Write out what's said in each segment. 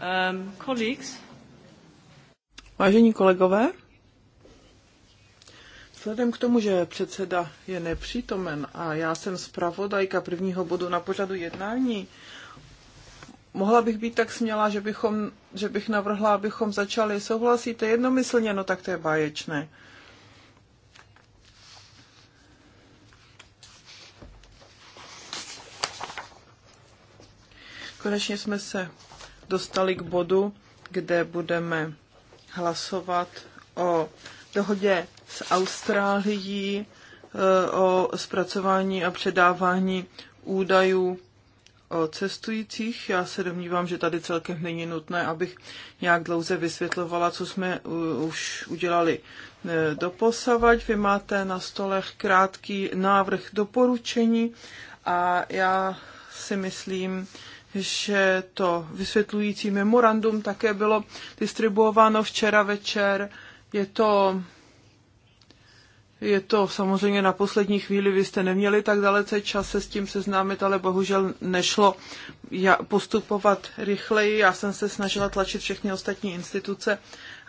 Um, colleagues. Vážení kolegové, vzhledem k tomu, že předseda je nepřítomen a já jsem zpravodajka prvního bodu na pořadu jednání, mohla bych být tak smělá, že, bychom, že bych navrhla, abychom začali. Souhlasíte jednomyslně? No tak to je báječné. Konečně jsme se dostali k bodu, kde budeme hlasovat o dohodě s Austrálií e, o zpracování a předávání údajů o cestujících. Já se domnívám, že tady celkem není nutné, abych nějak dlouze vysvětlovala, co jsme už udělali e, doposavať. Vy máte na stolech krátký návrh doporučení a já si myslím, že to vysvětlující memorandum také bylo distribuováno včera večer. Je to, je to samozřejmě na poslední chvíli, vy jste neměli tak dalece čas se s tím seznámit, ale bohužel nešlo postupovat rychleji. Já jsem se snažila tlačit všechny ostatní instituce,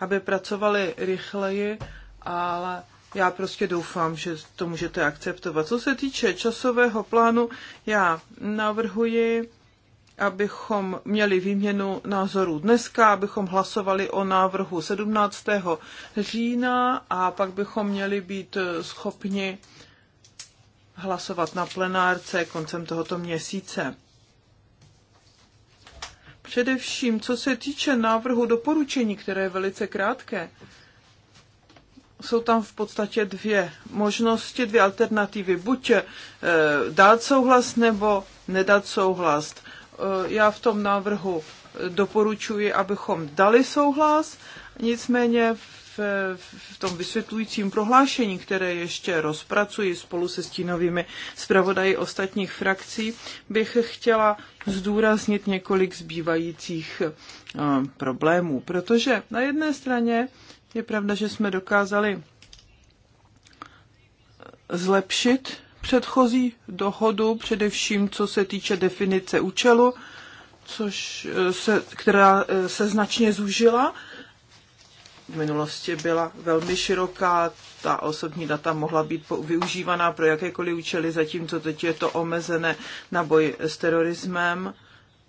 aby pracovali rychleji, ale já prostě doufám, že to můžete akceptovat. Co se týče časového plánu, já navrhuji abychom měli výměnu názorů dneska, abychom hlasovali o návrhu 17. října a pak bychom měli být schopni hlasovat na plenárce koncem tohoto měsíce. Především, co se týče návrhu doporučení, které je velice krátké, jsou tam v podstatě dvě možnosti, dvě alternativy. Buď eh, dát souhlas nebo nedat souhlas. Eh, já v tom návrhu eh, doporučuji, abychom dali souhlas, nicméně v, v tom vysvětlujícím prohlášení, které ještě rozpracuji spolu se stínovými zpravodaji ostatních frakcí, bych chtěla zdůraznit několik zbývajících eh, problémů, protože na jedné straně je pravda, že jsme dokázali zlepšit předchozí dohodu, především co se týče definice účelu, což eh, se, která eh, se značně zúžila. V minulosti byla velmi široká, ta osobní data mohla být využívaná pro jakékoliv účely, zatímco teď je to omezené na boj s terorismem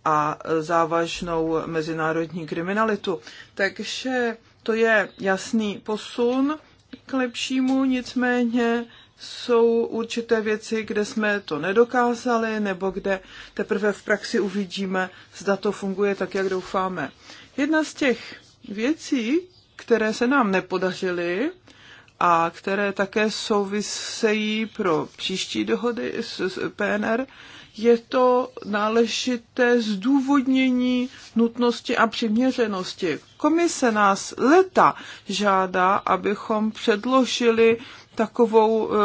a závažnou mezinárodní kriminalitu. Takže to je jasný posun k lepšímu, nicméně jsou určité věci, kde jsme to nedokázali, nebo kde teprve v praxi uvidíme, zda to funguje tak, jak doufáme. Jedna z těch věcí, které se nám nepodařily a které také souvisejí pro příští dohody s PNR, je to náležité zdůvodnění nutnosti a přiměřenosti. Komise nás leta žádá, abychom předložili takovou eh,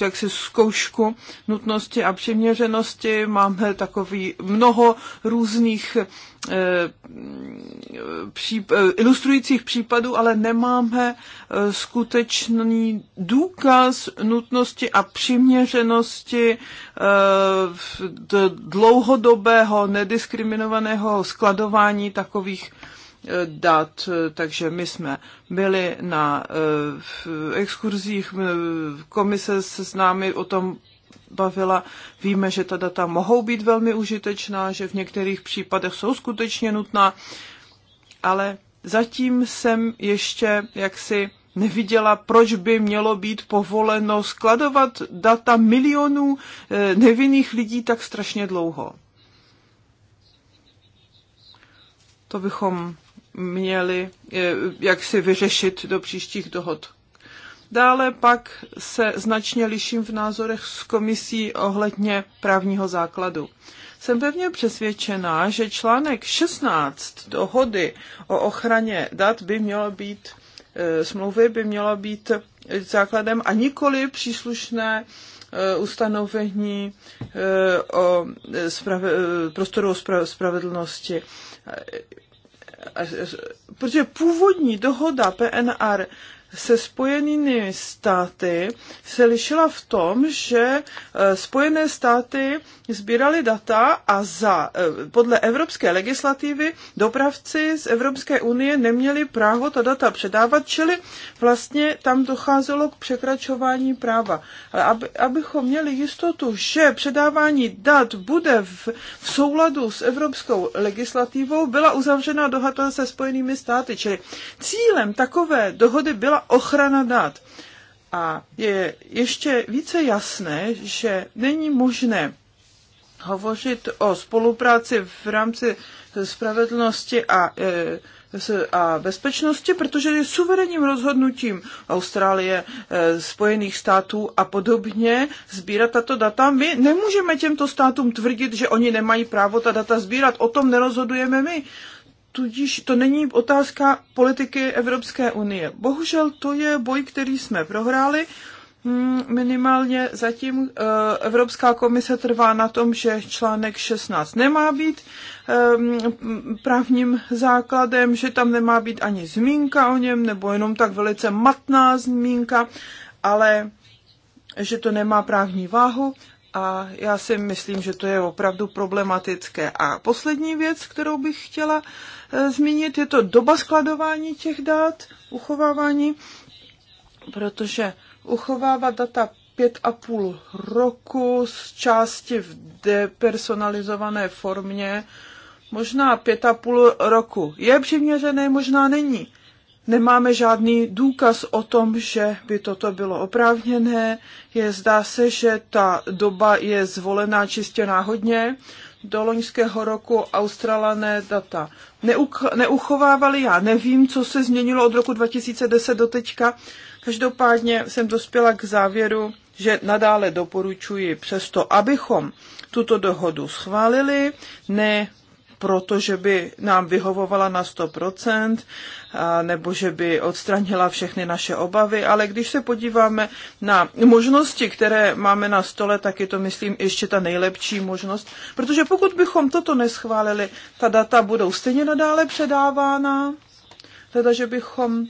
jaksi zkoušku nutnosti a přiměřenosti. Máme takový mnoho různých eh, eh, ilustrujících případů, ale nemáme skutečný důkaz nutnosti a přiměřenosti dlouhodobého nediskriminovaného skladování takových dat, takže my jsme byli na eh, exkurzích, eh, komise se s námi o tom bavila. Víme, že ta data mohou být velmi užitečná, že v některých případech jsou skutečně nutná, ale zatím jsem ještě jaksi neviděla, proč by mělo být povoleno skladovat data milionů eh, nevinných lidí tak strašně dlouho. To bychom měli eh, jak si vyřešit do příštích dohod. Dále pak se značně liším v názorech s komisí ohledně právního základu. Jsem pevně přesvědčená, že článek 16 dohody o ochraně dat by mělo být, eh, smlouvy by mělo být základem a nikoli příslušné eh, ustanovení o prostoru o spravedlnosti protože původní dohoda PNR se spojenými státy se lišila v tom, že e, spojené státy sbíraly data a za, e, podle evropské legislativy dopravci z Evropské unie neměli právo ta data předávat, čili vlastně tam docházelo k překračování práva. Ale aby, abychom měli jistotu, že předávání dat bude v, v souladu s evropskou legislativou, byla uzavřena dohoda se spojenými státy. Čili cílem takové dohody byla ochrana dat. A je ještě více jasné, že není možné hovořit o spolupráci v rámci spravedlnosti a, e, a bezpečnosti, protože je suverénním rozhodnutím Austrálie, e, Spojených států a podobně sbírat tato data. My nemůžeme těmto státům tvrdit, že oni nemají právo ta data sbírat. O tom nerozhodujeme my. Tudíž to není otázka politiky Evropské unie. Bohužel to je boj, který jsme prohráli. Hmm, minimálně zatím eh, Evropská komise trvá na tom, že článek 16 nemá být ehm, právním základem, že tam nemá být ani zmínka o něm, nebo jenom tak velice matná zmínka, ale že to nemá právní váhu a já si myslím, že to je opravdu problematické. A poslední věc, kterou bych chtěla eh, zmínit, je to doba skladování těch dat, uchovávání, protože uchovávat data pět a půl roku z části v depersonalizované formě, možná pět a půl roku je přiměřené, možná není. Nemáme žádný důkaz o tom, že by toto bylo oprávněné. Je, zdá se, že ta doba je zvolená čistě náhodně. Do loňského roku australané data neuchovávali. Já nevím, co se změnilo od roku 2010 do teďka. Každopádně jsem dospěla k závěru, že nadále doporučuji přesto, abychom tuto dohodu schválili, ne proto, že by nám vyhovovala na 100%, nebo že by odstranila všechny naše obavy, ale když se podíváme na možnosti, které máme na stole, tak je to, myslím, ještě ta nejlepší možnost, protože pokud bychom toto neschválili, ta data budou stejně nadále předávána, teda že bychom e,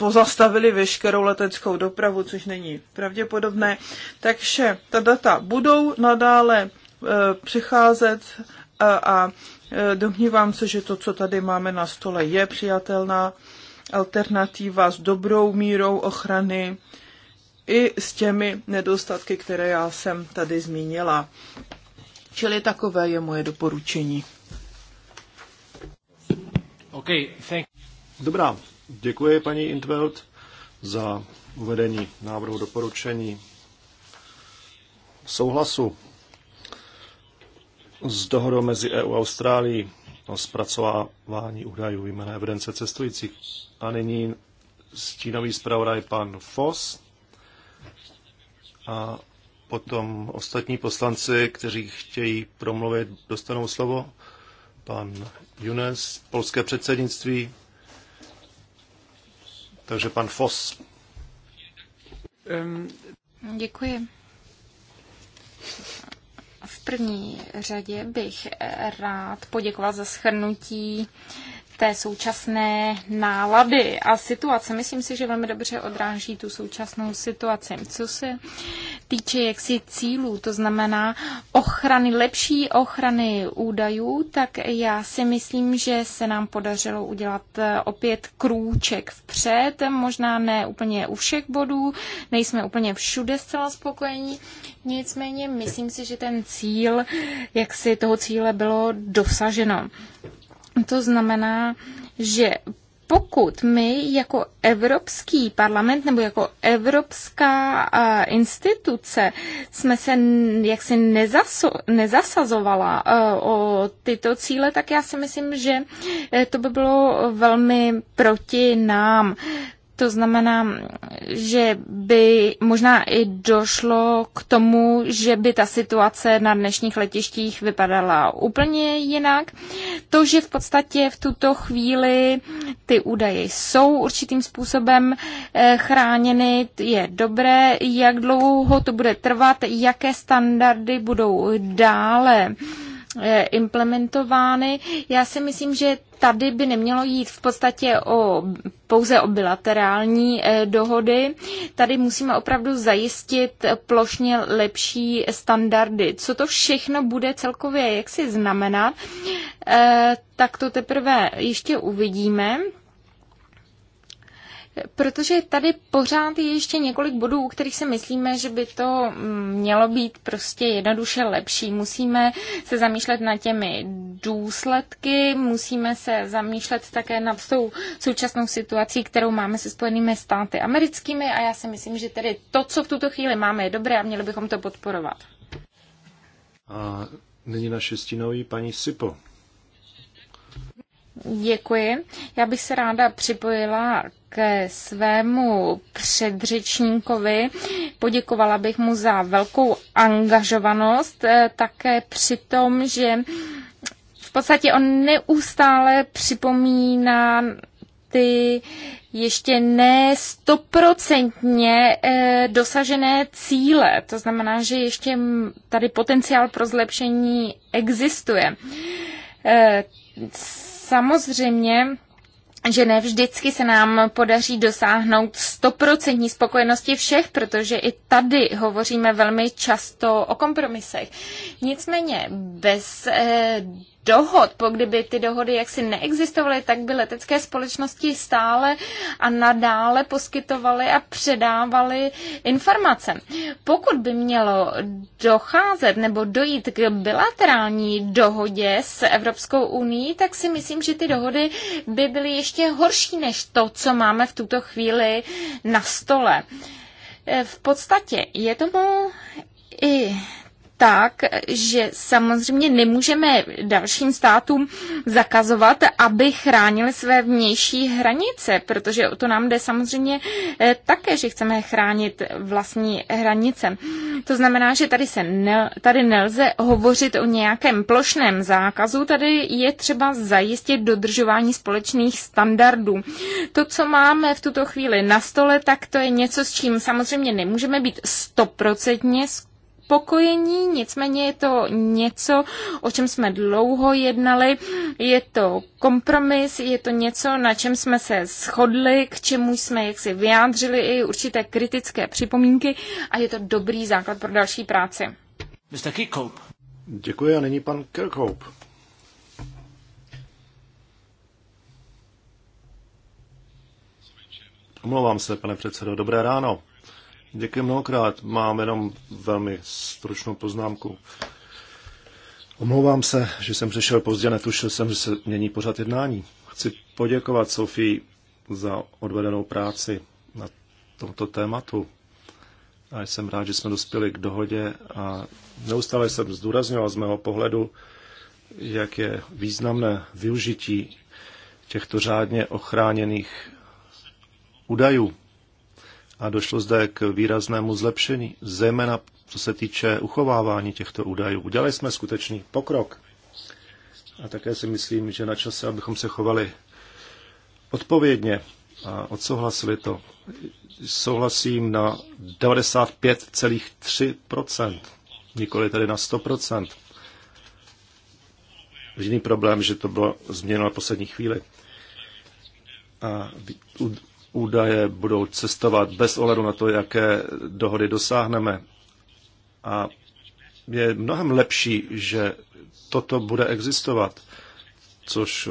pozastavili veškerou leteckou dopravu, což není pravděpodobné. Takže ta data budou nadále e, přicházet a e, domnívám se, že to, co tady máme na stole, je přijatelná alternativa s dobrou mírou ochrany i s těmi nedostatky, které já jsem tady zmínila. Čili takové je moje doporučení. Okay, thank Dobrá, děkuji paní Intveld za uvedení návrhu doporučení souhlasu s dohodou mezi EU a Austrálií o zpracovávání údajů jména evidence cestujících. A nyní stínový zpravodaj pan Foss a potom ostatní poslanci, kteří chtějí promluvit, dostanou slovo. Pan Junes, polské předsednictví. Takže pan Foss. Děkuji. V první řadě bych rád poděkoval za schrnutí té současné nálady a situace. Myslím si, že velmi dobře odráží tu současnou situaci. Co se týče jaksi cílů, to znamená ochrany, lepší ochrany údajů, tak já si myslím, že se nám podařilo udělat eh, opět krůček vpřed, možná ne úplně u všech bodů, nejsme úplně všude zcela spokojení, nicméně myslím si, že ten cíl, jak si toho cíle bylo dosaženo. To znamená, že pokud my jako Evropský parlament nebo jako Evropská uh, instituce jsme se jaksi nezaso, nezasazovala uh, o tyto cíle, tak já si myslím, že e, to by bylo velmi proti nám. To znamená, že by možná i došlo k tomu, že by ta situace na dnešních letištích vypadala úplně jinak. To, že v podstatě v tuto chvíli ty údaje jsou určitým způsobem eh, chráněny, je dobré, jak dlouho to bude trvat, jaké standardy budou dále Eh, implementovány. Já si myslím, že tady by nemělo jít v podstatě o, pouze o bilaterální eh, dohody. Tady musíme opravdu zajistit plošně lepší standardy. Co to všechno bude celkově, jak si znamenat, eh, tak to teprve ještě uvidíme protože tady pořád je ještě několik bodů, u kterých si myslíme, že by to mm, mělo být prostě jednoduše lepší. Musíme se zamýšlet nad těmi důsledky, musíme se zamýšlet také nad tou současnou situací, kterou máme se Spojenými státy americkými a já si myslím, že tedy to, co v tuto chvíli máme, je dobré a měli bychom to podporovat. A nyní naše stínový paní Sipo. Děkuji. Já bych se ráda připojila ke svému předřečníkovi. Poděkovala bych mu za velkou angažovanost, eh, také při tom, že v podstatě on neustále připomíná ty ještě ne stoprocentně eh, dosažené cíle. To znamená, že ještě tady potenciál pro zlepšení existuje eh, Samozřejmě, že ne vždycky se nám podaří dosáhnout stoprocentní spokojenosti všech, protože i tady hovoříme velmi často o kompromisech. Nicméně bez eh, dohod, po kdyby ty dohody jaksi neexistovaly, tak by letecké společnosti stále a nadále poskytovaly a předávaly informace. Pokud by mělo docházet nebo dojít k bilaterální dohodě s Evropskou uní, tak si myslím, že ty dohody by byly ještě horší než to, co máme v tuto chvíli na stole. V podstatě je tomu i tak, že samozřejmě nemůžeme dalším státům zakazovat, aby chránili své vnější hranice, protože o to nám jde samozřejmě eh, také, že chceme chránit vlastní hranice. To znamená, že tady, se ne, tady nelze hovořit o nějakém plošném zákazu, tady je třeba zajistit dodržování společných standardů. To, co máme v tuto chvíli na stole, tak to je něco, s čím samozřejmě nemůžeme být stoprocentně spokojení, nicméně je to něco, o čem jsme dlouho jednali, je to kompromis, je to něco, na čem jsme se shodli, k čemu jsme jaksi vyjádřili i určité kritické připomínky a je to dobrý základ pro další práci. Mr. Kirkhope. Děkuji a nyní pan Kirkhope. Omlouvám se, pane předsedo. Dobré ráno. Děkuji mnohokrát. Mám jenom velmi stručnou poznámku. Omlouvám se, že jsem přišel pozdě, netušil jsem, že se mění pořád jednání. Chci poděkovat Sofii za odvedenou práci na tomto tématu. A jsem rád, že jsme dospěli k dohodě a neustále jsem zdůrazňoval z mého pohledu, jak je významné využití těchto řádně ochráněných údajů a došlo zde k výraznému zlepšení, zejména co se týče uchovávání těchto údajů. Udělali jsme skutečný pokrok a také si myslím, že na čase, abychom se chovali odpovědně a odsouhlasili to. Souhlasím na 95,3%, nikoli tedy na 100%. Jiný problém, že to bylo změněno na poslední chvíli. A údaje budou cestovat bez ohledu na to, jaké dohody dosáhneme. A je mnohem lepší, že toto bude existovat, což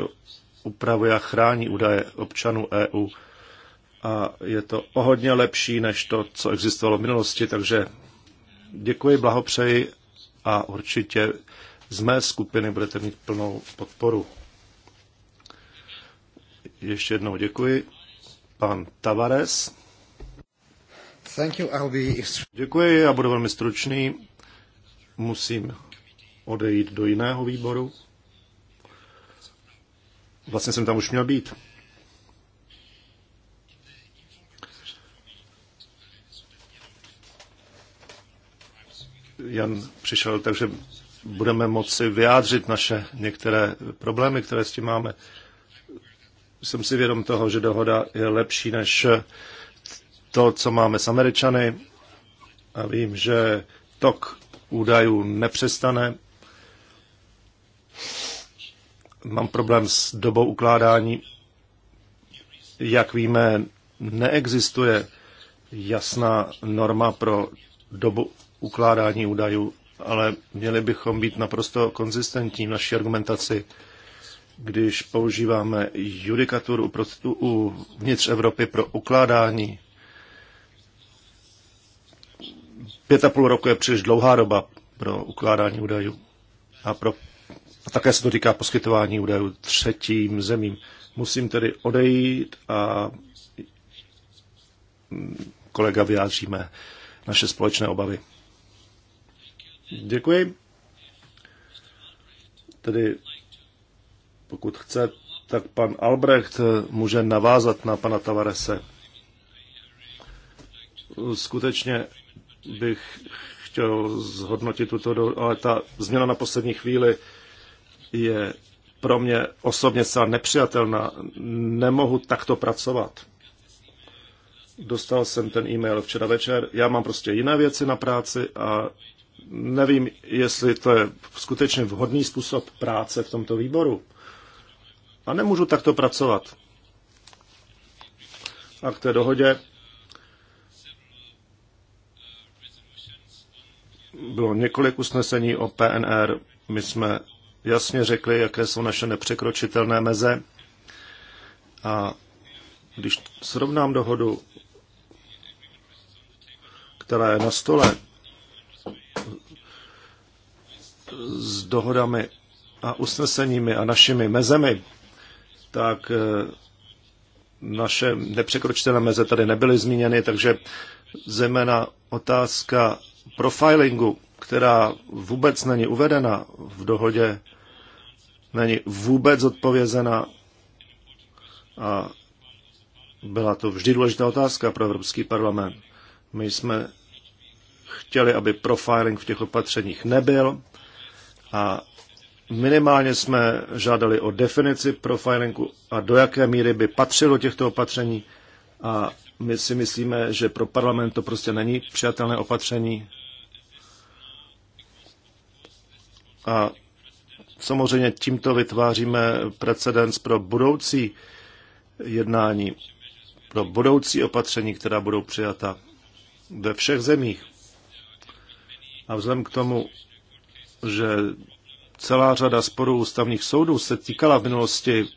upravuje a chrání údaje občanů EU. A je to o hodně lepší než to, co existovalo v minulosti, takže děkuji, blahopřeji a určitě z mé skupiny budete mít plnou podporu. Ještě jednou děkuji. Pan Tavares. Thank you, I'll be... Děkuji, a budu velmi stručný. Musím odejít do jiného výboru. Vlastně jsem tam už měl být. Jan přišel, takže budeme moci vyjádřit naše některé problémy, které s tím máme jsem si vědom toho, že dohoda je lepší než to, co máme s Američany. A vím, že tok údajů nepřestane. Mám problém s dobou ukládání. Jak víme, neexistuje jasná norma pro dobu ukládání údajů, ale měli bychom být naprosto konzistentní v naší argumentaci když používáme judikaturu uvnitř Evropy pro ukládání. Pět a půl roku je příliš dlouhá doba pro ukládání údajů a, pro, a také se to týká poskytování údajů třetím zemím. Musím tedy odejít a kolega vyjádříme naše společné obavy. Děkuji. Tedy pokud chce, tak pan Albrecht může navázat na pana Tavarese. Skutečně bych chtěl zhodnotit tuto, do... ale ta změna na poslední chvíli je pro mě osobně celá nepřijatelná. Nemohu takto pracovat. Dostal jsem ten e-mail včera večer. Já mám prostě jiné věci na práci a nevím, jestli to je skutečně vhodný způsob práce v tomto výboru. A nemůžu takto pracovat. A k té dohodě bylo několik usnesení o PNR. My jsme jasně řekli, jaké jsou naše nepřekročitelné meze. A když srovnám dohodu, která je na stole, s dohodami a usneseními a našimi mezemi, tak eh, naše nepřekročitelné meze tady nebyly zmíněny, takže zejména otázka profilingu, která vůbec není uvedena v dohodě, není vůbec odpovězena a byla to vždy důležitá otázka pro Evropský parlament. My jsme chtěli, aby profiling v těch opatřeních nebyl a Minimálně jsme žádali o definici profilingu a do jaké míry by patřilo těchto opatření a my si myslíme, že pro parlament to prostě není přijatelné opatření. A samozřejmě tímto vytváříme precedens pro budoucí jednání, pro budoucí opatření, která budou přijata ve všech zemích. A vzhledem k tomu, že celá řada sporů ústavních soudů se týkala v minulosti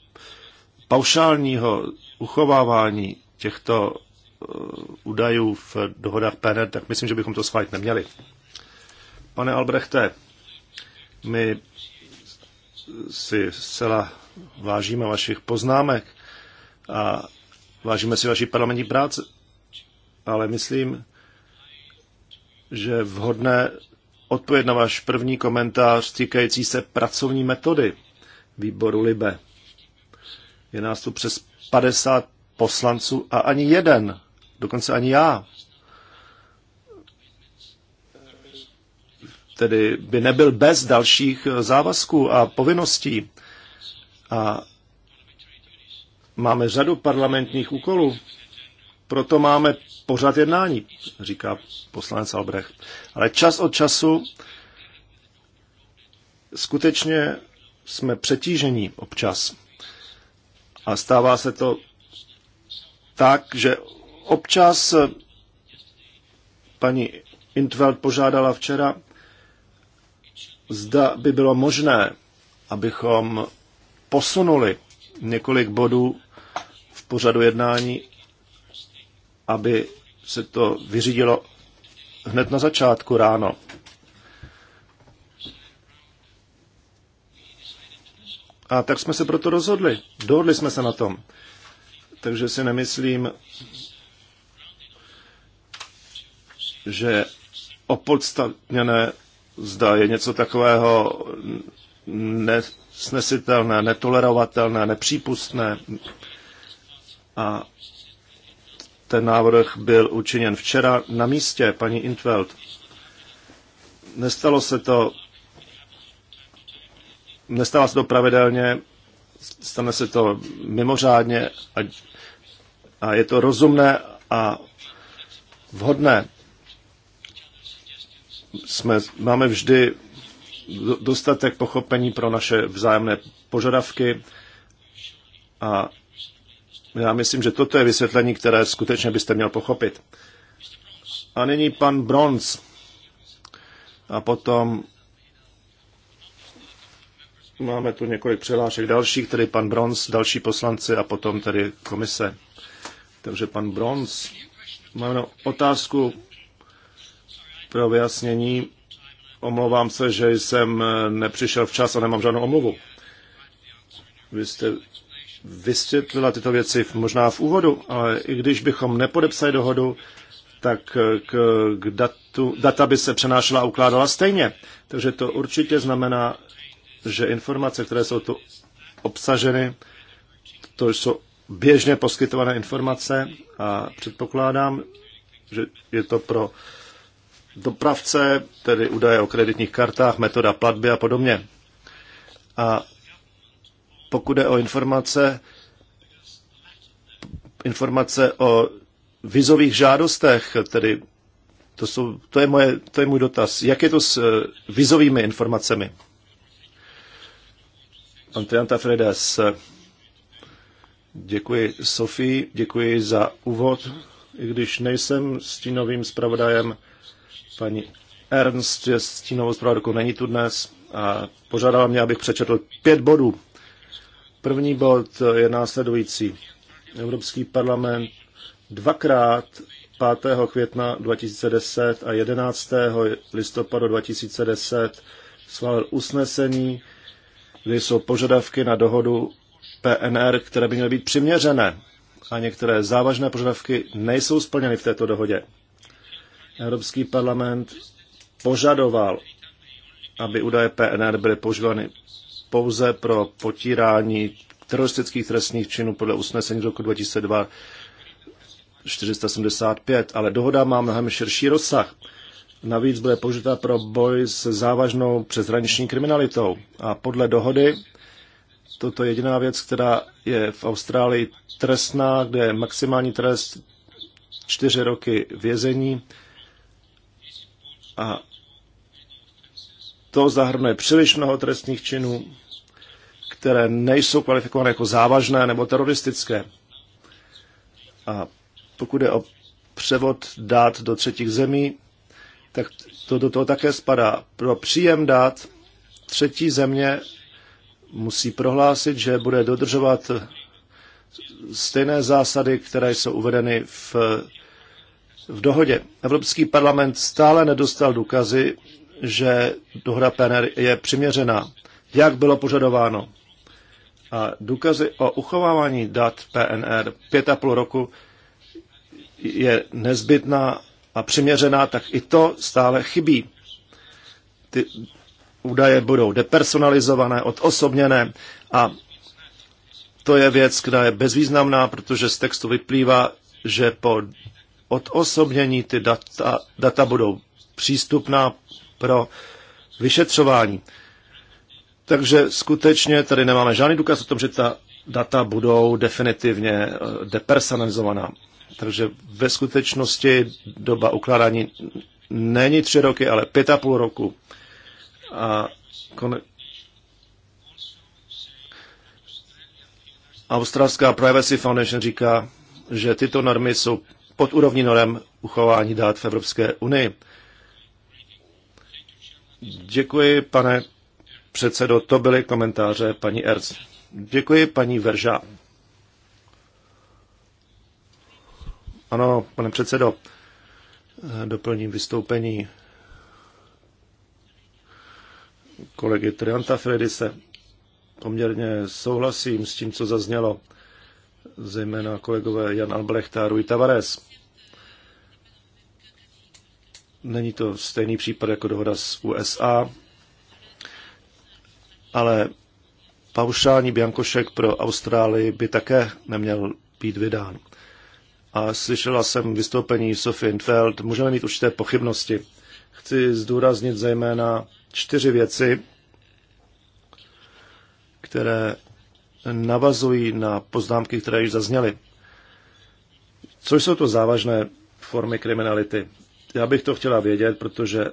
paušálního uchovávání těchto eh, údajů v dohodách PNR, tak myslím, že bychom to schválit neměli. Pane Albrechte, my si zcela vážíme vašich poznámek a vážíme si vaší parlamentní práce, ale myslím, že vhodné odpověď na váš první komentář týkající se pracovní metody výboru Libe. Je nás tu přes 50 poslanců a ani jeden, dokonce ani já, tedy by nebyl bez dalších závazků a povinností. A máme řadu parlamentních úkolů proto máme pořád jednání, říká poslanec Albrecht. Ale čas od času skutečně jsme přetížení občas. A stává se to tak, že občas paní Intveld požádala včera, zda by bylo možné, abychom posunuli několik bodů v pořadu jednání aby se to vyřídilo hned na začátku ráno. A tak jsme se proto rozhodli. Dohodli jsme se na tom. Takže si nemyslím, že opodstatněné zda je něco takového nesnesitelné, netolerovatelné, nepřípustné. A ten návrh byl učiněn včera na místě, paní Intveld. Nestalo se to, nestalo se to pravidelně, stane se to mimořádně a, a je to rozumné a vhodné. Jsme, máme vždy dostatek pochopení pro naše vzájemné požadavky a já myslím, že toto je vysvětlení, které skutečně byste měl pochopit. A nyní pan Bronz. A potom máme tu několik přihlášek dalších, tedy pan Bronz, další poslanci a potom tedy komise. Takže pan Bronz, mám otázku pro vyjasnění. Omlouvám se, že jsem nepřišel včas a nemám žádnou omluvu. Vy jste vysvětlila tyto věci možná v úvodu, ale i když bychom nepodepsali dohodu, tak eh, k, k datu, data by se přenášela a ukládala stejně. Takže to určitě znamená, že informace, které jsou tu obsaženy, to jsou běžně poskytované informace a předpokládám, že je to pro dopravce, tedy údaje o kreditních kartách, metoda platby a podobně. A pokud je o informace, informace o vizových žádostech, tedy to, jsou, to, je moje, to je můj dotaz. Jak je to s eh, vizovými informacemi? Pan Trianta Fredes, děkuji Sofii, děkuji za úvod. I když nejsem stínovým zpravodajem, paní Ernst je stínovou zpravodajkou, není tu dnes a požádala mě, abych přečetl pět bodů První bod eh, je následující. Evropský parlament dvakrát 5. května 2010 a 11. listopadu 2010 schválil usnesení, kde jsou požadavky na dohodu PNR, které by měly být přiměřené a některé závažné požadavky nejsou splněny v této dohodě. Evropský parlament požadoval, aby údaje PNR byly používány pouze pro potírání teroristických trestných činů podle usnesení z roku 2002 475, ale dohoda má mnohem širší rozsah. Navíc bude použita pro boj s závažnou přeshraniční kriminalitou. A podle dohody toto je jediná věc, která je v Austrálii trestná, kde je maximální trest čtyři roky vězení a to zahrnuje příliš mnoho trestních činů, které nejsou kvalifikované jako závažné nebo teroristické. A pokud je o převod dát do třetích zemí, tak to do toho také spadá. Pro příjem dát třetí země musí prohlásit, že bude dodržovat stejné zásady, které jsou uvedeny v, v dohodě. Evropský parlament stále nedostal důkazy, že dohoda PNR je přiměřená, jak bylo požadováno. A důkazy o uchovávání dat PNR pět a půl roku je nezbytná a přiměřená, tak i to stále chybí. Ty údaje budou depersonalizované, odosobněné a to je věc, která je bezvýznamná, protože z textu vyplývá, že po odosobnění ty data, data budou přístupná pro vyšetřování. Takže skutečně tady nemáme žádný důkaz o tom, že ta data budou definitivně eh, depersonalizovaná. Takže ve skutečnosti doba ukládání není tři roky, ale pět a půl roku. A, kon... Australská Privacy Foundation říká, že tyto normy jsou pod úrovní norem uchování dát v Evropské unii. Děkuji, pane předsedo. To byly komentáře paní Erz. Děkuji, paní Verža. Ano, pane předsedo, doplním vystoupení kolegy Trianta Fredise. Poměrně souhlasím s tím, co zaznělo, zejména kolegové Jan Albrecht a Rui Tavares. Není to stejný případ jako dohoda s USA, ale paušální biankošek pro Austrálii by také neměl být vydán. A slyšela jsem vystoupení Sophie Infeld, můžeme mít určité pochybnosti. Chci zdůraznit zejména čtyři věci, které navazují na poznámky, které již zazněly. Co jsou to závažné formy kriminality? Já bych to chtěla vědět, protože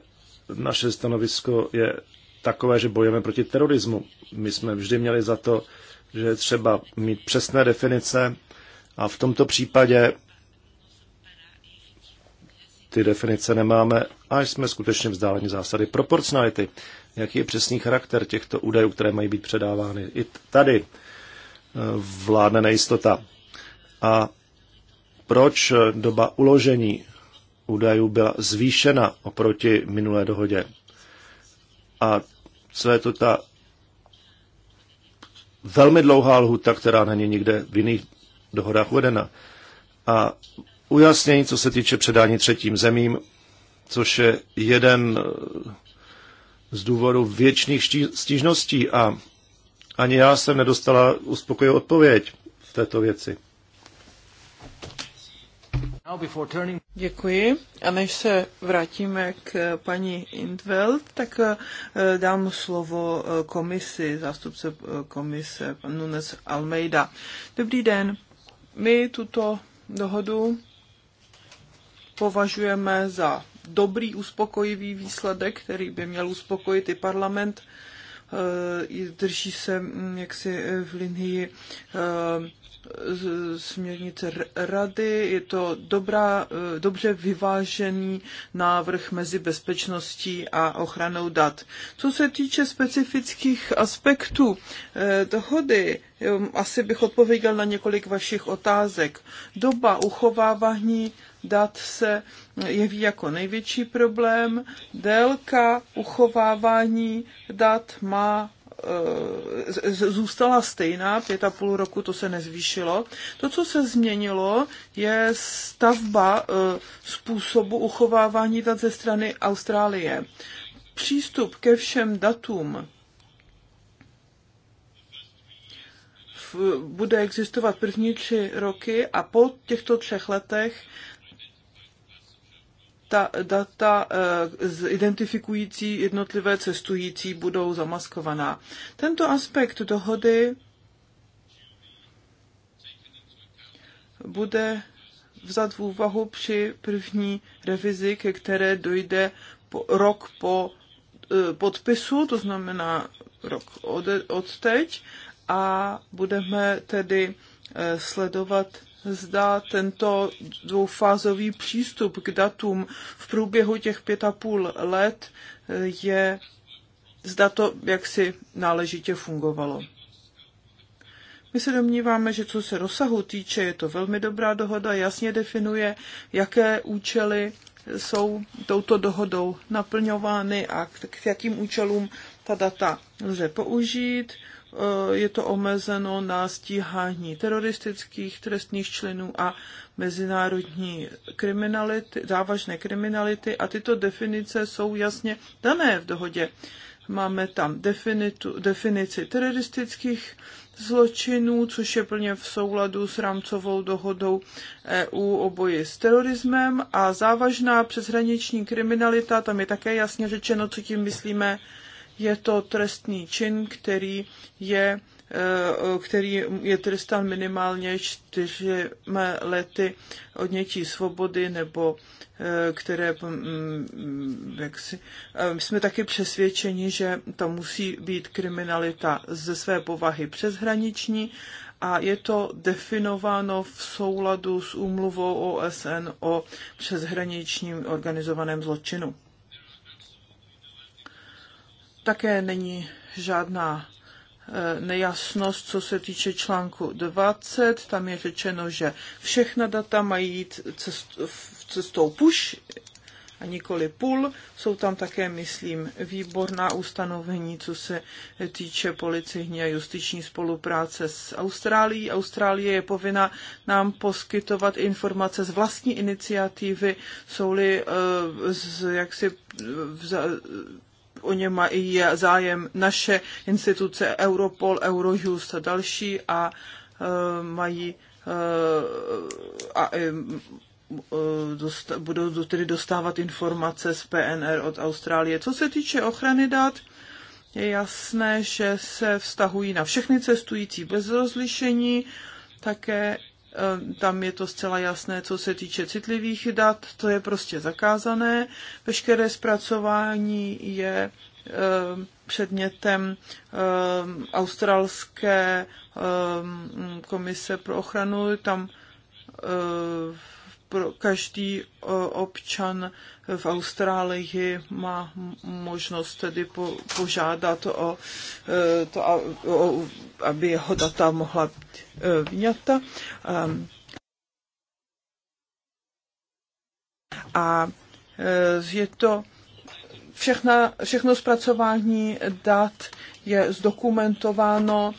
naše stanovisko je takové, že bojujeme proti terorismu. My jsme vždy měli za to, že je třeba mít přesné definice a v tomto případě ty definice nemáme a jsme skutečně vzdáleni zásady proporcionality. Jaký je přesný charakter těchto údajů, které mají být předávány? I tady eh, vládne nejistota. A proč doba uložení údajů byla zvýšena oproti minulé dohodě. A co je to ta velmi dlouhá lhuta, která není nikde v jiných dohodách uvedena. A ujasnění, co se týče předání třetím zemím, což je jeden eh, z důvodu věčných stížností a ani já jsem nedostala uspokojivou odpověď v této věci. Děkuji. A než se vrátíme k paní Intveld, tak eh, dám slovo eh, komisi, zástupce eh, komise, pan Nunes Almeida. Dobrý den. My tuto dohodu považujeme za dobrý, uspokojivý výsledek, který by měl uspokojit i parlament. Drží se mm, jaksi v linii směrnice rady. Je to dobrá, eh, dobře vyvážený návrh mezi bezpečností a ochranou dat. Co se týče specifických aspektů eh, dohody, eh, asi bych odpověděl na několik vašich otázek. Doba uchovávání dat se jeví jako největší problém. Délka uchovávání dat má Eh, zůstala stejná, pět a půl roku to se nezvýšilo. To, co se změnilo, je stavba eh, způsobu uchovávání dat ze strany Austrálie. Přístup ke všem datům bude existovat první tři roky a po těchto třech letech ta data eh, identifikující jednotlivé cestující budou zamaskovaná. Tento aspekt dohody bude vzat v úvahu při první revizi, ke které dojde po, rok po eh, podpisu, to znamená rok od, od teď, a budeme tedy eh, sledovat zda tento dvoufázový přístup k datům v průběhu těch pět a půl let eh, je, zda to jaksi náležitě fungovalo. My se domníváme, že co se rozsahu týče, je to velmi dobrá dohoda, jasně definuje, jaké účely jsou touto dohodou naplňovány a k jakým účelům ta data lze použít. Eh, je to omezeno na stíhání teroristických trestných členů a mezinárodní kriminality, závažné kriminality a tyto definice jsou jasně dané v dohodě. Máme tam definitu, definici teroristických zločinů, což je plně v souladu s rámcovou dohodou EU o boji s terorismem a závažná přeshraniční kriminalita, tam je také jasně řečeno, co tím myslíme, je to trestný čin, který je eh, který je trestán minimálně čtyřmi lety odnětí svobody nebo eh, které mm, mm, jak si, eh, jsme taky přesvědčeni, že to musí být kriminalita ze své povahy přeshraniční a je to definováno v souladu s úmluvou OSN o přeshraničním organizovaném zločinu také není žádná eh, nejasnost, co se týče článku 20. Tam je řečeno, že všechna data mají jít cest, cestou push a nikoli pull. Jsou tam také, myslím, výborná ustanovení, co se týče policejní a justiční spolupráce s Austrálií. Austrálie je povinna nám poskytovat informace z vlastní iniciativy, jsou-li uh, z, jaksi o ně mají zájem naše instituce Europol, Eurojust a další a e, mají e, a e, dost, budou tedy dostávat informace z PNR od Austrálie. Co se týče ochrany dat, je jasné, že se vztahují na všechny cestující bez rozlišení, také Ehm, tam je to zcela jasné, co se týče citlivých dat, to je prostě zakázané. Veškeré zpracování je ehm, předmětem ehm, australské komise pro ochranu. Tam pro každý občan v Austrálii má možnost tedy po, požádat o, e, to, o, aby jeho data mohla být e, vyňata. Ehm. A e, je to všechna, všechno zpracování dat je zdokumentováno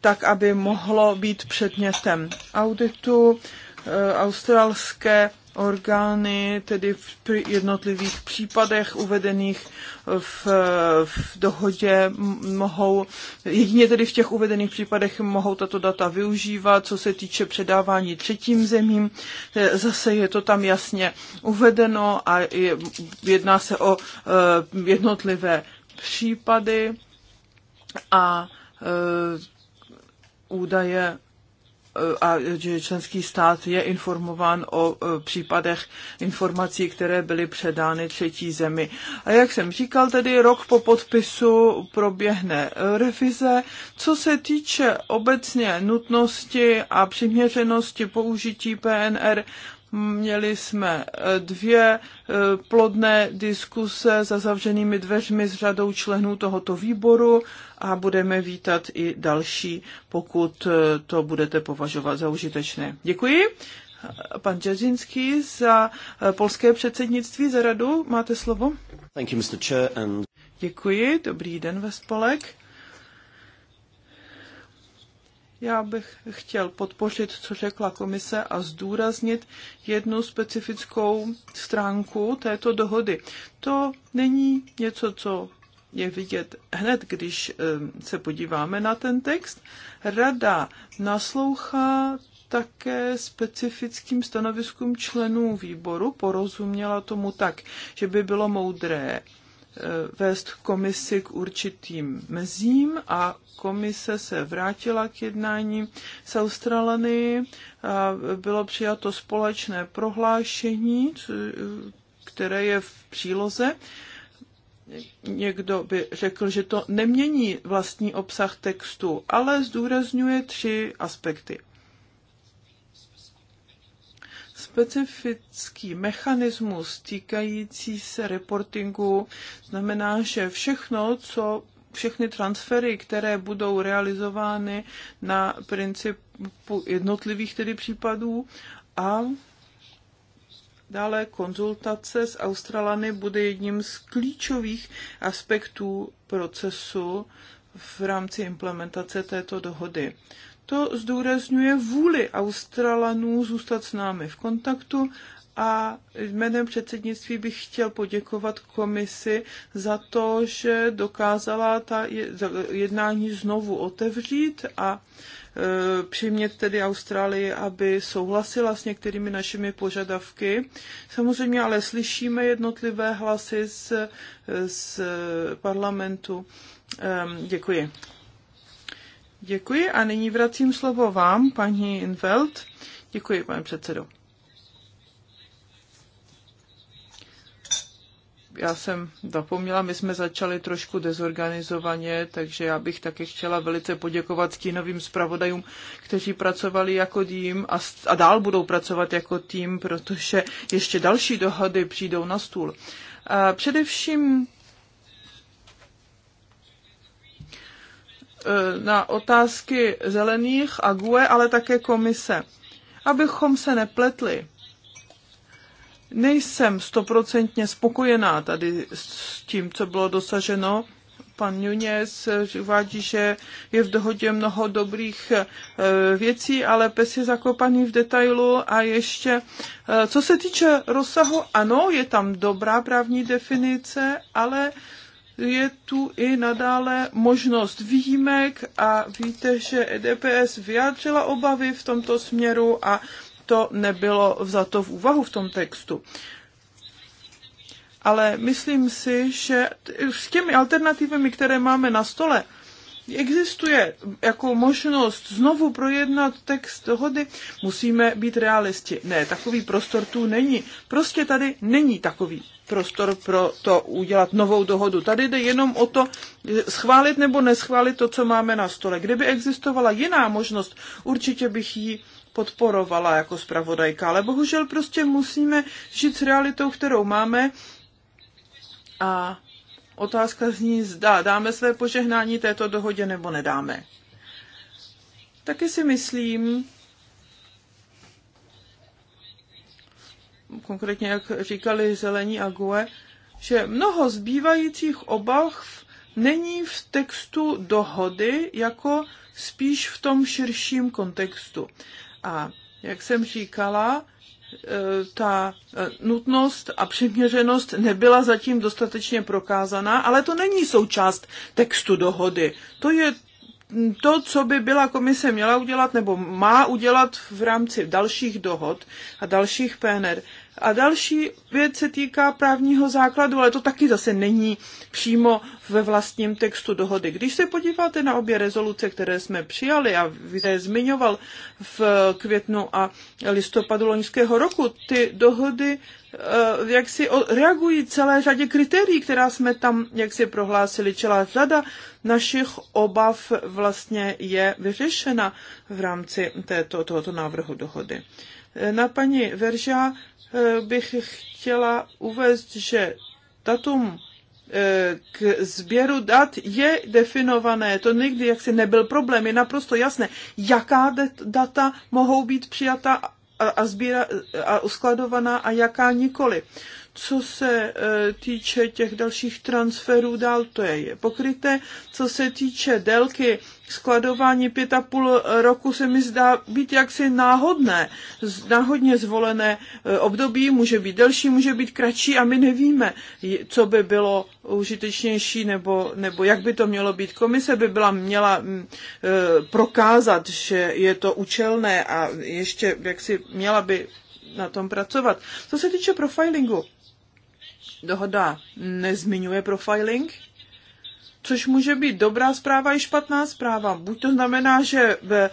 tak, aby mohlo být předmětem auditu Eh, australské orgány, tedy v jednotlivých případech uvedených v, v dohodě mohou, jedině tedy v těch uvedených případech mohou tato data využívat, co se týče předávání třetím zemím. Eh, zase je to tam jasně uvedeno a je, jedná se o eh, jednotlivé případy a údaje a členský stát je informován o e, případech informací, které byly předány třetí zemi. A jak jsem říkal, tedy rok po podpisu proběhne revize. Co se týče obecně nutnosti a přiměřenosti použití PNR, Měli jsme eh, dvě eh, plodné diskuse za zavřenými dveřmi s řadou členů tohoto výboru a budeme vítat i další, pokud eh, to budete považovat za užitečné. Děkuji. Pan Džeřinský za polské předsednictví, za radu. Máte slovo? Thank you, Mr. Chair, and... Děkuji. Dobrý den ve spolek. Já bych chtěl podpořit, co řekla komise, a zdůraznit jednu specifickou stránku této dohody. To není něco, co je vidět hned, když eh, se podíváme na ten text. Rada naslouchá také specifickým stanoviskům členů výboru, porozuměla tomu tak, že by bylo moudré vést komisi k určitým mezím a komise se vrátila k jednání s Australany. Bylo přijato společné prohlášení, které je v příloze. Někdo by řekl, že to nemění vlastní obsah textu, ale zdůrazňuje tři aspekty specifický mechanismus týkající se reportingu znamená, že všechno, co všechny transfery, které budou realizovány na principu jednotlivých tedy případů a Dále konzultace s Australany bude jedním z klíčových aspektů procesu v rámci implementace této dohody. To zdůrazňuje vůli Australanů zůstat s námi v kontaktu a jménem předsednictví bych chtěl poděkovat komisi za to, že dokázala ta jednání znovu otevřít a e, přimět tedy Austrálii, aby souhlasila s některými našimi požadavky. Samozřejmě ale slyšíme jednotlivé hlasy z, z parlamentu. Ehm, děkuji. Děkuji a nyní vracím slovo vám, paní Infeld. Děkuji, pane předsedo. já jsem zapomněla, my jsme začali trošku dezorganizovaně, takže já bych také chtěla velice poděkovat stínovým zpravodajům, kteří pracovali jako tým a, a dál budou pracovat jako tým, protože ještě další dohady přijdou na stůl. A především Eh, na otázky zelených a GUE, ale také komise. Abychom se nepletli, nejsem stoprocentně spokojená tady s tím, co bylo dosaženo. Pan Nunes uvádí, že je v dohodě mnoho dobrých eh, věcí, ale pes je zakopaný v detailu a ještě, eh, co se týče rozsahu, ano, je tam dobrá právní definice, ale je tu i nadále možnost výjimek a víte, že EDPS vyjádřila obavy v tomto směru a to nebylo vzato v úvahu v tom textu. Ale myslím si, že s těmi alternativami, které máme na stole, existuje jako možnost znovu projednat text dohody, musíme být realisti. Ne, takový prostor tu není. Prostě tady není takový prostor pro to udělat novou dohodu. Tady jde jenom o to schválit nebo neschválit to, co máme na stole. Kdyby existovala jiná možnost, určitě bych ji podporovala jako zpravodajka, ale bohužel prostě musíme žít s realitou, kterou máme a otázka zní, zda dáme své požehnání této dohodě nebo nedáme. Taky si myslím, konkrétně jak říkali zelení a GUE, že mnoho zbývajících obav není v textu dohody, jako spíš v tom širším kontextu. A jak jsem říkala, e, ta e, nutnost a přiměřenost nebyla zatím dostatečně prokázaná, ale to není součást textu dohody. To je to, co by byla komise měla udělat nebo má udělat v rámci dalších dohod a dalších PNR. A další věc se týká právního základu, ale to taky zase není přímo ve vlastním textu dohody. Když se podíváte na obě rezoluce, které jsme přijali a které zmiňoval v květnu a listopadu loňského roku, ty dohody Eh, jak si reagují celé řadě kritérií, která jsme tam jak si prohlásili. Celá řada našich obav vlastně je vyřešena v rámci této, tohoto návrhu dohody. Eh, na paní Verža eh, bych chtěla uvést, že datum k sběru dat je definované. To nikdy jaksi nebyl problém. Je naprosto jasné, jaká data mohou být přijata a, a, a uskladovaná a jaká nikoli. Co se e, týče těch dalších transferů dál, to je pokryté. Co se týče délky skladování pět a půl roku se mi zdá být jaksi náhodné, náhodně zvolené e, období, může být delší, může být kratší a my nevíme, co by bylo užitečnější nebo, nebo jak by to mělo být. Komise by byla měla e, prokázat, že je to účelné a ještě jaksi měla by na tom pracovat. Co se týče profilingu, dohoda nezmiňuje profiling, což může být dobrá zpráva i špatná zpráva. Buď to znamená, že eh,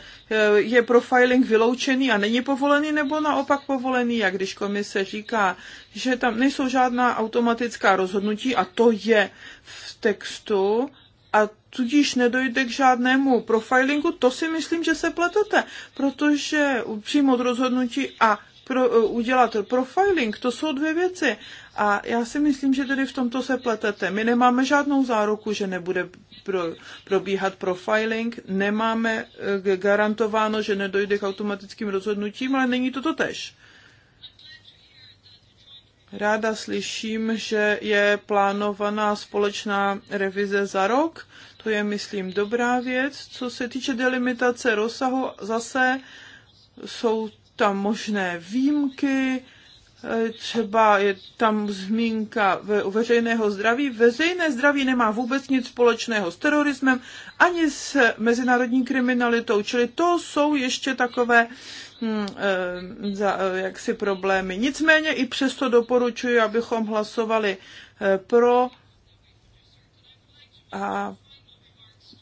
je profiling vyloučený a není povolený, nebo naopak povolený, jak když komise říká, že tam nejsou žádná automatická rozhodnutí a to je v textu a tudíž nedojde k žádnému profilingu, to si myslím, že se pletete, protože přijmout rozhodnutí a pro, eh, udělat profiling, to jsou dvě věci. A já si myslím, že tedy v tomto se pletete. My nemáme žádnou záruku, že nebude pro, probíhat profiling, nemáme eh, garantováno, že nedojde k automatickým rozhodnutím, ale není to to tež. Ráda slyším, že je plánovaná společná revize za rok. To je, myslím, dobrá věc. Co se týče delimitace rozsahu, zase jsou tam možné výjimky, třeba je tam zmínka ve, o veřejného zdraví. Veřejné zdraví nemá vůbec nic společného s terorismem ani s mezinárodní kriminalitou, čili to jsou ještě takové hm, eh, za, eh, jaksi problémy. Nicméně i přesto doporučuji, abychom hlasovali eh, pro a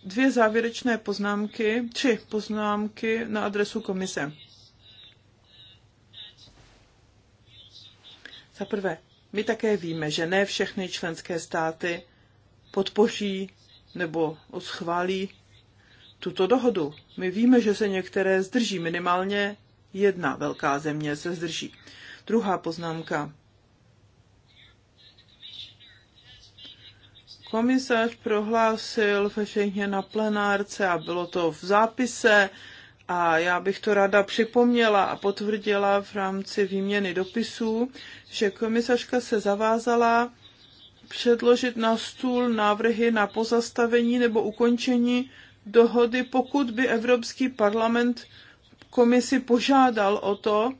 dvě závěrečné poznámky, tři poznámky na adresu komise. Za prvé, my také víme, že ne všechny členské státy podpoří nebo odschválí tuto dohodu. My víme, že se některé zdrží, minimálně jedna velká země se zdrží. Druhá poznámka. Komisař prohlásil veřejně na plenárce a bylo to v zápise, a já bych to ráda připomněla a potvrdila v rámci výměny dopisů, že komisařka se zavázala předložit na stůl návrhy na pozastavení nebo ukončení dohody, pokud by Evropský parlament komisi požádal o to,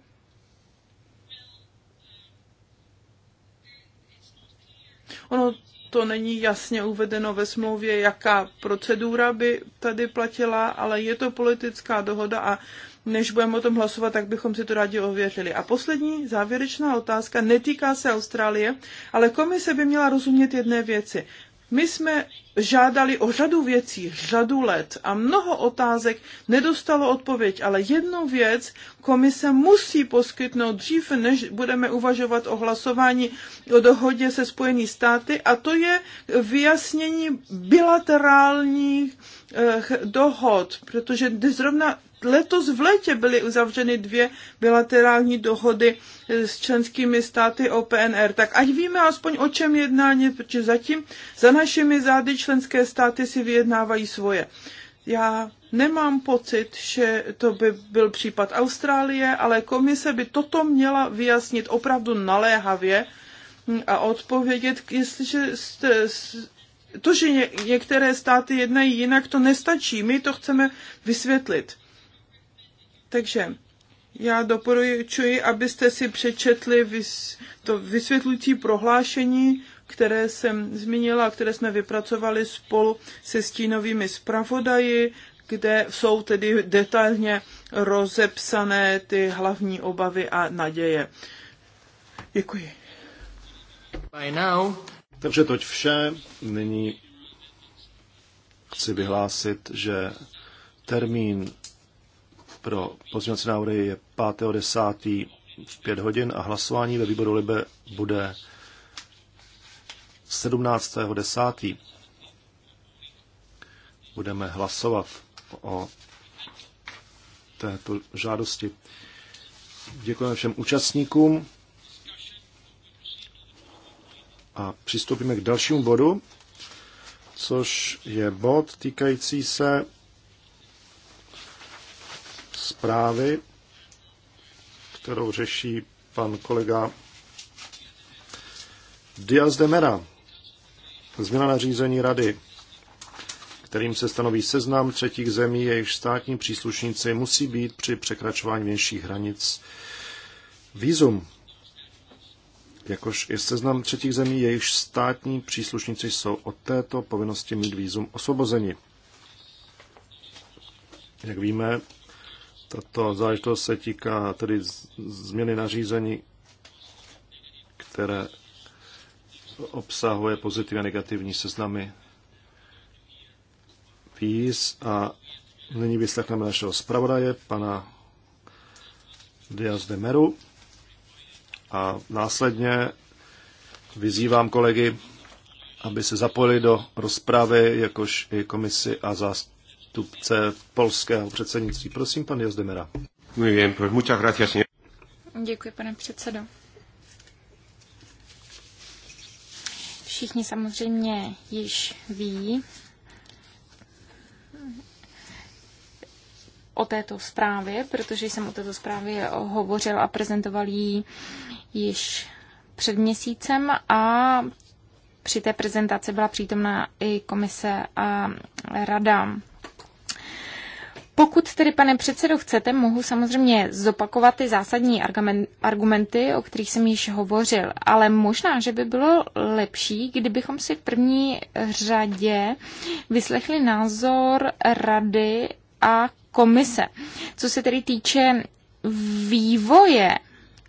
Ono to není jasně uvedeno ve smlouvě, jaká procedura by tady platila, ale je to politická dohoda a než budeme o tom hlasovat, tak bychom si to rádi ověřili. A poslední závěrečná otázka netýká se Austrálie, ale komise by měla rozumět jedné věci. My jsme žádali o řadu věcí, řadu let a mnoho otázek nedostalo odpověď, ale jednu věc komise musí poskytnout dřív, než budeme uvažovat o hlasování o dohodě se Spojení státy a to je vyjasnění bilaterálních eh, dohod, protože zrovna letos v létě byly uzavřeny dvě bilaterální dohody eh, s členskými státy o PNR. Tak ať víme aspoň o čem jednání, protože zatím za našimi zády členské státy si vyjednávají svoje. Já nemám pocit, že to by byl případ Austrálie, ale komise by toto měla vyjasnit opravdu naléhavě hm, a odpovědět, jestliže jste, to, že některé státy jednají jinak, to nestačí. My to chceme vysvětlit. Takže já doporučuji, abyste si přečetli vys- to vysvětlující prohlášení, které jsem zmínila, které jsme vypracovali spolu se stínovými zpravodaji, kde jsou tedy detailně rozepsané ty hlavní obavy a naděje. Děkuji. By now. Takže toť vše. Nyní chci vyhlásit, že termín pro pozměňovací návrhy je 5.10. v 5 hodin a hlasování ve výboru Libe bude 17.10. Budeme hlasovat o této žádosti. Děkujeme všem účastníkům a přistoupíme k dalšímu bodu, což je bod týkající se zprávy, kterou řeší pan kolega Diaz de Mera. Změna nařízení rady, kterým se stanoví seznam třetích zemí, jejichž státní příslušníci musí být při překračování vnějších hranic výzum, jakož je seznam třetích zemí, jejichž státní příslušníci jsou od této povinnosti mít výzum osvobozeni. Jak víme, tato záležitost se týká tedy změny nařízení, které obsahuje pozitivní a negativní seznamy víz a nyní vyslechneme našeho zpravodaje, pana Diaz de Meru a následně vyzývám kolegy, aby se zapojili do rozpravy, jakož i komisi a zást- zástupce polského předsednictví. Prosím, pan Jozdemera. Děkuji, pane předsedo. Všichni samozřejmě již ví o této zprávě, protože jsem o této zprávě hovořil a prezentoval ji již před měsícem a při té prezentaci byla přítomná i komise a rada. Pokud tedy, pane předsedo, chcete, mohu samozřejmě zopakovat ty zásadní argumenty, o kterých jsem již hovořil, ale možná, že by bylo lepší, kdybychom si v první řadě vyslechli názor rady a komise. Co se tedy týče vývoje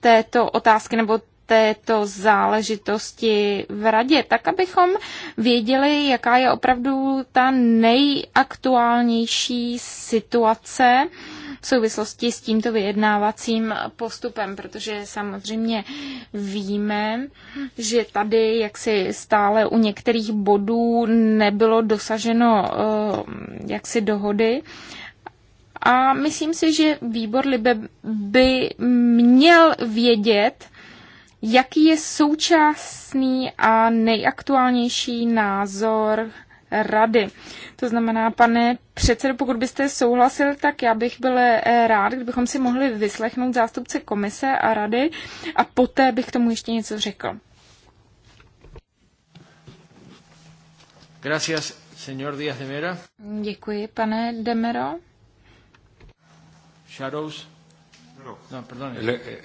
této otázky nebo této záležitosti v radě, tak abychom věděli, jaká je opravdu ta nejaktuálnější situace v souvislosti s tímto vyjednávacím postupem, protože samozřejmě víme, že tady jaksi stále u některých bodů nebylo dosaženo eh, jaksi dohody. A myslím si, že výbor Libe by měl vědět, Jaký je současný a nejaktuálnější názor rady. To znamená, pane předsedo, pokud byste souhlasil, tak já bych byl eh, rád, kdybychom si mohli vyslechnout zástupce komise a rady a poté bych k tomu ještě něco řekl. Gracias, señor Díaz de Mera. Děkuji, pane Demero. Shadows. No, eh,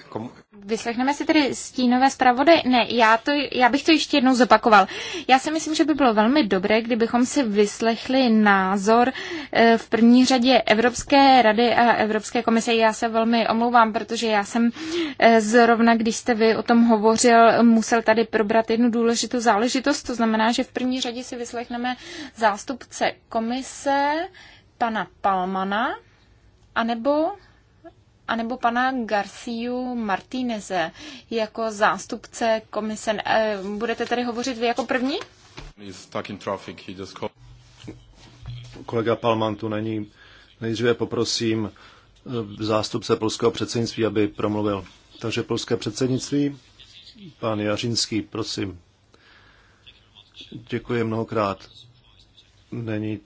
vyslechneme si tedy stínové zpravody? Ne, já, to, já bych to ještě jednou zopakoval. Já si myslím, že by bylo velmi dobré, kdybychom si vyslechli názor eh, v první řadě Evropské rady a Evropské komise. Já se velmi omlouvám, protože já jsem eh, zrovna, když jste vy o tom hovořil, musel tady probrat jednu důležitou záležitost. To znamená, že v první řadě si vyslechneme zástupce komise, pana Palmana, anebo anebo pana Garciu Martíneze jako zástupce komise. Eh, budete tady hovořit vy jako první? Kolega Palman tu není. Nejdříve poprosím eh, zástupce polského předsednictví, aby promluvil. Takže polské předsednictví, pan Jařinský, prosím. Děkuji mnohokrát. Není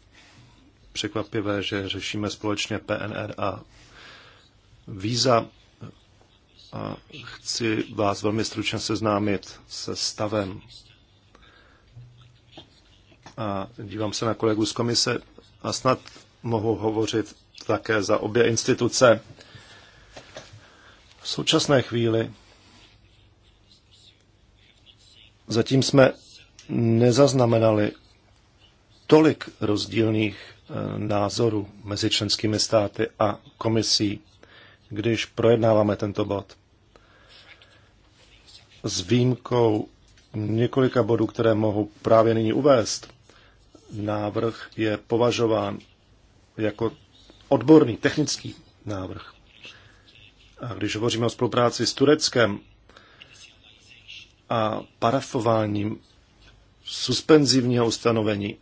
překvapivé, že řešíme společně PNR a víza a chci vás velmi stručně seznámit se stavem. A dívám se na kolegu z komise a snad mohu hovořit také za obě instituce. V současné chvíli zatím jsme nezaznamenali tolik rozdílných eh, názorů mezi členskými státy a komisí když projednáváme tento bod. S výjimkou několika bodů, které mohu právě nyní uvést, návrh je považován jako odborný, technický návrh. A když hovoříme o spolupráci s Tureckem a parafováním suspenzivního ustanovení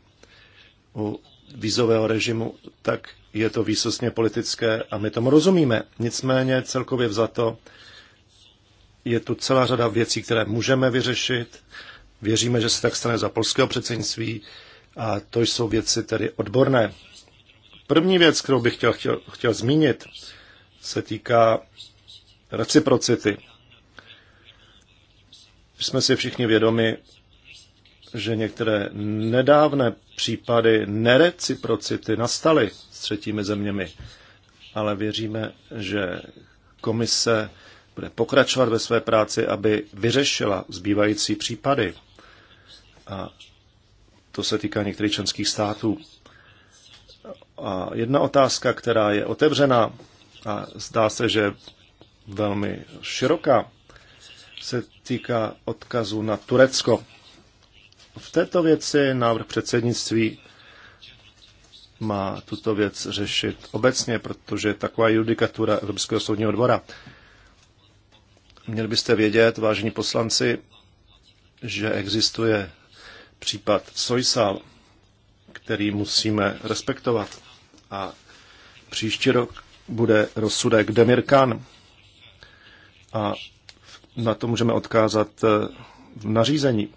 u vízového režimu, tak je to výsostně politické a my tomu rozumíme. Nicméně celkově vzato je tu celá řada věcí, které můžeme vyřešit. Věříme, že se tak stane za polského předsednictví a to jsou věci tedy odborné. První věc, kterou bych chtěl, chtěl, chtěl zmínit, se týká reciprocity. Jsme si všichni vědomi že některé nedávné případy nereciprocity nastaly s třetími zeměmi, ale věříme, že komise bude pokračovat ve své práci, aby vyřešila zbývající případy. A to se týká některých členských států. A jedna otázka, která je otevřená a zdá se, že velmi široká, se týká odkazu na Turecko. V této věci návrh předsednictví má tuto věc řešit obecně, protože taková judikatura Evropského soudního dvora. Měli byste vědět, vážení poslanci, že existuje případ Sojsal, který musíme respektovat. A příští rok bude rozsudek Demirkan. A na to můžeme odkázat v nařízení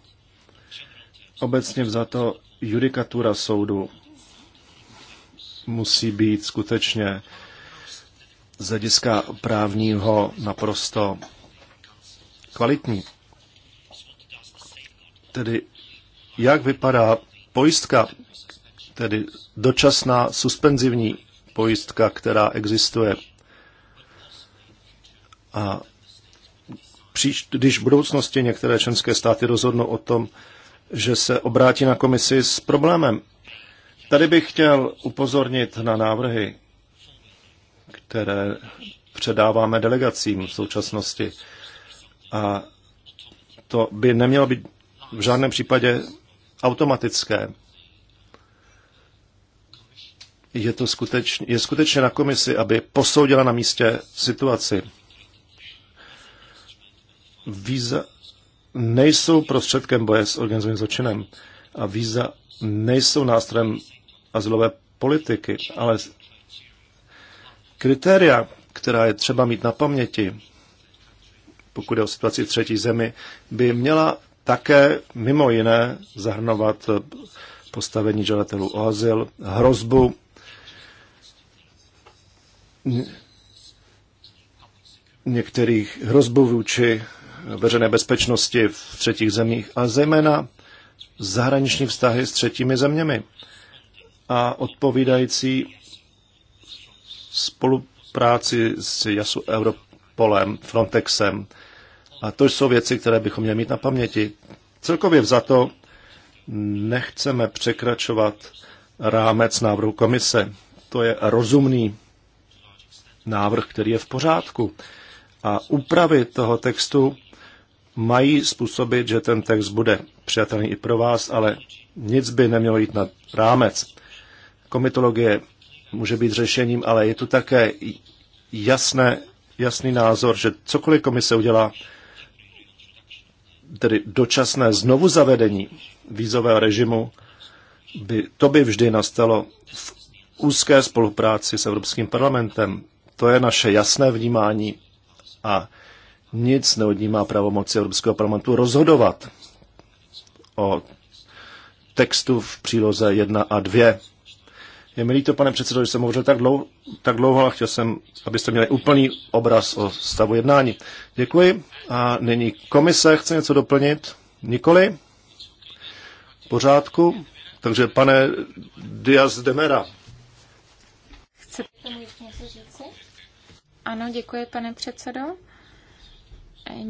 obecně vzato judikatura soudu musí být skutečně z hlediska právního naprosto kvalitní. Tedy jak vypadá pojistka, tedy dočasná suspenzivní pojistka, která existuje. A když v budoucnosti některé členské státy rozhodnou o tom, že se obrátí na komisi s problémem. Tady bych chtěl upozornit na návrhy, které předáváme delegacím v současnosti. A to by nemělo být v žádném případě automatické. Je, to skutečně, je skutečně na komisi, aby posoudila na místě situaci. Víza, nejsou prostředkem boje s organizovaným zločinem a víza nejsou nástrojem azylové politiky, ale kritéria, která je třeba mít na paměti, pokud je o situaci v třetí zemi, by měla také mimo jiné zahrnovat postavení žadatelů o azyl, hrozbu, některých hrozbu vůči veřejné bezpečnosti v třetích zemích a zejména zahraniční vztahy s třetími zeměmi a odpovídající spolupráci s JASu Europolem, Frontexem. A to jsou věci, které bychom měli mít na paměti. Celkově to nechceme překračovat rámec návrhu komise. To je rozumný návrh, který je v pořádku. A úpravy toho textu mají způsobit, že ten text bude přijatelný i pro vás, ale nic by nemělo jít na rámec. Komitologie může být řešením, ale je tu také jasné, jasný názor, že cokoliv komise udělá, tedy dočasné znovu zavedení vízového režimu, by, to by vždy nastalo v úzké spolupráci s Evropským parlamentem. To je naše jasné vnímání a nic neodnímá pravomoci Evropského parlamentu rozhodovat o textu v příloze 1 a 2. Je mi líto, pane předsedo, že jsem hovořil tak, dlou, tak dlouho ale chtěl jsem, abyste měli úplný obraz o stavu jednání. Děkuji. A nyní komise chce něco doplnit? Nikoli? pořádku. Takže pane Diaz Demera. Chcete tomu ještě něco říci? Ano, děkuji, pane předsedo.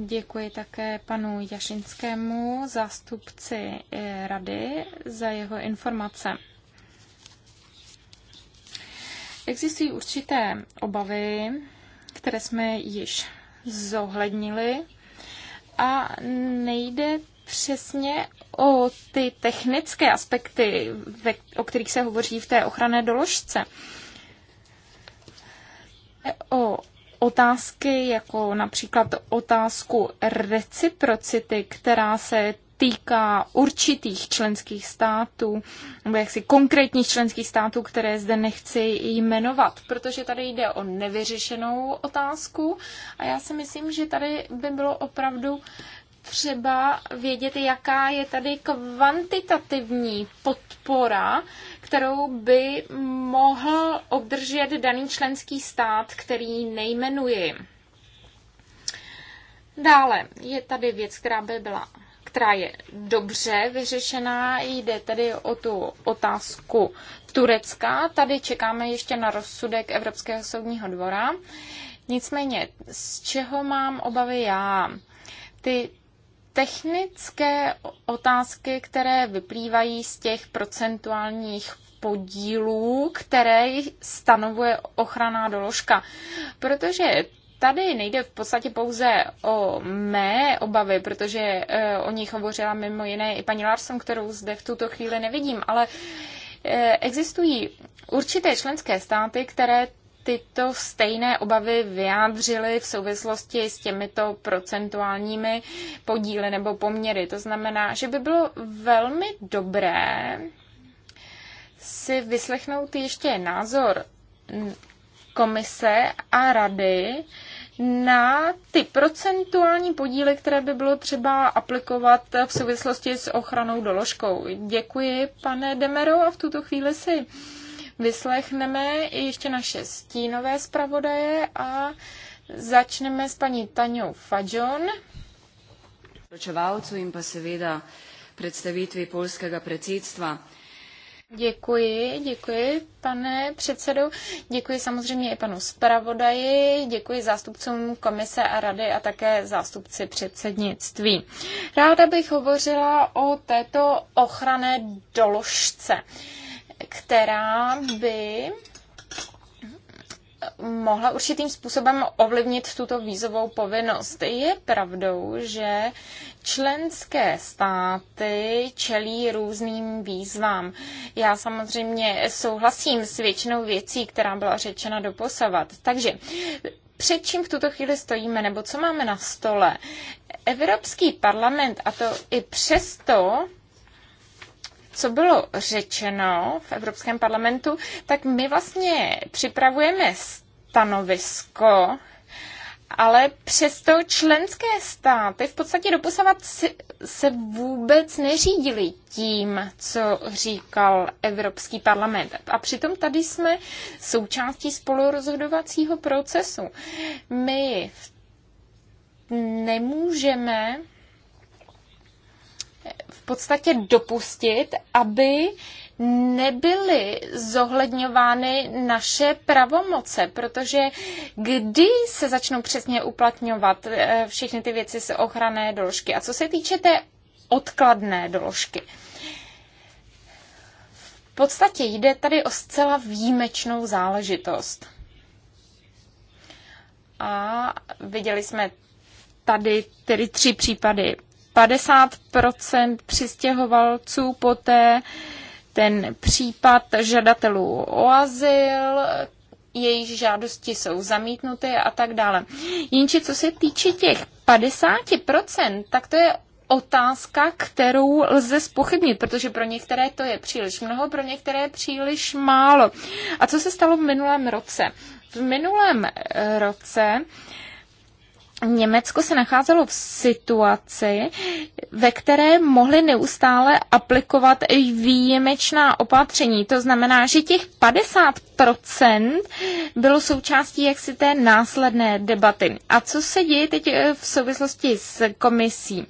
Děkuji také panu Jašinskému, zástupci eh, rady, za jeho informace. Existují určité obavy, které jsme již zohlednili a nejde přesně o ty technické aspekty, o kterých se hovoří v té ochranné doložce. O otázky, jako například otázku reciprocity, která se týká určitých členských států, nebo jaksi konkrétních členských států, které zde nechci jmenovat, protože tady jde o nevyřešenou otázku a já si myslím, že tady by bylo opravdu třeba vědět, jaká je tady kvantitativní podpora, kterou by mohl obdržet daný členský stát, který nejmenuji. Dále je tady věc, která by byla která je dobře vyřešená. Jde tedy o tu otázku Turecka. Tady čekáme ještě na rozsudek Evropského soudního dvora. Nicméně, z čeho mám obavy já? Ty technické otázky, které vyplývají z těch procentuálních podílů, které stanovuje ochranná doložka. Protože tady nejde v podstatě pouze o mé obavy, protože e, o nich hovořila mimo jiné i paní Larson, kterou zde v tuto chvíli nevidím, ale e, existují určité členské státy, které tyto stejné obavy vyjádřili v souvislosti s těmito procentuálními podíly nebo poměry. To znamená, že by bylo velmi dobré si vyslechnout ještě názor komise a rady na ty procentuální podíly, které by bylo třeba aplikovat v souvislosti s ochranou doložkou. Děkuji, pane Demero, a v tuto chvíli si vyslechneme i ještě naše stínové zpravodaje a začneme s paní Taňou Fajon. Pročevalcu in pa seveda představitvi polského předsednictva. Děkuji, děkuji, pane předsedu. Děkuji samozřejmě i panu zpravodaji, děkuji zástupcům komise a rady a také zástupci předsednictví. Ráda bych hovořila o této ochranné doložce. Uh, která by mohla určitým způsobem ovlivnit tuto vízovou povinnost. Je pravdou, že členské státy čelí různým výzvám. Já samozřejmě souhlasím s většinou věcí, která byla řečena doposavat. Takže před čím v tuto chvíli stojíme, nebo co máme na stole? Evropský parlament, a to i přesto, co bylo řečeno v Evropském parlamentu, tak my vlastně připravujeme stanovisko, ale přesto členské státy v podstatě doposavat se vůbec neřídili tím, co říkal Evropský parlament. A přitom tady jsme součástí spolurozhodovacího procesu. My nemůžeme v podstatě dopustit, aby nebyly zohledňovány naše pravomoce, protože kdy se začnou přesně uplatňovat eh, všechny ty věci z ochranné doložky. A co se týče té odkladné doložky, v podstatě jde tady o zcela výjimečnou záležitost. A viděli jsme tady tedy tři případy 50 přistěhovalců poté ten případ žadatelů o azyl, jejich žádosti jsou zamítnuty a tak dále. Jenže co se týče těch 50%, tak to je otázka, kterou lze spochybnit, protože pro některé to je příliš mnoho, pro některé příliš málo. A co se stalo v minulém roce? V minulém roce uh, Německo se nacházelo v situaci, ve které mohli neustále aplikovat výjimečná opatření. To znamená, že těch 50% bylo součástí jaksi té následné debaty. A co se děje teď eh, v souvislosti s komisí?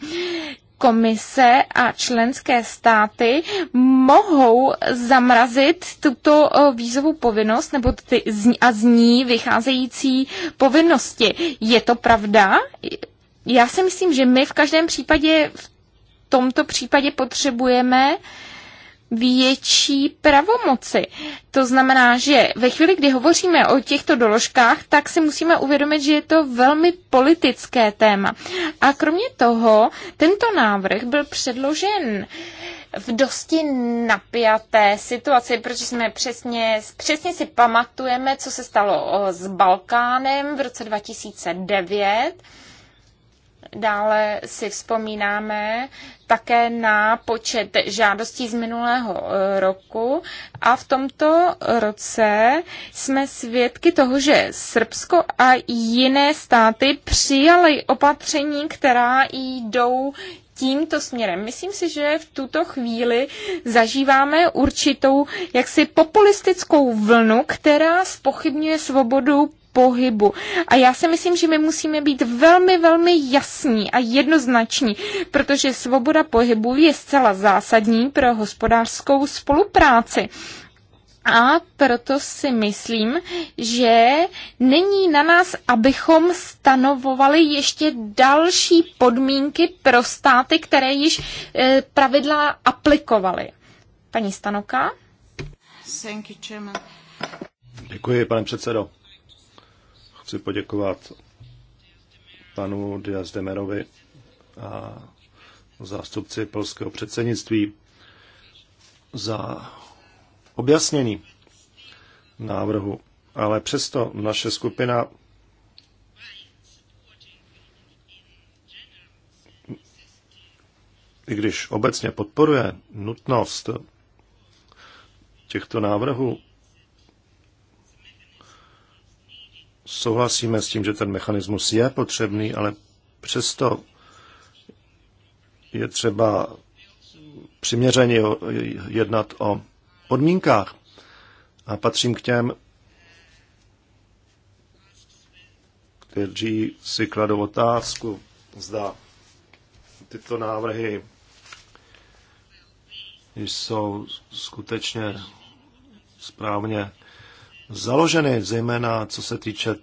komise a členské státy mohou zamrazit tuto vízovou povinnost nebo ty a z ní vycházející povinnosti. Je to pravda? Já si myslím, že my v každém případě v tomto případě potřebujeme uh, větší pravomoci. To znamená, že ve chvíli, kdy hovoříme o těchto doložkách, tak si musíme uvědomit, že je to velmi politické téma. A kromě toho, tento návrh byl předložen v dosti napjaté situaci, protože jsme přesně, přesně si pamatujeme, co se stalo s Balkánem v roce 2009 Dále si vzpomínáme také na počet žádostí z minulého eh, roku a v tomto roce jsme svědky toho, že Srbsko a jiné státy přijaly opatření, která jdou tímto směrem. Myslím si, že v tuto chvíli zažíváme určitou jaksi populistickou vlnu, která spochybňuje svobodu pohybu. A já si myslím, že my musíme být velmi, velmi jasní a jednoznační, protože svoboda pohybu je zcela zásadní pro hospodářskou spolupráci. A proto si myslím, že není na nás, abychom stanovovali ještě další podmínky pro státy, které již eh, pravidla aplikovaly. Paní Stanoka? Děkuji, pane předsedo chci poděkovat panu Diaz Demerovi a zástupci polského předsednictví za objasnění návrhu. Ale přesto naše skupina i když obecně podporuje nutnost těchto návrhů, souhlasíme s tím, že ten mechanismus je potřebný, ale přesto je třeba přiměřeně jednat o podmínkách. A patřím k těm, kteří si kladou otázku, zda tyto návrhy jsou skutečně správně založeny, zejména co se týče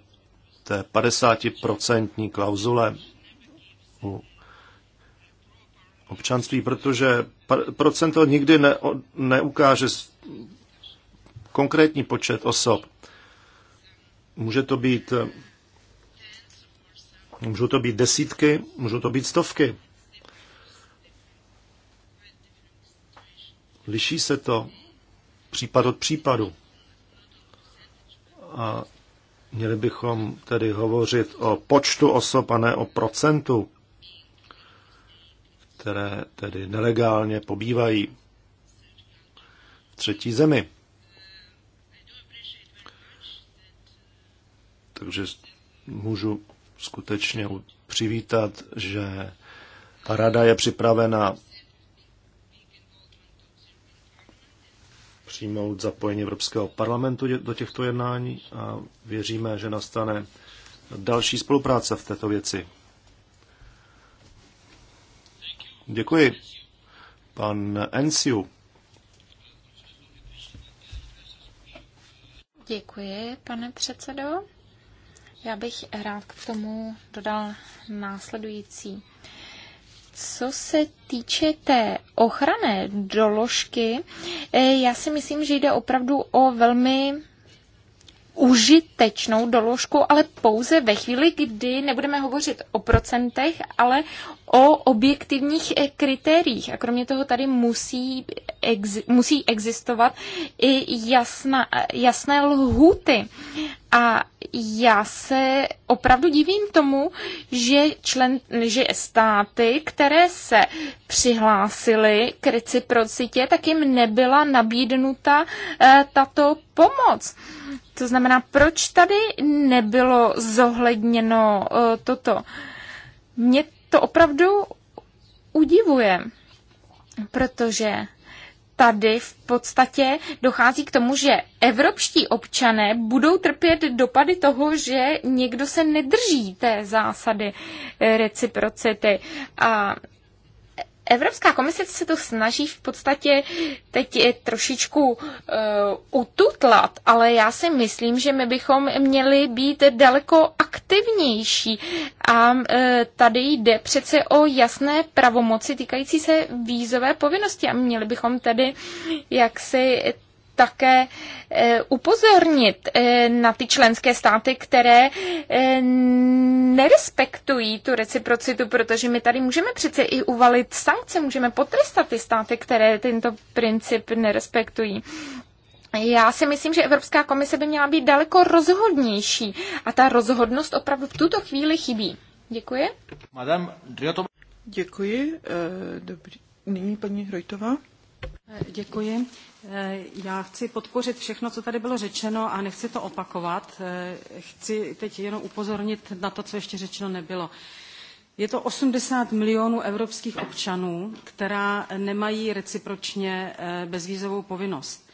té 50% klauzule u občanství, protože procento nikdy ne, neukáže konkrétní počet osob. Může to být můžou to být desítky, můžou to být stovky. Liší se to případ od případu a měli bychom tedy hovořit o počtu osob a ne o procentu, které tedy nelegálně pobývají v třetí zemi. Takže můžu skutečně přivítat, že Rada je připravena přijmout zapojení Evropského parlamentu do těchto jednání a věříme, že nastane další spolupráce v této věci. Děkuji. Pan Enciu. Děkuji, pane předsedo. Já bych rád k tomu dodal následující co se týče té ochranné doložky, eh, já si myslím, že jde opravdu o velmi užitečnou doložku, ale pouze ve chvíli, kdy nebudeme hovořit o procentech, ale o objektivních eh, kritériích. A kromě toho tady musí, ex, musí existovat i jasna, eh, jasné lhuty. A já se opravdu divím tomu, že, člen, že státy, které se přihlásily k reciprocitě, tak jim nebyla nabídnuta eh, tato pomoc. To znamená, proč tady nebylo zohledněno eh, toto? Mě to opravdu udivuje, protože tady v podstatě dochází k tomu, že evropští občané budou trpět dopady toho, že někdo se nedrží té zásady eh, reciprocity. A Evropská komise se to snaží v podstatě teď je trošičku uh, ututlat, ale já si myslím, že my bychom měli být daleko aktivnější. A uh, tady jde přece o jasné pravomoci týkající se vízové povinnosti a měli bychom tedy jaksi také eh, upozornit eh, na ty členské státy, které eh, nerespektují tu reciprocitu, protože my tady můžeme přece i uvalit sankce, můžeme potrestat ty státy, které tento princip nerespektují. Já si myslím, že Evropská komise by měla být daleko rozhodnější a ta rozhodnost opravdu v tuto chvíli chybí. Děkuji. Madame, Děkuji. Dobrý. Nyní paní Hrojtová. Děkuji. Eh, já chci podpořit všechno, co tady bylo řečeno a nechci to opakovat. Eh, chci teď jenom upozornit na to, co ještě řečeno nebylo. Je to 80 milionů evropských občanů, která nemají recipročně eh, bezvízovou povinnost.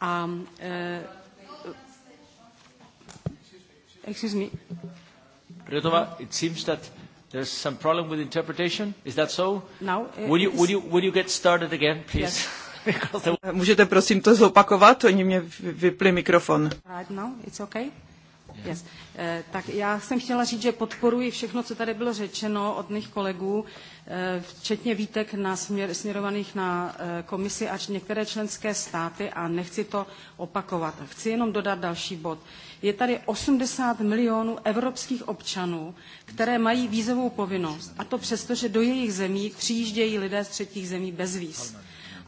A, excuse me. Rotova, it seems that There's some problem with interpretation? Is that so? No. would, you, would, you, would you get started again, please? Yes. Uh, můžete prosím to zopakovat? Oni mě vypli mikrofon. Right now, it's okay? Yes. Yes. Eh, tak já jsem chtěla říct, že podporuji všechno, co tady bylo řečeno od mých kolegů, eh, včetně výtek na směr, směrovaných na eh, komisi až některé členské státy a nechci to opakovat. Chci jenom dodat další bod. Je tady 80 milionů evropských občanů, které mají vízovou povinnost, a to přesto, že do jejich zemí přijíždějí lidé z třetích zemí bez víz.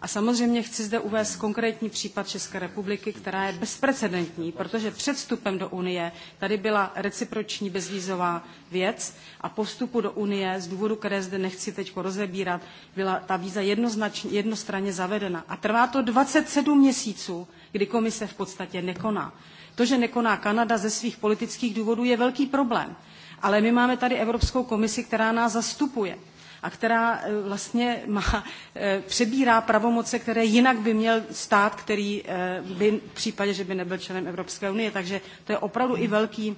A samozřejmě chci zde uvést konkrétní případ České republiky, která je bezprecedentní, protože před vstupem do Unie tady byla reciproční bezvízová věc a po vstupu do Unie z důvodu, které zde nechci teď rozebírat, byla ta víza jednoznačně, jednostranně zavedena. A trvá to 27 měsíců, kdy komise v podstatě nekoná. To, že nekoná Kanada ze svých politických důvodů, je velký problém. Ale my máme tady Evropskou komisi, která nás zastupuje a která e, vlastně má, e, přebírá pravomoce, které jinak by měl stát, který e, by v případě, že by nebyl členem Evropské unie. Takže to je opravdu i velký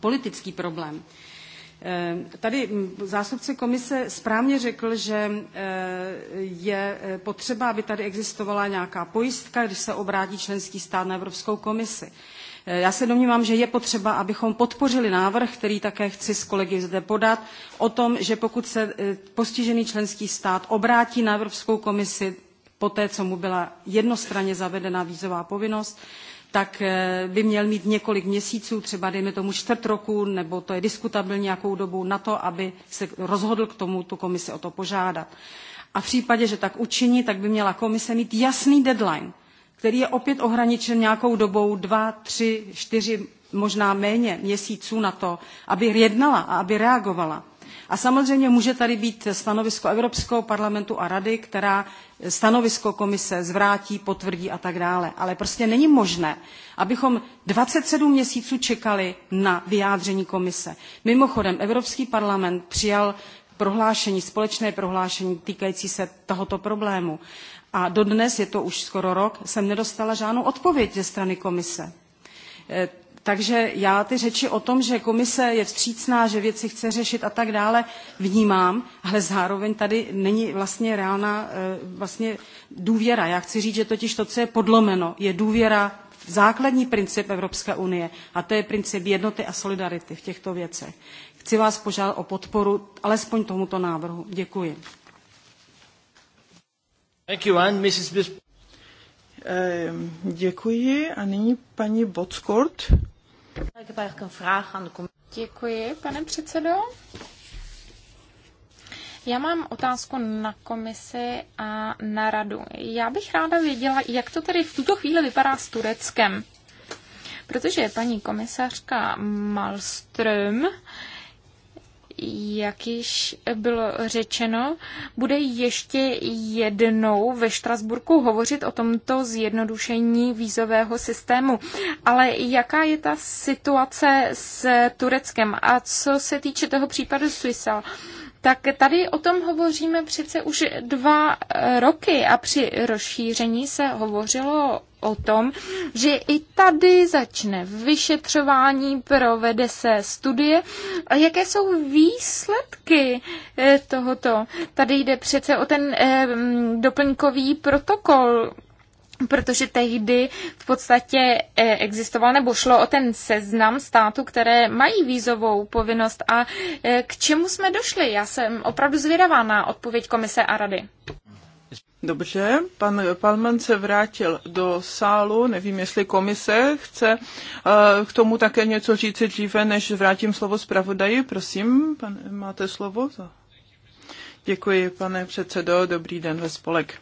politický problém. Tady zástupce komise správně řekl, že je potřeba, aby tady existovala nějaká pojistka, když se obrátí členský stát na Evropskou komisi. Eh, já se domnívám, že je potřeba, abychom podpořili návrh, který také chci s kolegy zde podat, o tom, že pokud se eh, postižený členský stát obrátí na Evropskou komisi poté, co mu byla jednostranně zavedena vízová povinnost, tak eh, by měl mít několik měsíců, třeba dejme tomu čtvrt roku, nebo to je diskutabilní nějakou dobu, na to, aby se rozhodl k tomu tu komisi o to požádat. A v případě, že tak učiní, tak by měla komise mít jasný deadline, který je opět ohraničen nějakou dobou dva, tři, čtyři, možná méně měsíců na to, aby jednala a aby reagovala. A samozřejmě může tady být stanovisko Evropského parlamentu a rady, která stanovisko komise zvrátí, potvrdí a tak dále. Ale prostě není možné, abychom 27 měsíců čekali na vyjádření komise. Mimochodem, Evropský parlament přijal prohlášení, společné prohlášení týkající se tohoto problému a dodnes, je to už skoro rok, jsem nedostala žádnou odpověď ze strany komise. E, takže já ty řeči o tom, že komise je vstřícná, že věci chce řešit a tak dále, vnímám, ale zároveň tady není vlastně reálná e, vlastně důvěra. Já chci říct, že totiž to, co je podlomeno, je důvěra v základní princip Evropské unie a to je princip jednoty a solidarity v těchto věcech. Chci vás požádat o podporu alespoň tomuto návrhu. Děkuji. Thank you, Mrs. Bis- ehm, Děkuji a nyní paní Botskort. Děkuji, pane předsedo. Já mám otázku na komisi a na radu. Já bych ráda věděla, jak to tedy v tuto chvíli vypadá s Tureckem. Protože paní komisařka Malström jak již bylo řečeno, bude ještě jednou ve Štrasburku hovořit o tomto zjednodušení vízového systému. Ale jaká je ta situace s Tureckem? A co se týče toho případu Suisa, tak tady o tom hovoříme přece už dva eh, roky a při rozšíření se hovořilo o tom, že i tady začne vyšetřování, provede se studie. A jaké jsou výsledky eh, tohoto? Tady jde přece o ten eh, doplňkový protokol protože tehdy v podstatě eh, existoval nebo šlo o ten seznam států, které mají vízovou povinnost a eh, k čemu jsme došli? Já jsem opravdu zvědavá na odpověď komise a rady. Dobře, pan Palman se vrátil do sálu, nevím, jestli komise chce eh, k tomu také něco říct dříve, než vrátím slovo zpravodaji. Prosím, pan, máte slovo? Děkuji, pane předsedo, dobrý den ve spolek.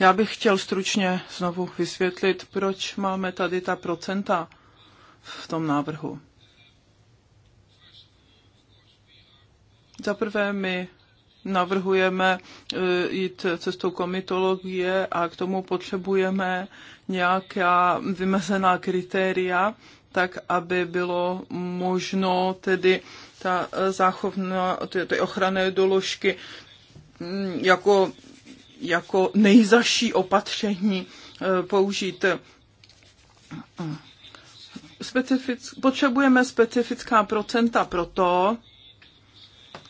Já bych chtěl stručně znovu vysvětlit, proč máme tady ta procenta v tom návrhu. Za prvé my navrhujeme e, jít cestou komitologie a k tomu potřebujeme nějaká vymezená kritéria, tak aby bylo možno tedy ta e, záchovna, ty, ty ochranné doložky jako jako nejzaší opatření eh, použít. Eh, specific, potřebujeme specifická procenta proto,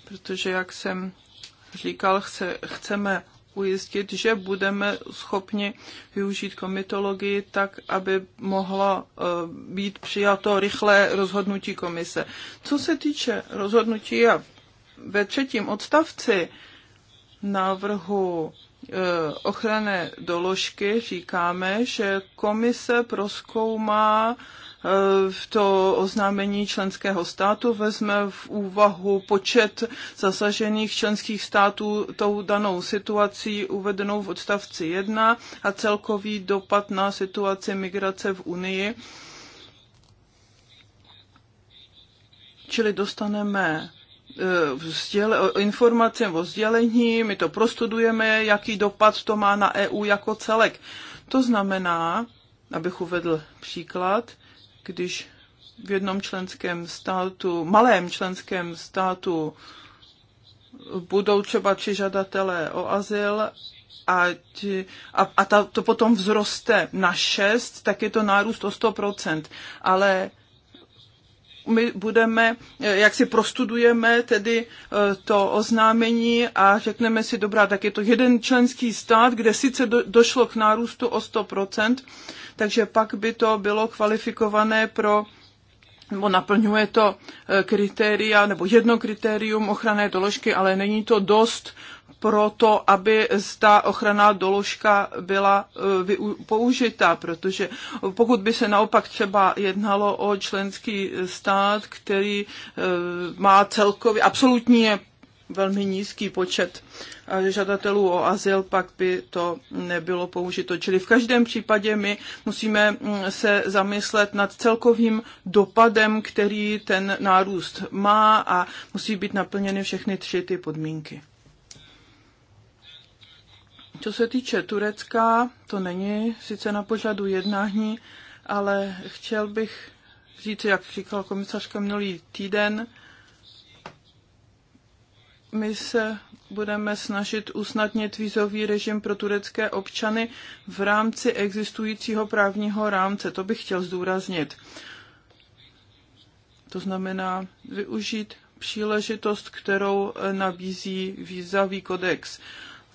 protože, jak jsem říkal, chce, chceme ujistit, že budeme schopni využít komitologii tak, aby mohlo eh, být přijato rychlé rozhodnutí komise. Co se týče rozhodnutí a ve třetím odstavci návrhu Eh, ochranné doložky říkáme, že komise proskoumá v eh, to oznámení členského státu vezme v úvahu počet zasažených členských států tou danou situací uvedenou v odstavci 1 a celkový dopad na situaci migrace v Unii. Čili dostaneme Eh, sděle, o sdělení, my to prostudujeme, jaký dopad to má na EU jako celek. To znamená, abych uvedl příklad, když v jednom členském státu, malém členském státu, budou třeba tři žadatelé o azyl a, ti, a, a ta, to potom vzroste na šest, tak je to nárůst o 100%. Ale my budeme, eh, jak si prostudujeme tedy eh, to oznámení a řekneme si, dobrá, tak je to jeden členský stát, kde sice do, došlo k nárůstu o 100%, takže pak by to bylo kvalifikované pro nebo naplňuje to eh, kritéria, nebo jedno kritérium ochranné doložky, ale není to dost pro to, aby ta ochranná doložka byla eh, použita, protože pokud by se naopak třeba jednalo o členský stát, který eh, má celkově absolutně velmi nízký počet eh, žadatelů o azyl, pak by to nebylo použito. Čili v každém případě my musíme mm, se zamyslet nad celkovým dopadem, který ten nárůst má a musí být naplněny všechny tři ty podmínky. Co se týče Turecka, to není sice na požadu jednání, ale chtěl bych říct, jak říkal komisařka minulý týden, my se budeme snažit usnadnit vízový režim pro turecké občany v rámci existujícího právního rámce. To bych chtěl zdůraznit. To znamená využít příležitost, kterou nabízí vízový kodex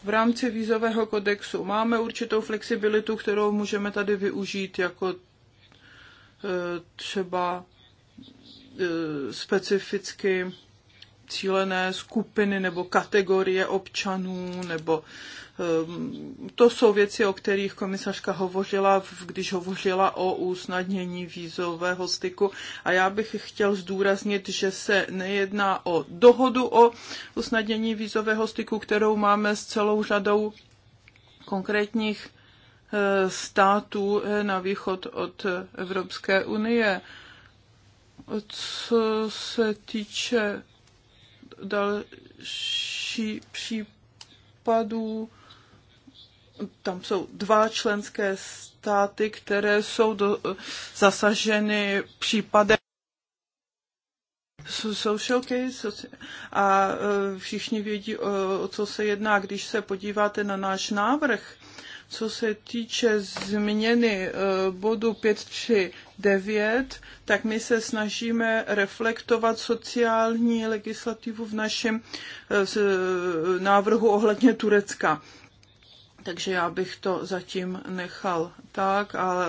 v rámci vízového kodexu máme určitou flexibilitu, kterou můžeme tady využít jako e, třeba e, specificky cílené skupiny nebo kategorie občanů nebo to jsou věci, o kterých komisařka hovořila, když hovořila o usnadnění vízového styku. A já bych chtěl zdůraznit, že se nejedná o dohodu o usnadnění vízového styku, kterou máme s celou řadou konkrétních eh, států eh, na východ od Evropské unie. Co se týče další případů, tam jsou dva členské státy, které jsou do, eh, zasaženy případem social case a eh, všichni vědí, o co se jedná. Když se podíváte na náš návrh, co se týče změny eh, bodu 539, tak my se snažíme reflektovat sociální legislativu v našem návrhu ohledně Turecka. Takže já bych to zatím nechal tak, ale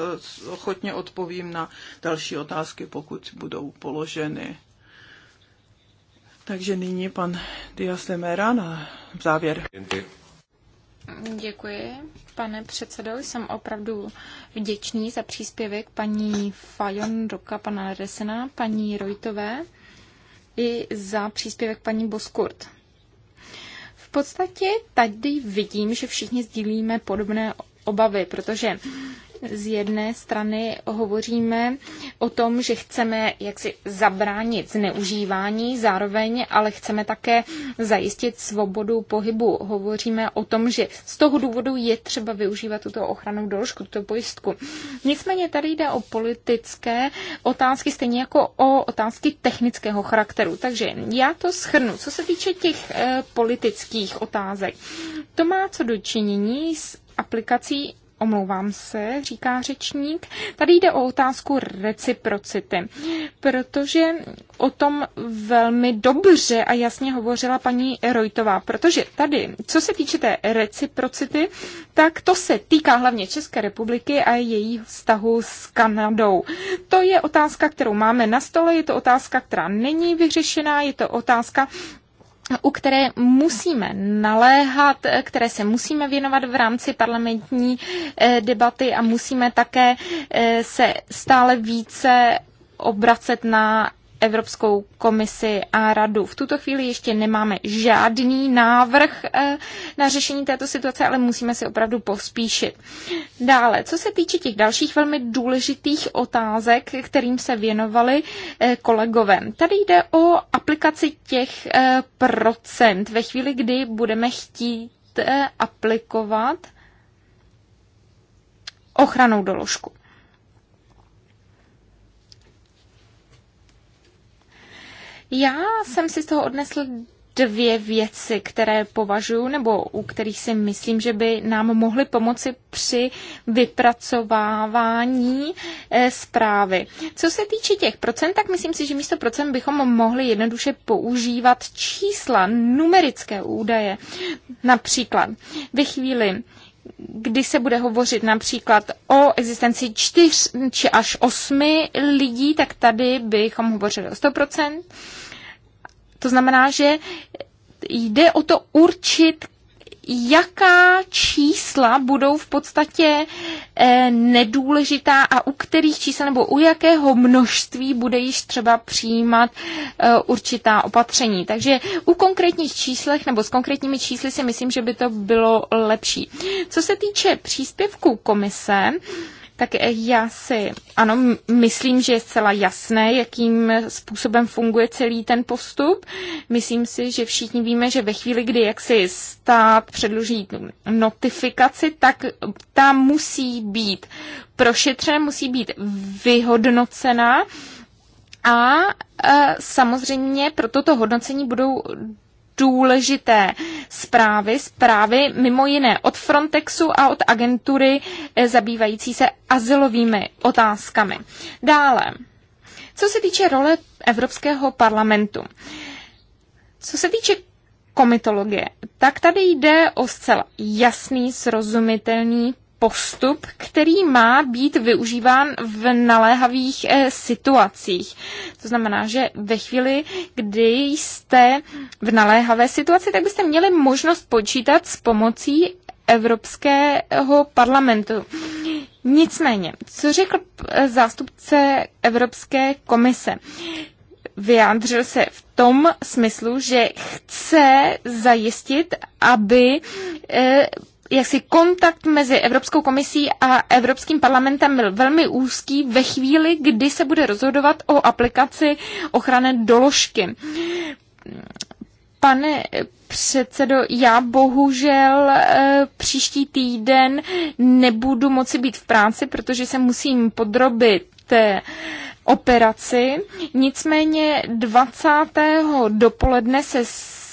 ochotně odpovím na další otázky, pokud budou položeny. Takže nyní pan Dias Lemera na závěr. Děkuji, pane předsedo. Jsem opravdu vděčný za příspěvek paní Fajon Roka, pana Resena, paní Rojtové i za příspěvek paní Boskurt podstatě tady vidím, že všichni sdílíme podobné obavy, protože z jedné strany hovoříme o tom, že chceme jaksi zabránit zneužívání, zároveň ale chceme také zajistit svobodu pohybu. Hovoříme o tom, že z toho důvodu je třeba využívat tuto ochranu doložku, tuto pojistku. Nicméně tady jde o politické otázky, stejně jako o otázky technického charakteru. Takže já to schrnu. Co se týče těch eh, politických otázek, to má co dočinění s aplikací omlouvám se, říká řečník. Tady jde o otázku reciprocity, protože o tom velmi dobře a jasně hovořila paní Rojtová, protože tady, co se týče té reciprocity, tak to se týká hlavně České republiky a její vztahu s Kanadou. To je otázka, kterou máme na stole, je to otázka, která není vyřešená, je to otázka, u které musíme naléhat, které se musíme věnovat v rámci parlamentní eh, debaty a musíme také eh, se stále více obracet na Evropskou komisi a radu. V tuto chvíli ještě nemáme žádný návrh eh, na řešení této situace, ale musíme si opravdu pospíšit. Dále, co se týče těch dalších velmi důležitých otázek, kterým se věnovali eh, kolegové. Tady jde o aplikaci těch eh, procent ve chvíli, kdy budeme chtít aplikovat ochranou doložku. Já jsem si z toho odnesl dvě věci, které považuji nebo u kterých si myslím, že by nám mohly pomoci při vypracovávání eh, zprávy. Co se týče těch procent, tak myslím si, že místo procent bychom mohli jednoduše používat čísla, numerické údaje. Například ve chvíli, kdy se bude hovořit například o existenci čtyř či až osmi lidí, tak tady bychom hovořili o 100%. To znamená, že jde o to určit, jaká čísla budou v podstatě eh, nedůležitá a u kterých čísel nebo u jakého množství bude již třeba přijímat eh, určitá opatření. Takže u konkrétních číslech nebo s konkrétními čísly si myslím, že by to bylo lepší. Co se týče příspěvku komise, eh, tak já si, ano, myslím, že je zcela jasné, jakým způsobem funguje celý ten postup. Myslím si, že všichni víme, že ve chvíli, kdy jak si stát předloží notifikaci, tak ta musí být prošetřena, musí být vyhodnocena. A e, samozřejmě pro toto hodnocení budou důležité zprávy, zprávy mimo jiné od Frontexu a od agentury eh, zabývající se asilovými otázkami. Dále, co se týče role Evropského parlamentu, co se týče komitologie, tak tady jde o zcela jasný, srozumitelný postup, který má být využíván v naléhavých eh, situacích. To znamená, že ve chvíli, kdy jste v naléhavé situaci, tak byste měli možnost počítat s pomocí Evropského parlamentu. Nicméně, co řekl eh, zástupce Evropské komise? Vyjádřil se v tom smyslu, že chce zajistit, aby eh, jaksi kontakt mezi Evropskou komisí a Evropským parlamentem byl velmi úzký ve chvíli, kdy se bude rozhodovat o aplikaci ochrany doložky. Pane předsedo, já bohužel eh, příští týden nebudu moci být v práci, protože se musím podrobit operaci. Nicméně 20. dopoledne se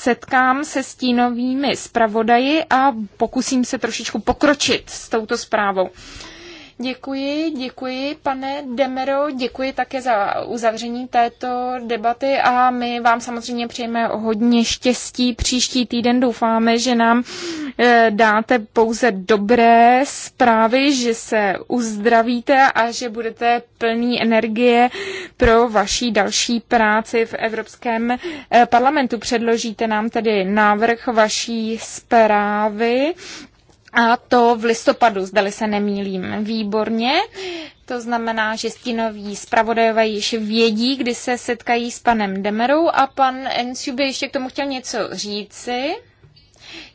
setkám se stínovými zpravodaji a pokusím se trošičku pokročit s touto zprávou. Děkuji, děkuji, pane Demero, děkuji také za uzavření této debaty a my vám samozřejmě přejeme hodně štěstí. Příští týden doufáme, že nám eh, dáte pouze dobré zprávy, že se uzdravíte a že budete plný energie pro vaší další práci v Evropském eh, parlamentu. Předložíte nám tedy návrh vaší zprávy a to v listopadu, zdali se nemýlím. Výborně. To znamená, že stínoví zpravodajové již vědí, kdy se setkají s panem Demerou a pan by ještě k tomu chtěl něco říci.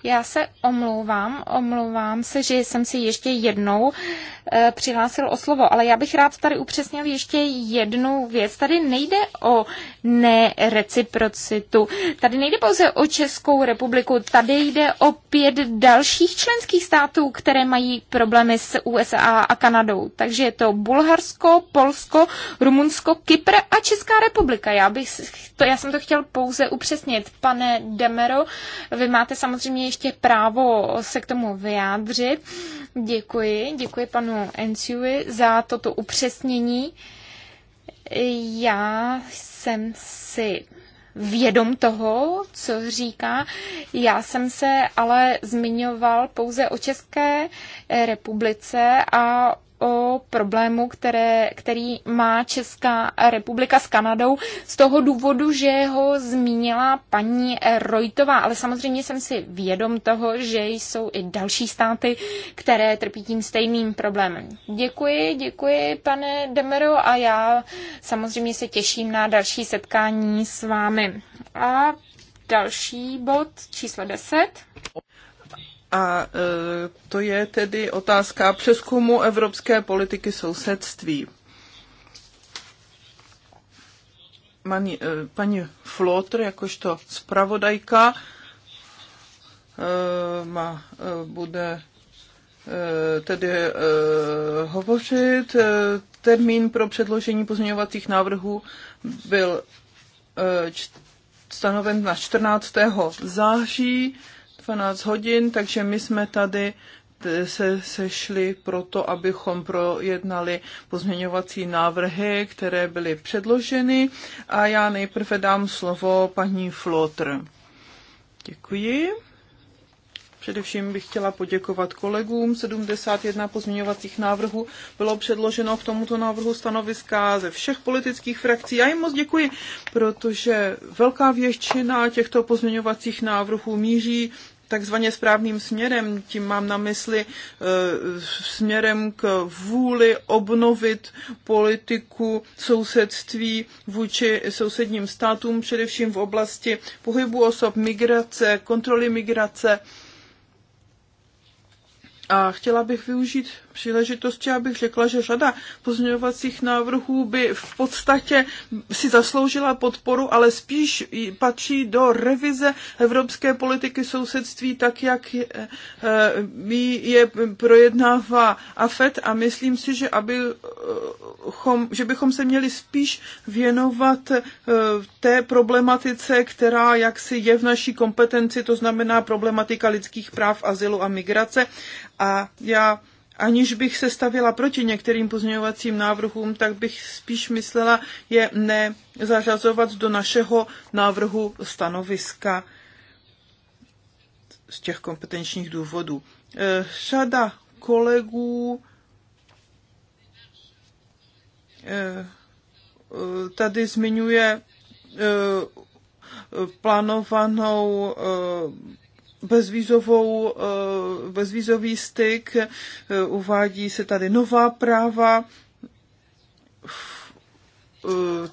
Já se omlouvám, omlouvám se, že jsem si ještě jednou e, přihlásil o slovo, ale já bych rád tady upřesnil ještě jednu věc. Tady nejde o nereciprocitu. Tady nejde pouze o Českou republiku, tady jde o pět dalších členských států, které mají problémy s USA a Kanadou. Takže je to Bulharsko, Polsko, Rumunsko, Kypr a Česká republika. Já, bych, to, já jsem to chtěl pouze upřesnit. Pane Demero, vy máte samozřejmě ještě právo se k tomu vyjádřit. Děkuji, děkuji panu Enciui za toto upřesnění. Já jsem si vědom toho, co říká. Já jsem se ale zmiňoval pouze o České republice a o problému, které, který má Česká republika s Kanadou z toho důvodu, že ho zmínila paní Rojtová, ale samozřejmě jsem si vědom toho, že jsou i další státy, které trpí tím stejným problémem. Děkuji, děkuji pane Demero a já samozřejmě se těším na další setkání s vámi. A další bod číslo 10. A e, to je tedy otázka přeskumu evropské politiky sousedství. Mani, e, paní Flotr, jakožto zpravodajka, e, má, bude tedy hovořit. Termín pro předložení pozměňovacích návrhů byl stanoven na 14. září 12 hodin, takže my jsme tady se sešli proto, abychom projednali pozměňovací návrhy, které byly předloženy. A já nejprve dám slovo paní Flotr. Děkuji. Především bych chtěla poděkovat kolegům. 71 pozměňovacích návrhů bylo předloženo k tomuto návrhu stanoviska ze všech politických frakcí. Já jim moc děkuji, protože velká většina těchto pozměňovacích návrhů míří takzvaně správným směrem, tím mám na mysli e, směrem k vůli obnovit politiku sousedství vůči sousedním státům, především v oblasti pohybu osob, migrace, kontroly migrace, a chtěla bych využít příležitosti, abych řekla, že řada pozměňovacích návrhů by v podstatě si zasloužila podporu, ale spíš patří do revize evropské politiky sousedství, tak jak je, eh, je projednává AFET a myslím si, že, abychom, že bychom se měli spíš věnovat eh, té problematice, která jaksi je v naší kompetenci, to znamená problematika lidských práv, azylu a migrace a já aniž bych se stavila proti některým pozměňovacím návrhům, tak bych spíš myslela je nezařazovat do našeho návrhu stanoviska z těch kompetenčních důvodů. E, řada kolegů e, tady zmiňuje e, plánovanou bezvízovou, eh, bezvízový styk, eh, uvádí se tady nová práva,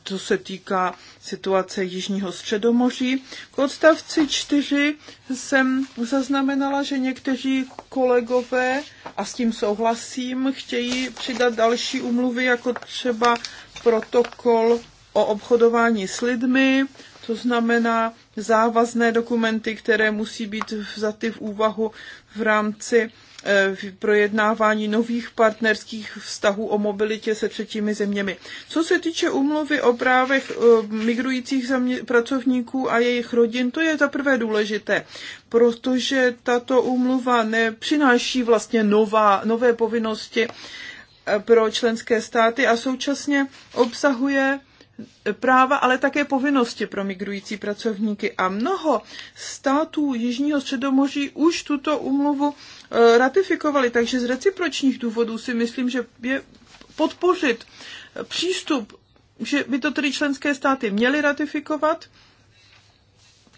co eh, se týká situace Jižního středomoří. K odstavci čtyři jsem zaznamenala, že někteří kolegové, a s tím souhlasím, chtějí přidat další umluvy, jako třeba protokol o obchodování s lidmi, to znamená závazné dokumenty, které musí být vzaty v úvahu v rámci eh, projednávání nových partnerských vztahů o mobilitě se třetími zeměmi. Co se týče umluvy o právech eh, migrujících zamě- pracovníků a jejich rodin, to je zaprvé důležité, protože tato umluva nepřináší vlastně nová, nové povinnosti eh, pro členské státy a současně obsahuje práva, ale také povinnosti pro migrující pracovníky. A mnoho států Jižního středomoří už tuto umluvu eh, ratifikovali, takže z recipročních důvodů si myslím, že je podpořit přístup, že by to tedy členské státy měly ratifikovat,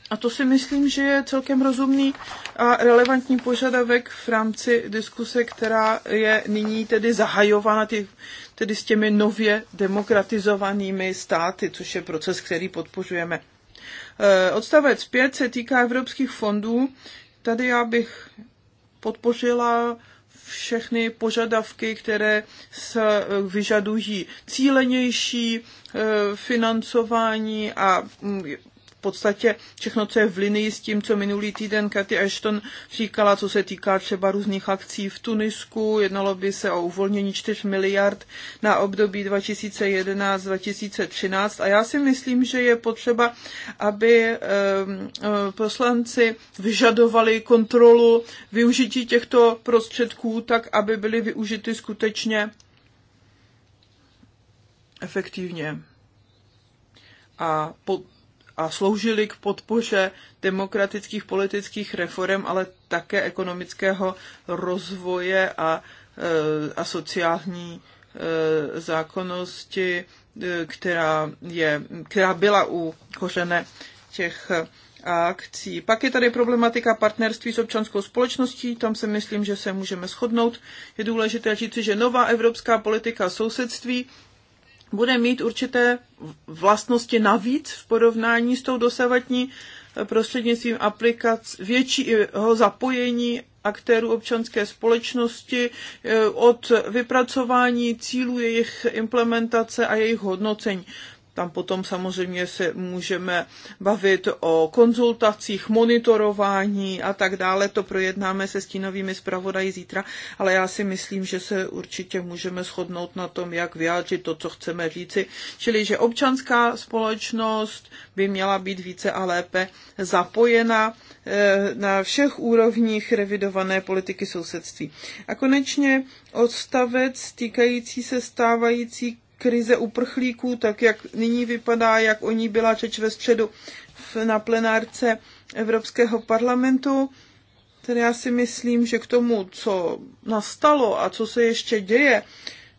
a to si myslím, že je celkem rozumný a relevantní požadavek v rámci diskuse, která je nyní tedy zahajována ty, tedy s těmi nově demokratizovanými státy, což je proces, který podpořujeme. E, odstavec 5 se týká evropských fondů. Tady já bych podpořila všechny požadavky, které se vyžadují cílenější e, financování a mm, podstatě všechno, co je v linii s tím, co minulý týden Katy Ashton říkala, co se týká třeba různých akcí v Tunisku. Jednalo by se o uvolnění 4 miliard na období 2011-2013 a já si myslím, že je potřeba, aby ehm, eh, poslanci vyžadovali kontrolu využití těchto prostředků tak, aby byly využity skutečně efektivně a po, a sloužili k podpoře demokratických politických reform, ale také ekonomického rozvoje a, eh, a sociální eh, zákonnosti, eh, která, je, která byla u kořene těch akcí. Pak je tady problematika partnerství s občanskou společností, tam se myslím, že se můžeme shodnout. Je důležité říci, že nová evropská politika sousedství bude mít určité vlastnosti navíc v porovnání s tou dosavatní eh, prostřednictvím aplikac většího eh, zapojení aktérů občanské společnosti eh, od vypracování cílů jejich implementace a jejich hodnocení. Tam potom samozřejmě se můžeme bavit o konzultacích, monitorování a tak dále. To projednáme se stínovými zpravodají zítra, ale já si myslím, že se určitě můžeme shodnout na tom, jak vyjádřit to, co chceme říci. Čili, že občanská společnost by měla být více a lépe zapojena eh, na všech úrovních revidované politiky sousedství. A konečně odstavec týkající se stávající krize uprchlíků, tak jak nyní vypadá, jak o ní byla řeč ve středu na plenárce Evropského parlamentu. Tedy já si myslím, že k tomu, co nastalo a co se ještě děje,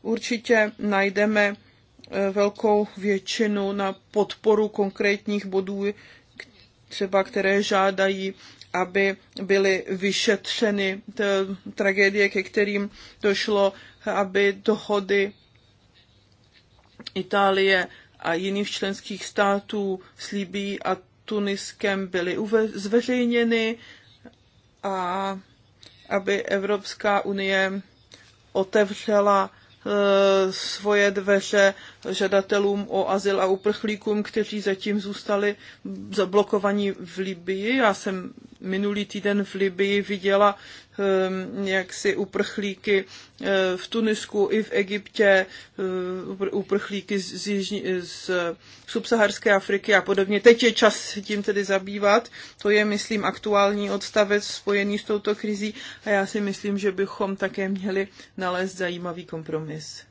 určitě najdeme e, velkou většinu na podporu konkrétních bodů, třeba které žádají, aby byly vyšetřeny tragédie, ke kterým došlo, aby dohody Itálie a jiných členských států s Libí a Tuniskem byly zveřejněny a aby Evropská unie otevřela eh, svoje dveře žadatelům o azyl a uprchlíkům, kteří zatím zůstali zablokovaní v Libii. Já jsem minulý týden v Libii viděla ehm, jak si uprchlíky eh, v Tunisku i v Egyptě, eh, uprchlíky z, jižní, z subsaharské Afriky a podobně. Teď je čas se tím tedy zabývat. To je, myslím, aktuální odstavec spojený s touto krizí a já si myslím, že bychom také měli nalézt zajímavý kompromis.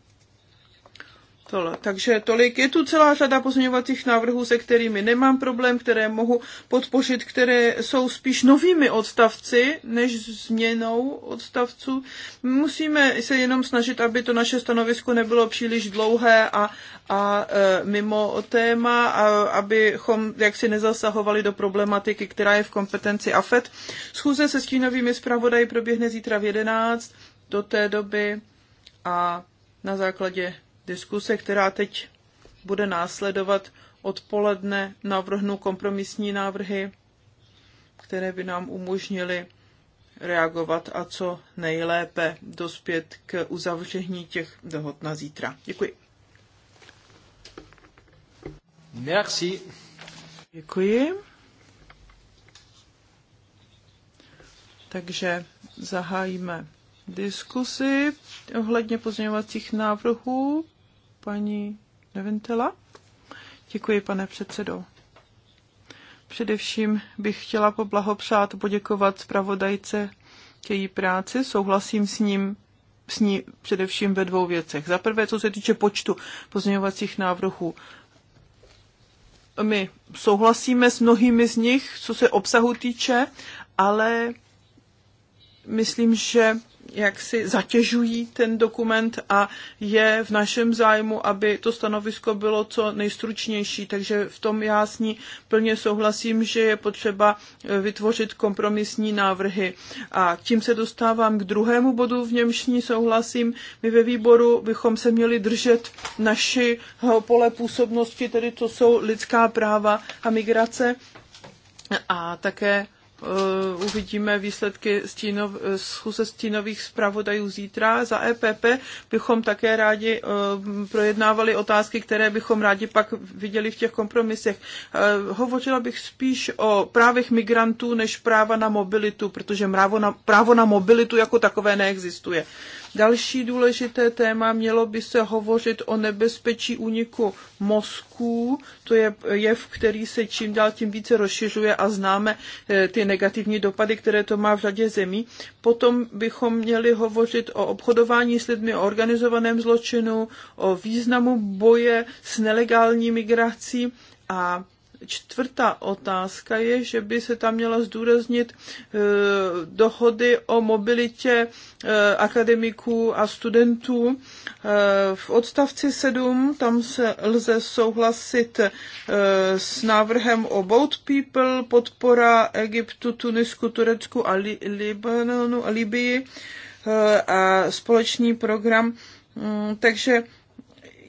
Tohle. Takže tolik. Je tu celá řada pozměňovacích návrhů, se kterými nemám problém, které mohu podpořit, které jsou spíš novými odstavci než změnou odstavců. Musíme se jenom snažit, aby to naše stanovisko nebylo příliš dlouhé a, a e, mimo téma, a, abychom jaksi nezasahovali do problematiky, která je v kompetenci AFET. Schůze se stínovými zpravodaji proběhne zítra v 11 do té doby a na základě diskuse, která teď bude následovat odpoledne, navrhnu kompromisní návrhy, které by nám umožnily reagovat a co nejlépe dospět k uzavření těch dohod na zítra. Děkuji. Merci. Děkuji. Takže zahájíme diskusi ohledně pozměňovacích návrhů paní Neventela. Děkuji, pane předsedo. Především bych chtěla poblahopřát, poděkovat zpravodajce k její práci. Souhlasím s ním s ní především ve dvou věcech. Za prvé, co se týče počtu pozměňovacích návrhů. My souhlasíme s mnohými z nich, co se obsahu týče, ale myslím, že jak si zatěžují ten dokument a je v našem zájmu, aby to stanovisko bylo co nejstručnější. Takže v tom já s ní plně souhlasím, že je potřeba eh, vytvořit kompromisní návrhy. A tím se dostávám k druhému bodu, v němž ní souhlasím. My ve výboru bychom se měli držet naši pole působnosti, tedy to jsou lidská práva a migrace a také Eh, uvidíme výsledky stínov, eh, schůze stínových zpravodajů zítra. Za EPP bychom také rádi eh, projednávali otázky, které bychom rádi pak viděli v těch kompromisech. Hovořila bych spíš o právech migrantů než práva na mobilitu, protože na, právo na mobilitu jako takové neexistuje. Další důležité téma mělo by se hovořit o nebezpečí úniku mozků. To je jev, který se čím dál tím více rozšiřuje a známe eh, ty negativní dopady, které to má v řadě zemí. Potom bychom měli hovořit o obchodování s lidmi, o organizovaném zločinu, o významu boje s nelegální migrací a čtvrtá otázka je, že by se tam měla zdůraznit e, dohody o mobilitě e, akademiků a studentů. E, v odstavci 7 tam se lze souhlasit s návrhem o Boat People, podpora Egyptu, Tunisku, Turecku a Libanonu a Libii a společný program. Mm, takže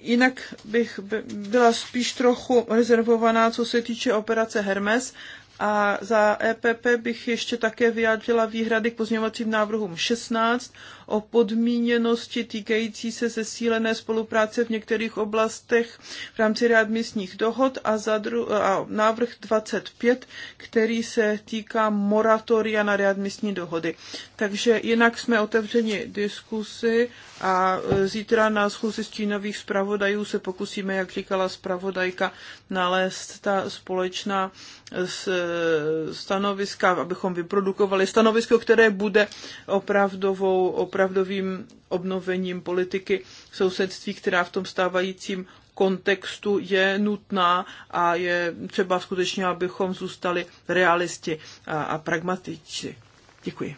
Jinak bych byla spíš trochu rezervovaná, co se týče operace Hermes, a za EPP bych ještě také vyjádřila výhrady k pozměňovacím návrhům 16, o podmíněnosti týkající se zesílené spolupráce v některých oblastech v rámci readmisních dohod a, zadru, a návrh 25, který se týká moratoria na readmisní dohody. Takže jinak jsme otevřeni diskusi a e, zítra na schůzi stínových zpravodajů se pokusíme, jak říkala zpravodajka, nalézt ta společná e, e, stanoviska, abychom vyprodukovali stanovisko, které bude opravdovou, opravdovou opravdovým obnovením politiky sousedství, která v tom stávajícím kontextu je nutná a je třeba skutečně, abychom zůstali realisti a, a pragmatici. Děkuji.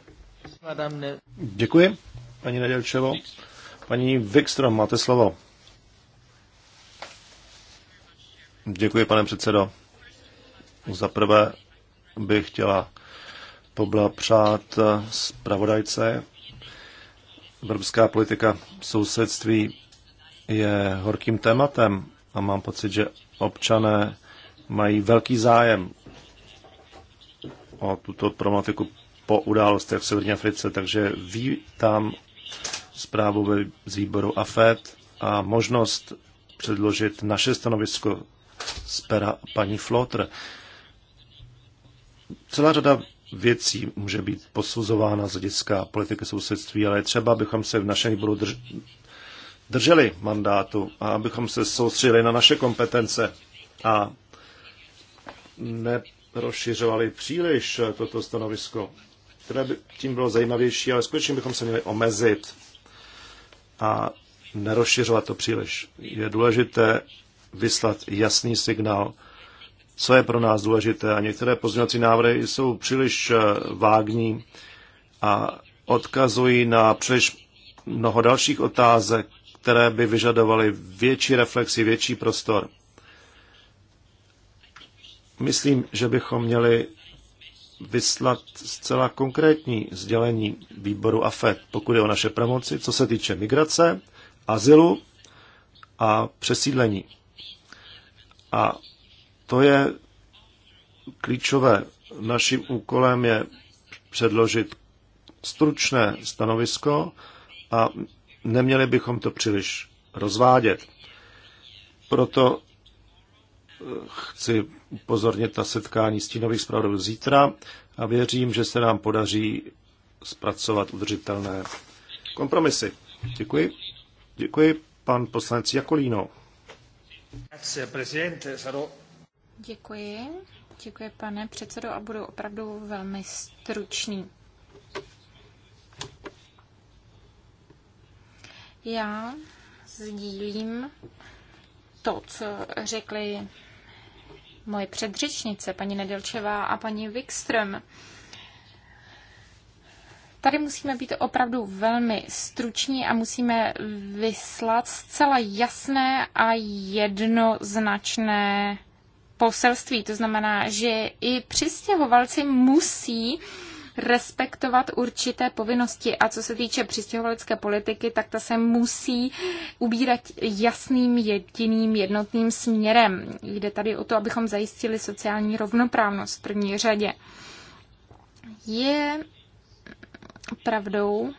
Děkuji, paní Nadělčevo. Paní Wikström, máte slovo. Děkuji, pane předsedo. Za prvé bych chtěla poblapřát zpravodajce Evropská politika sousedství je horkým tématem a mám pocit, že občané mají velký zájem o tuto problematiku po událostech v Severní Africe, takže vítám zprávu z výboru AFED a možnost předložit naše stanovisko z pera paní Flotr. Celá řada věcí může být posuzována z hlediska politiky sousedství, ale je třeba, abychom se v našem výboru drž- drželi mandátu a abychom se soustředili na naše kompetence a nerozšiřovali příliš toto stanovisko, které by tím bylo zajímavější, ale skutečně bychom se měli omezit a nerozšiřovat to příliš. Je důležité vyslat jasný signál co je pro nás důležité. A některé pozměňovací návrhy jsou příliš eh, vágní a odkazují na příliš mnoho dalších otázek, které by vyžadovaly větší reflexi, větší prostor. Myslím, že bychom měli vyslat zcela konkrétní sdělení výboru AFED, pokud je o naše promoci, co se týče migrace, azylu a přesídlení. A to je klíčové. Naším úkolem je předložit stručné stanovisko a neměli bychom to příliš rozvádět. Proto eh, chci upozornit na setkání stínových zpravodajů zítra a věřím, že se nám podaří zpracovat udržitelné kompromisy. Děkuji. Děkuji, pan poslanec Jakolíno. Grazie, Děkuji. Děkuji, pane předsedo, a budu opravdu velmi stručný. Já sdílím to, co řekly moje předřečnice, paní Nedelčevá a paní Wikström. Tady musíme být opravdu velmi struční a musíme vyslat zcela jasné a jednoznačné poselství. To znamená, že i přistěhovalci musí respektovat určité povinnosti. A co se týče přistěhovalecké politiky, tak ta se musí ubírat jasným, jediným, jednotným směrem. Jde tady o to, abychom zajistili sociální rovnoprávnost v první řadě. Je pravdou,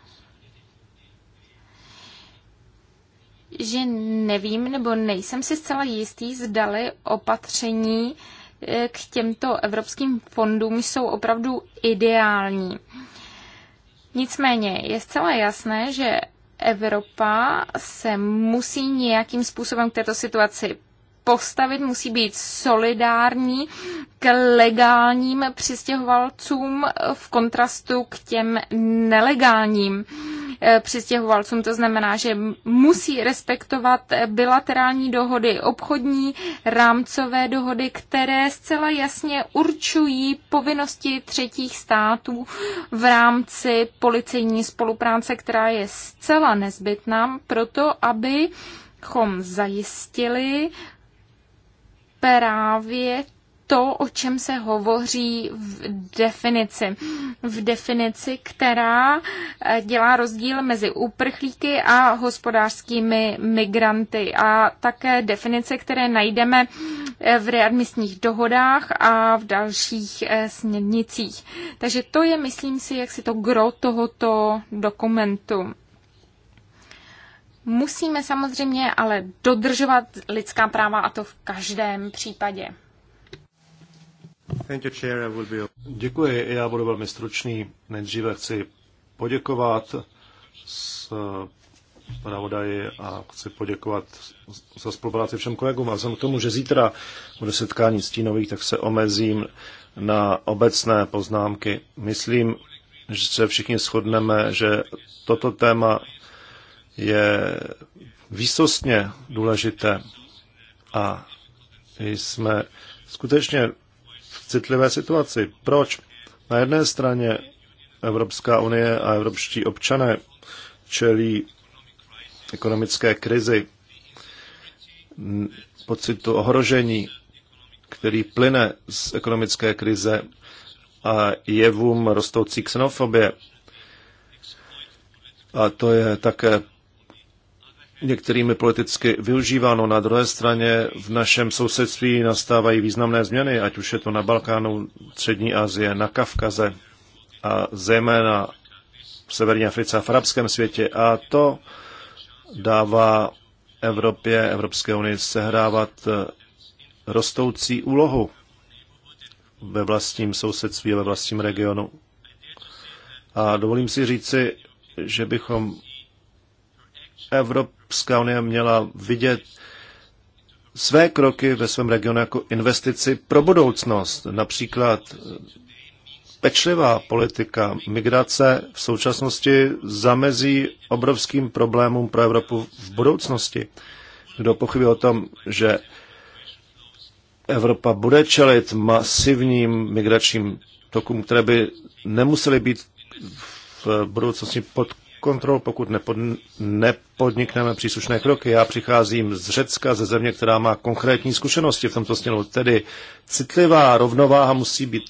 že nevím nebo nejsem si zcela jistý, zdali opatření eh, k těmto evropským fondům jsou opravdu ideální. Nicméně je zcela jasné, že Evropa se musí nějakým způsobem k této situaci postavit, musí být solidární k legálním přistěhovalcům v kontrastu k těm nelegálním eh, přistěhovalcům. To znamená, že musí respektovat bilaterální dohody, obchodní rámcové dohody, které zcela jasně určují povinnosti třetích států v rámci policejní spolupráce, která je zcela nezbytná proto, aby abychom zajistili právě to, o čem se hovoří v definici. V definici, která eh, dělá rozdíl mezi uprchlíky a hospodářskými migranty. A také definice, které najdeme eh, v readmisních dohodách a v dalších eh, směrnicích. Takže to je, myslím si, jak si to gro tohoto dokumentu. Musíme samozřejmě ale dodržovat lidská práva a to v každém případě. Děkuji, já budu velmi stručný. Nejdříve chci poděkovat s pravodaji a chci poděkovat za spolupráci všem kolegům. A vzhledem k tomu, že zítra bude setkání stínových, tak se omezím na obecné poznámky. Myslím, že se všichni shodneme, že toto téma je výsostně důležité a jsme skutečně v citlivé situaci. Proč? Na jedné straně Evropská unie a evropští občané čelí ekonomické krizi, pocitu ohrožení, který plyne z ekonomické krize a jevům rostoucí xenofobie. A to je také některými politicky využíváno. Na druhé straně v našem sousedství nastávají významné změny, ať už je to na Balkánu, Střední Asie, na Kavkaze a zejména v Severní Africe a v arabském světě. A to dává Evropě, Evropské unii sehrávat rostoucí úlohu ve vlastním sousedství a ve vlastním regionu. A dovolím si říci, že bychom Evropská unie měla vidět své kroky ve svém regionu jako investici pro budoucnost. Například pečlivá politika migrace v současnosti zamezí obrovským problémům pro Evropu v budoucnosti. Kdo pochybí o tom, že Evropa bude čelit masivním migračním tokům, které by nemusely být v budoucnosti pod kontrol, pokud nepodnikneme příslušné kroky. Já přicházím z Řecka, ze země, která má konkrétní zkušenosti v tomto směru. Tedy citlivá rovnováha musí být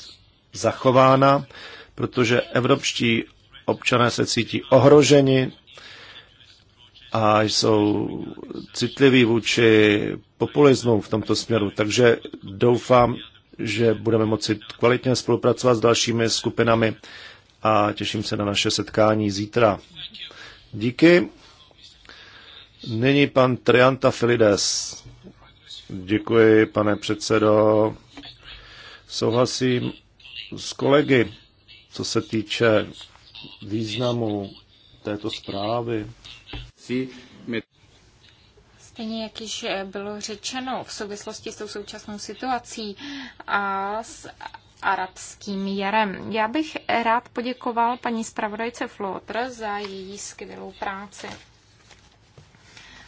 zachována, protože evropští občané se cítí ohroženi a jsou citliví vůči populismu v tomto směru. Takže doufám, že budeme moci kvalitně spolupracovat s dalšími skupinami a těším se na naše setkání zítra. Díky. Nyní pan Trianta Filides. Děkuji, pane předsedo. Souhlasím s kolegy, co se týče významu této zprávy. Stejně jak již bylo řečeno v souvislosti s tou současnou situací a s arabským jarem. Já bych rád poděkoval paní zpravodajce Flotr za její skvělou práci.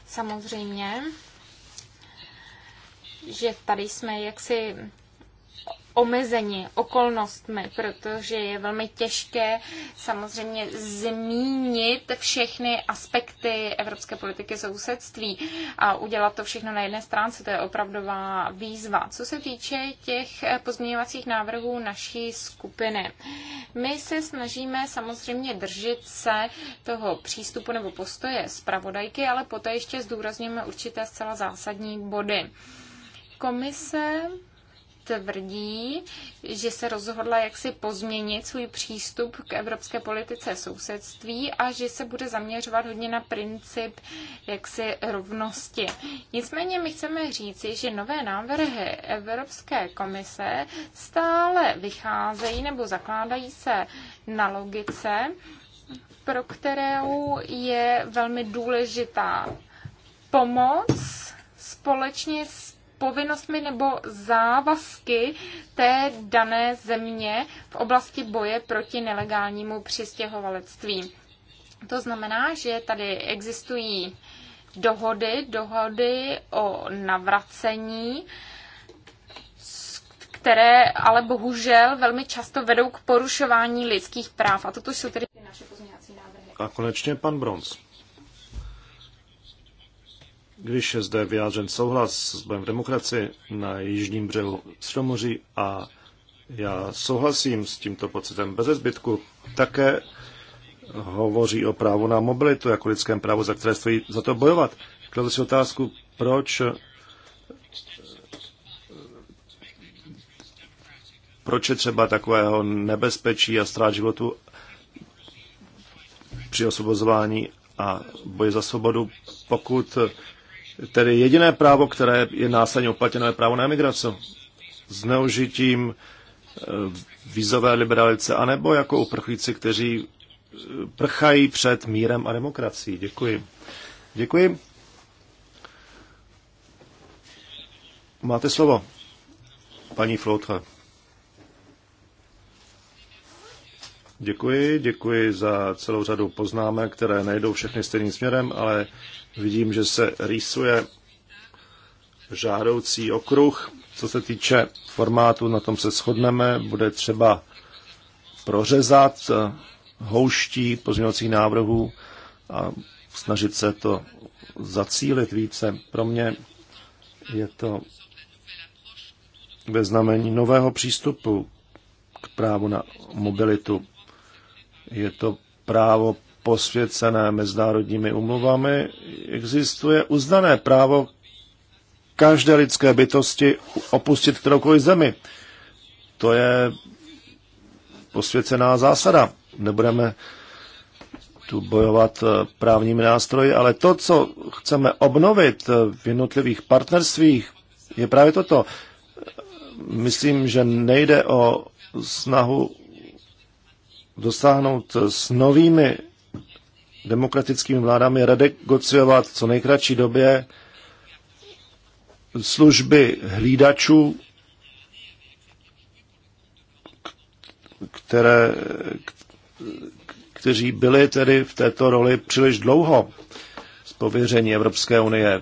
Samozřejmě, že tady jsme jaksi omezeni okolnostmi, protože je velmi těžké samozřejmě zmínit všechny aspekty evropské politiky sousedství a udělat to všechno na jedné stránce, to je opravdová výzva. Co se týče těch pozměňovacích návrhů naší skupiny, my se snažíme samozřejmě držet se toho přístupu nebo postoje zpravodajky, ale poté ještě zdůrazněme určité zcela zásadní body. Komise tvrdí, že se rozhodla jaksi pozměnit svůj přístup k evropské politice sousedství a že se bude zaměřovat hodně na princip jaksi rovnosti. Nicméně my chceme říci, že nové návrhy Evropské komise stále vycházejí nebo zakládají se na logice, pro kterou je velmi důležitá pomoc společně s povinnostmi nebo závazky té dané země v oblasti boje proti nelegálnímu přistěhovalectví. To znamená, že tady existují dohody, dohody o navracení, které ale bohužel velmi často vedou k porušování lidských práv. A toto jsou tedy naše pozměňovací návrhy. A konečně pan Bronz když je zde vyjádřen souhlas s bojem v demokracii na jižním břehu Sromoří a já souhlasím s tímto pocitem bez zbytku, také hovoří o právu na mobilitu jako lidském právu, za které stojí za to bojovat. Kladu si otázku, proč proč je třeba takového nebezpečí a ztrát životu při osvobozování a boji za svobodu, pokud Tedy jediné právo, které je následně uplatněno, je právo na emigraci. Zneužitím eh, vízové liberalice, anebo jako uprchlíci, kteří eh, prchají před mírem a demokracií. Děkuji. Děkuji. Máte slovo, paní Flotre. Děkuji, děkuji za celou řadu poznámek, které nejdou všechny stejným směrem, ale vidím, že se rýsuje žádoucí okruh. Co se týče formátu, na tom se shodneme, bude třeba prořezat eh, houští pozměňovacích návrhů a snažit se to zacílit více. Pro mě je to ve znamení nového přístupu k právu na mobilitu je to právo posvěcené mezinárodními umluvami, existuje uznané právo každé lidské bytosti opustit kteroukoliv zemi. To je posvěcená zásada. Nebudeme tu bojovat eh, právními nástroji, ale to, co chceme obnovit eh, v jednotlivých partnerstvích, je právě toto. Myslím, že nejde o snahu dosáhnout s novými demokratickými vládami redegociovat co nejkratší době služby hlídačů, které, kteří byli tedy v této roli příliš dlouho z pověření Evropské unie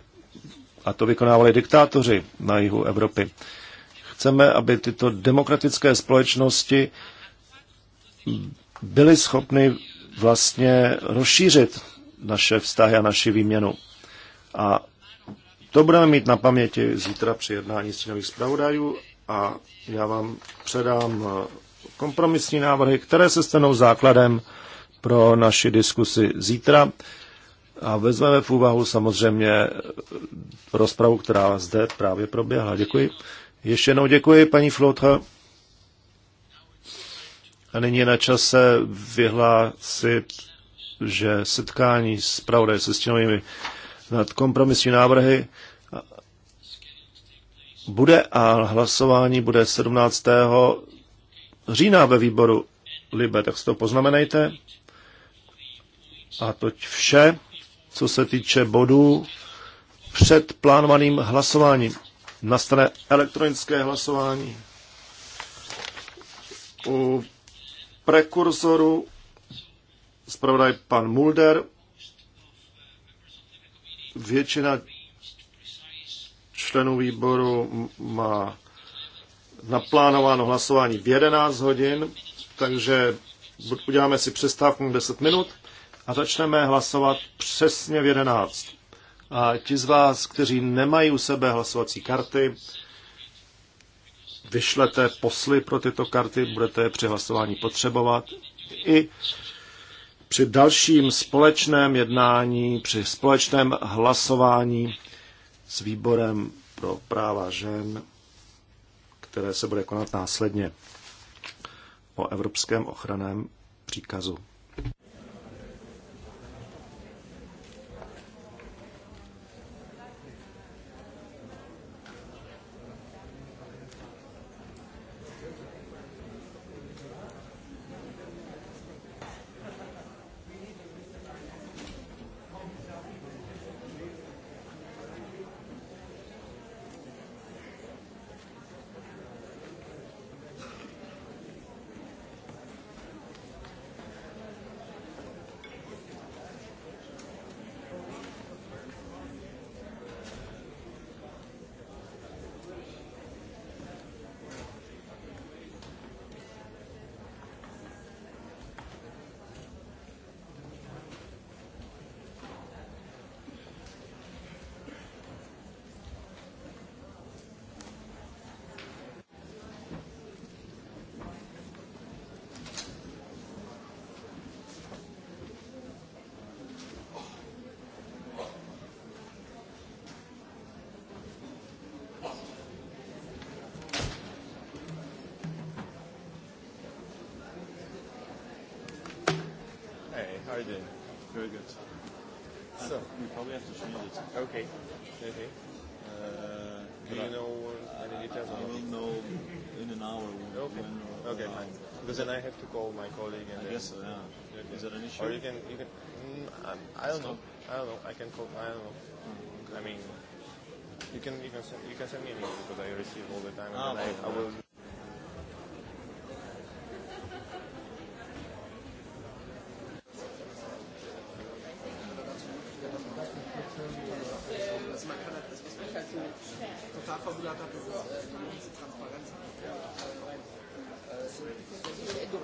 a to vykonávali diktátoři na jihu Evropy. Chceme, aby tyto demokratické společnosti byli schopni vlastně rozšířit naše vztahy a naši výměnu. A to budeme mít na paměti zítra při jednání středových zpravodajů a já vám předám eh, kompromisní návrhy, které se stanou základem pro naši diskusi zítra. A vezmeme v úvahu samozřejmě rozpravu, která zde právě proběhla. Děkuji. Ještě jednou děkuji, paní Flotha. A nyní je na čase vyhlásit, že setkání s pravdou se stěnovými nad kompromisní návrhy bude a hlasování bude 17. října ve výboru Libe, tak si to poznamenejte. A toť vše, co se týče bodů před plánovaným hlasováním. Nastane elektronické hlasování u prekursorů. Zpravodaj pan Mulder. Většina členů výboru má naplánováno hlasování v 11 hodin, takže uděláme si přestávku 10 minut a začneme hlasovat přesně v 11. A ti z vás, kteří nemají u sebe hlasovací karty, vyšlete posly pro tyto karty, budete je při hlasování potřebovat i při dalším společném jednání, při společném hlasování s výborem pro práva žen, které se bude konat následně o evropském ochraném příkazu. Because then I have to call my colleague and. I then, guess so. Yeah. Okay. Uh, Is that an issue? Or you can you can. Mm, I, I don't Stop. know. I don't know. I can call. I don't know. mm I mean, you can you can send, you can send me an email because I receive all the time. Ah, and then I, I will.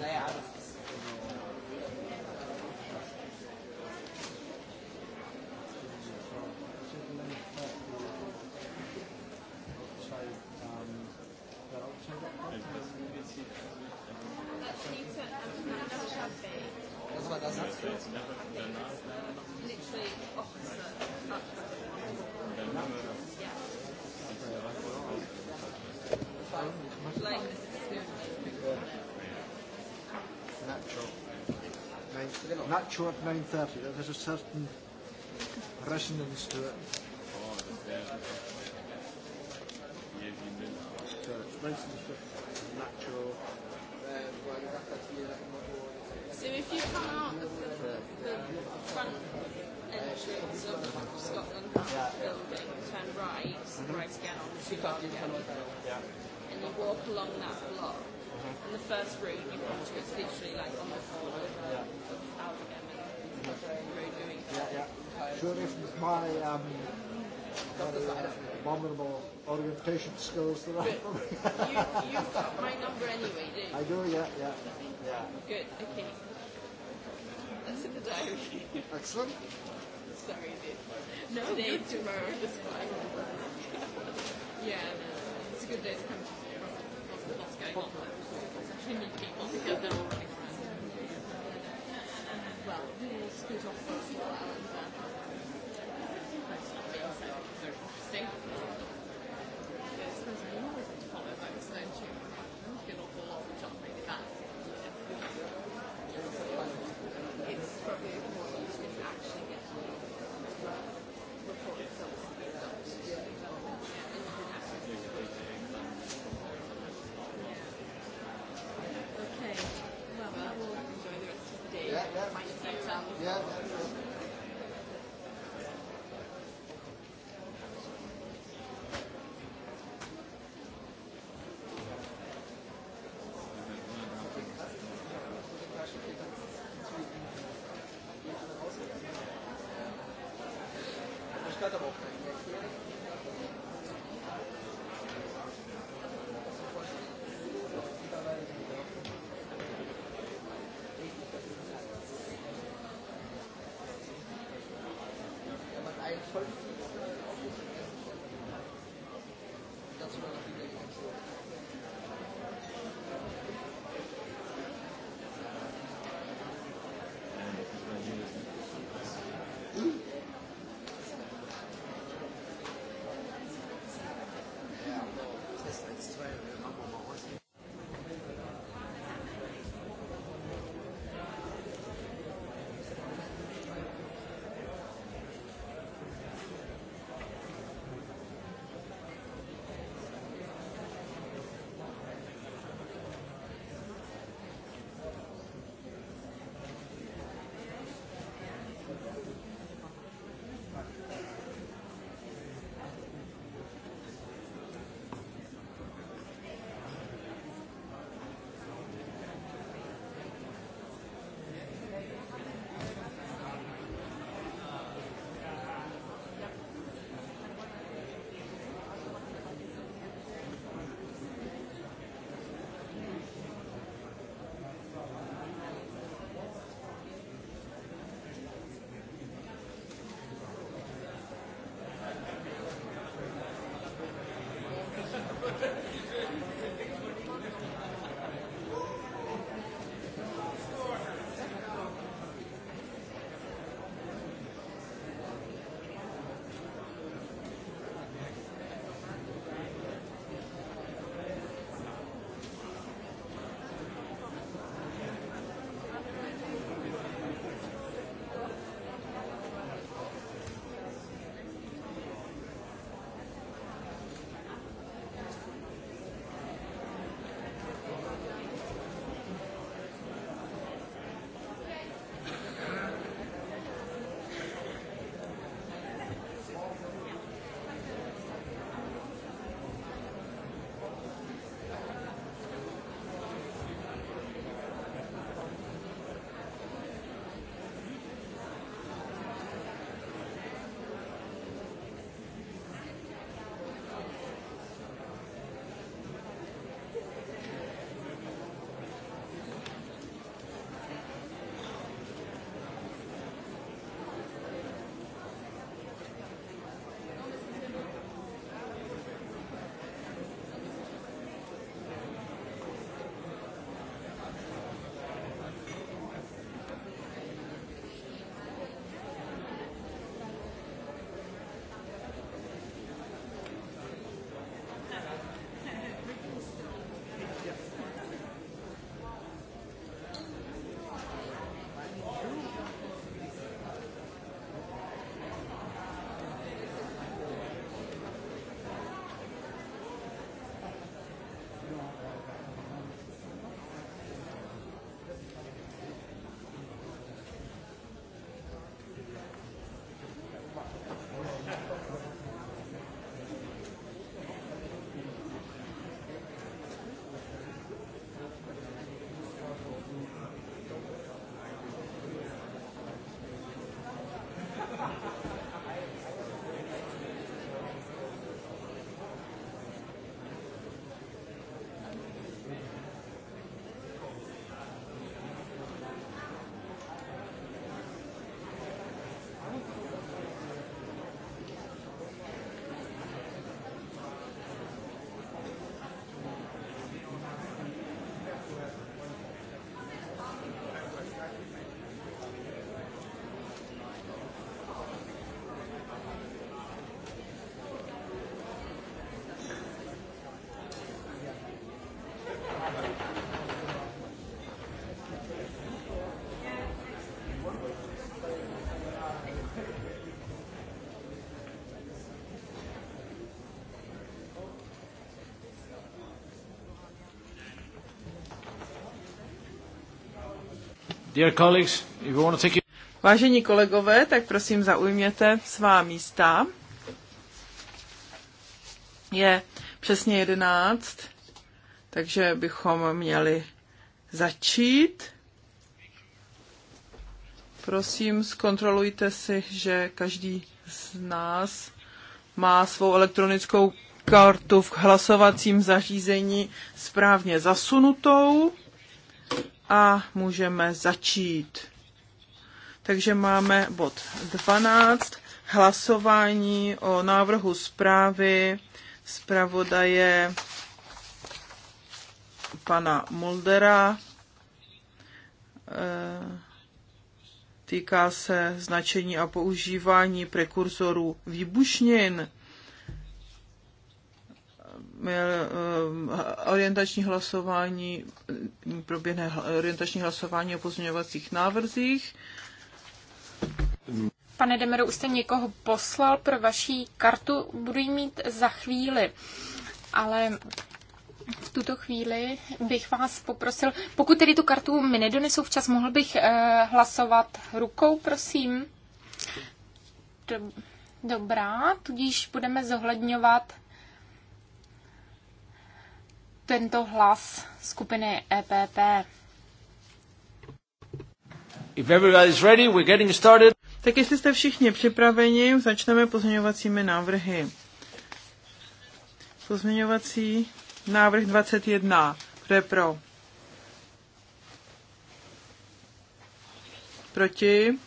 Naja, cut short 9.30. There's a certain resonance to it. So if you come out of the, the front entrance of Scotland House building, turn right, mm-hmm. right again on to Gardner, yeah. and you walk along that block, mm-hmm. and the first room you come to is literally like on the corner yeah. of Albert Ja, ja. Sure my um, abominable orientation skills that I you, You've got my number anyway, do you? I do, yeah, yeah. yeah. Good, okay. That's in the diary. Excellent. Sorry, Dave. No, Day tomorrow is fine. yeah, no, it's a good day to come to the hospital. It's actually meet people because they're all running well, you will scoot off for Vážení kolegové, tak prosím zaujměte svá místa. Je přesně jedenáct, takže bychom měli začít. Prosím, zkontrolujte si, že každý z nás má svou elektronickou kartu v hlasovacím zařízení správně zasunutou a můžeme začít. Takže máme bod 12, hlasování o návrhu zprávy zpravodaje pana Muldera. E, týká se značení a používání prekurzorů výbušnin měl eh, orientační hlasování, proběhne orientační hlasování o pozměňovacích návrzích. Pane Demeru, už jste někoho poslal pro vaší kartu, budu ji mít za chvíli. Ale v tuto chvíli bych vás poprosil, pokud tedy tu kartu mi nedonesou včas, mohl bych eh, hlasovat rukou, prosím. Dobrá, tudíž budeme zohledňovat tento hlas skupiny EPP. If everybody's ready, we're getting started. Tak jestli jste všichni připraveni, začneme pozměňovacími návrhy. Pozměňovací návrh 21. Kdo je pro? Proti?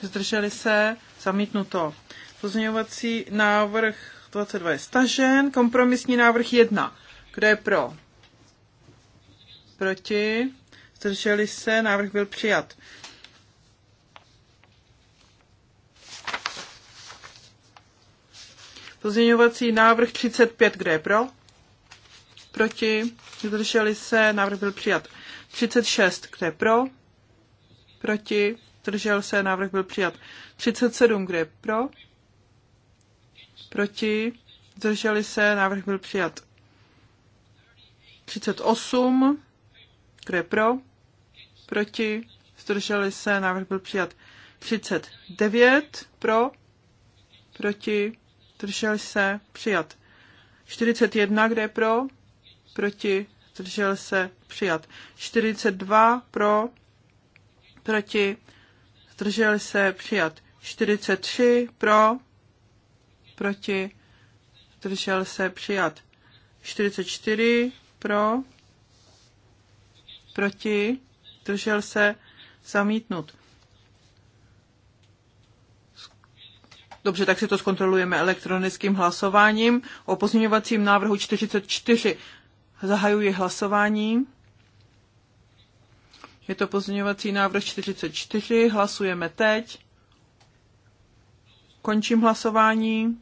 Zdrželi se? Zamítnuto. Pozměňovací návrh 22 je stažen. Kompromisní návrh 1. Kdo je pro? Proti? Zdrželi se? Návrh byl přijat. Pozměňovací návrh 35, kde je pro? Proti? Zdrželi se? Návrh byl přijat. 36, kde je pro? Proti? Zdržel se? Návrh byl přijat. 37, kde je pro? Proti? Zdrželi se? Návrh byl přijat. 38. Kdo je pro? Proti? Zdrželi se. Návrh byl přijat. 39. Pro? Proti? Zdrželi se. Přijat. 41. kdo je pro? Proti? Zdržel se. Přijat. 42. Pro? Proti? Zdržel se. Přijat. 43. Pro? Proti? Zdržel se. Přijat. 44 pro, proti, držel se, zamítnut. Dobře, tak si to zkontrolujeme elektronickým hlasováním. O pozměňovacím návrhu 44 zahajuji hlasování. Je to pozměňovací návrh 44, hlasujeme teď. Končím hlasování.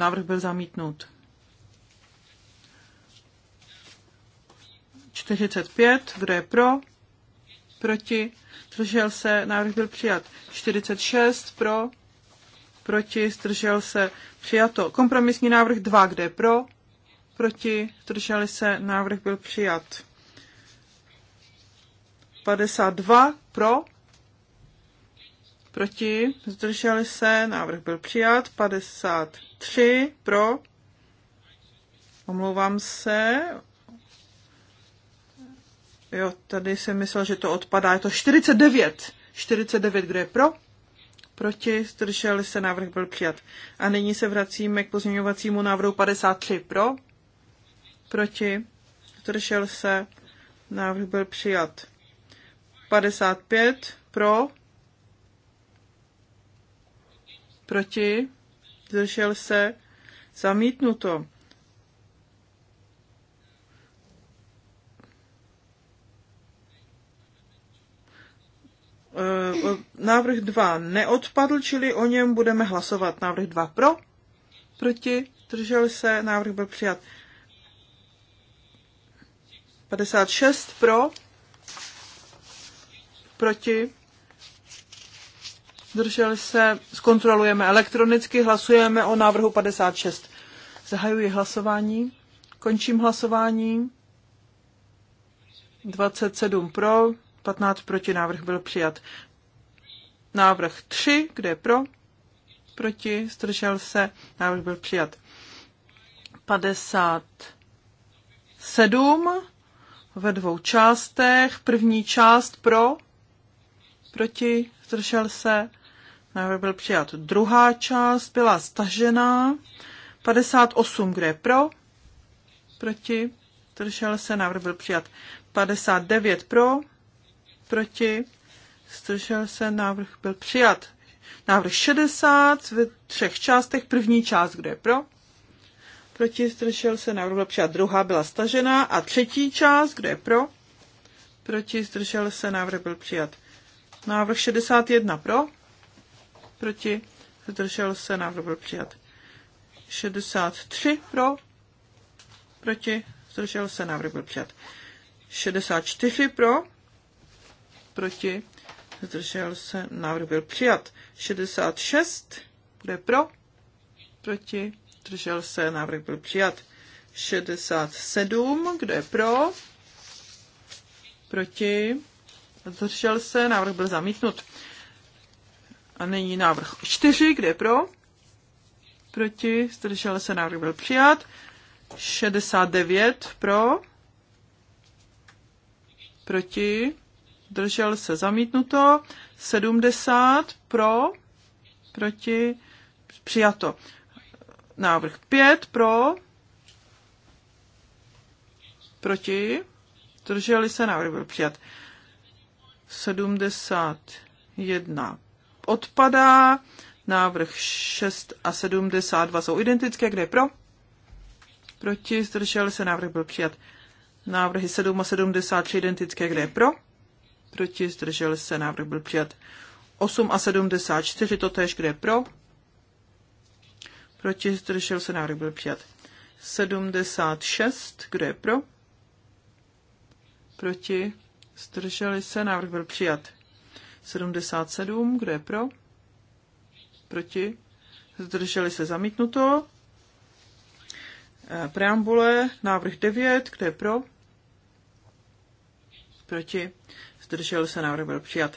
Návrh byl zamítnut. 45, kdo je pro? Proti? Zdržel se, návrh byl přijat. 46 pro, proti, zdržel se, přijato. Kompromisní návrh 2, kde je pro? Proti, zdrželi se, návrh byl přijat. 52 pro, proti, zdrželi se, návrh byl přijat, 53 pro, omlouvám se, jo, tady jsem myslel, že to odpadá, je to 49, 49, kdo je pro, proti, zdrželi se, návrh byl přijat. A nyní se vracíme k pozměňovacímu návrhu 53 pro, proti, zdržel se, návrh byl přijat. 55 pro, proti, zdržel se, zamítnuto. E, návrh 2 neodpadl, čili o něm budeme hlasovat. Návrh 2 pro, proti, zdržel se, návrh byl přijat. 56 pro, proti, zdrželi se, zkontrolujeme elektronicky, hlasujeme o návrhu 56. Zahajuji hlasování, končím hlasování. 27 pro, 15 proti, návrh byl přijat. Návrh 3, kde je pro, proti, zdržel se, návrh byl přijat. 57 ve dvou částech. První část pro, proti, zdržel se, Návrh byl přijat. Druhá část byla stažená. 58, kde je pro? Proti? Zdržel se. Návrh byl přijat. 59 pro? Proti? Zdržel se. Návrh byl přijat. Návrh 60 ve třech částech. První část, kde je pro? Proti? Zdržel se. Návrh byl přijat. Druhá byla stažená. A třetí část, kde je pro? Proti? Zdržel se. Návrh byl přijat. Návrh 61 pro? proti, zdržel se, návrh byl přijat. 63 pro, proti, zdržel se, návrh byl přijat. 64 pro, proti, zdržel se, návrh byl přijat. 66, kde pro, proti, zdržel se, návrh byl přijat. 67, kdo je pro, proti, zdržel se, návrh byl zamítnut. A nyní návrh 4, kde je pro? Proti, zdržel se, návrh byl přijat. 69 pro, proti, držel se zamítnuto, 70 pro, proti, přijato. Návrh 5 pro, proti, drželi se, návrh byl přijat. 71 odpadá. Návrh 6 a 72 jsou identické. Kde je pro? Proti. Zdržel se. Návrh byl přijat. Návrhy 7 a 73 identické. Kde je pro? Proti. Zdržel se. Návrh byl přijat. 8 a 74 to tež, Kde je pro? Proti. Zdržel se. Návrh byl přijat. 76. kde je pro? Proti? Zdrželi se. Návrh byl přijat. 77, kdo je pro? Proti? Zdrželi se zamítnuto. Eh, preambule, návrh 9, kdo je pro? Proti? zdrželi se, návrh byl přijat.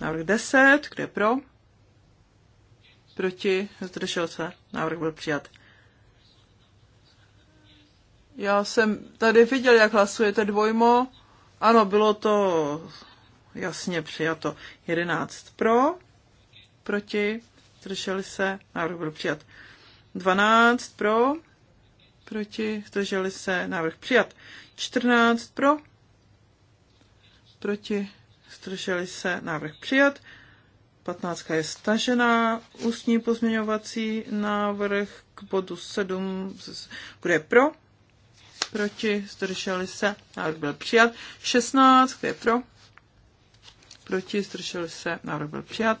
Návrh 10, kdo je pro? Proti? Zdržel se, návrh byl přijat. Já jsem tady viděl, jak hlasujete dvojmo. Ano, bylo to jasně přijato. 11 pro, proti, zdrželi se, návrh byl přijat. 12 pro, proti, zdrželi se, návrh přijat. 14 pro, proti, zdrželi se, návrh přijat. 15 je stažená, ústní pozměňovací návrh k bodu 7, kde je pro, proti, zdrželi se, návrh byl přijat. 16, kde je pro, proti, zdrželi se, návrh byl přijat.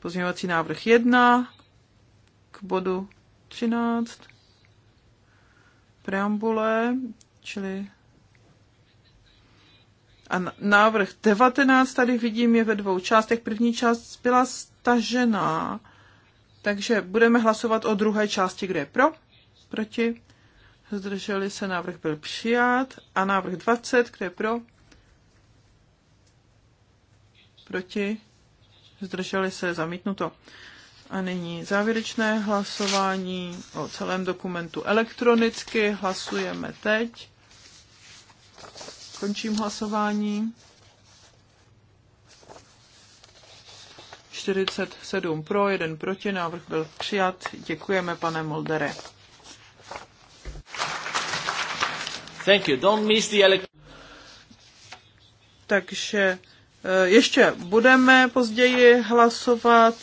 Pozměňovací návrh 1 k bodu 13 preambule, čili a návrh 19 tady vidím je ve dvou částech. První část byla stažená, takže budeme hlasovat o druhé části, kde je pro, proti. Zdrželi se, návrh byl přijat. A návrh 20, kde je pro, proti, zdrželi se, zamítnuto. A nyní závěrečné hlasování o celém dokumentu elektronicky. Hlasujeme teď. Končím hlasování. 47 pro, 1 proti, návrh byl přijat. Děkujeme, pane Moldere. Thank you. Don't miss the elect- Takže Eh, ještě budeme později hlasovat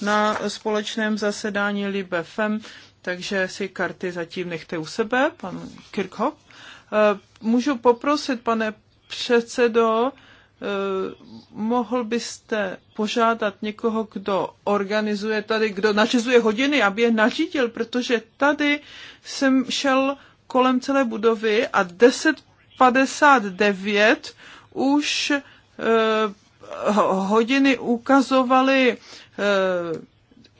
na společném zasedání LibFM, e takže si karty zatím nechte u sebe, pan Kirchhoff. Eh, můžu poprosit, pane předsedo, eh, mohl byste požádat někoho, kdo organizuje tady, kdo nařizuje hodiny, aby je nařídil, protože tady jsem šel kolem celé budovy a 10.59 už Eh, hodiny ukazovaly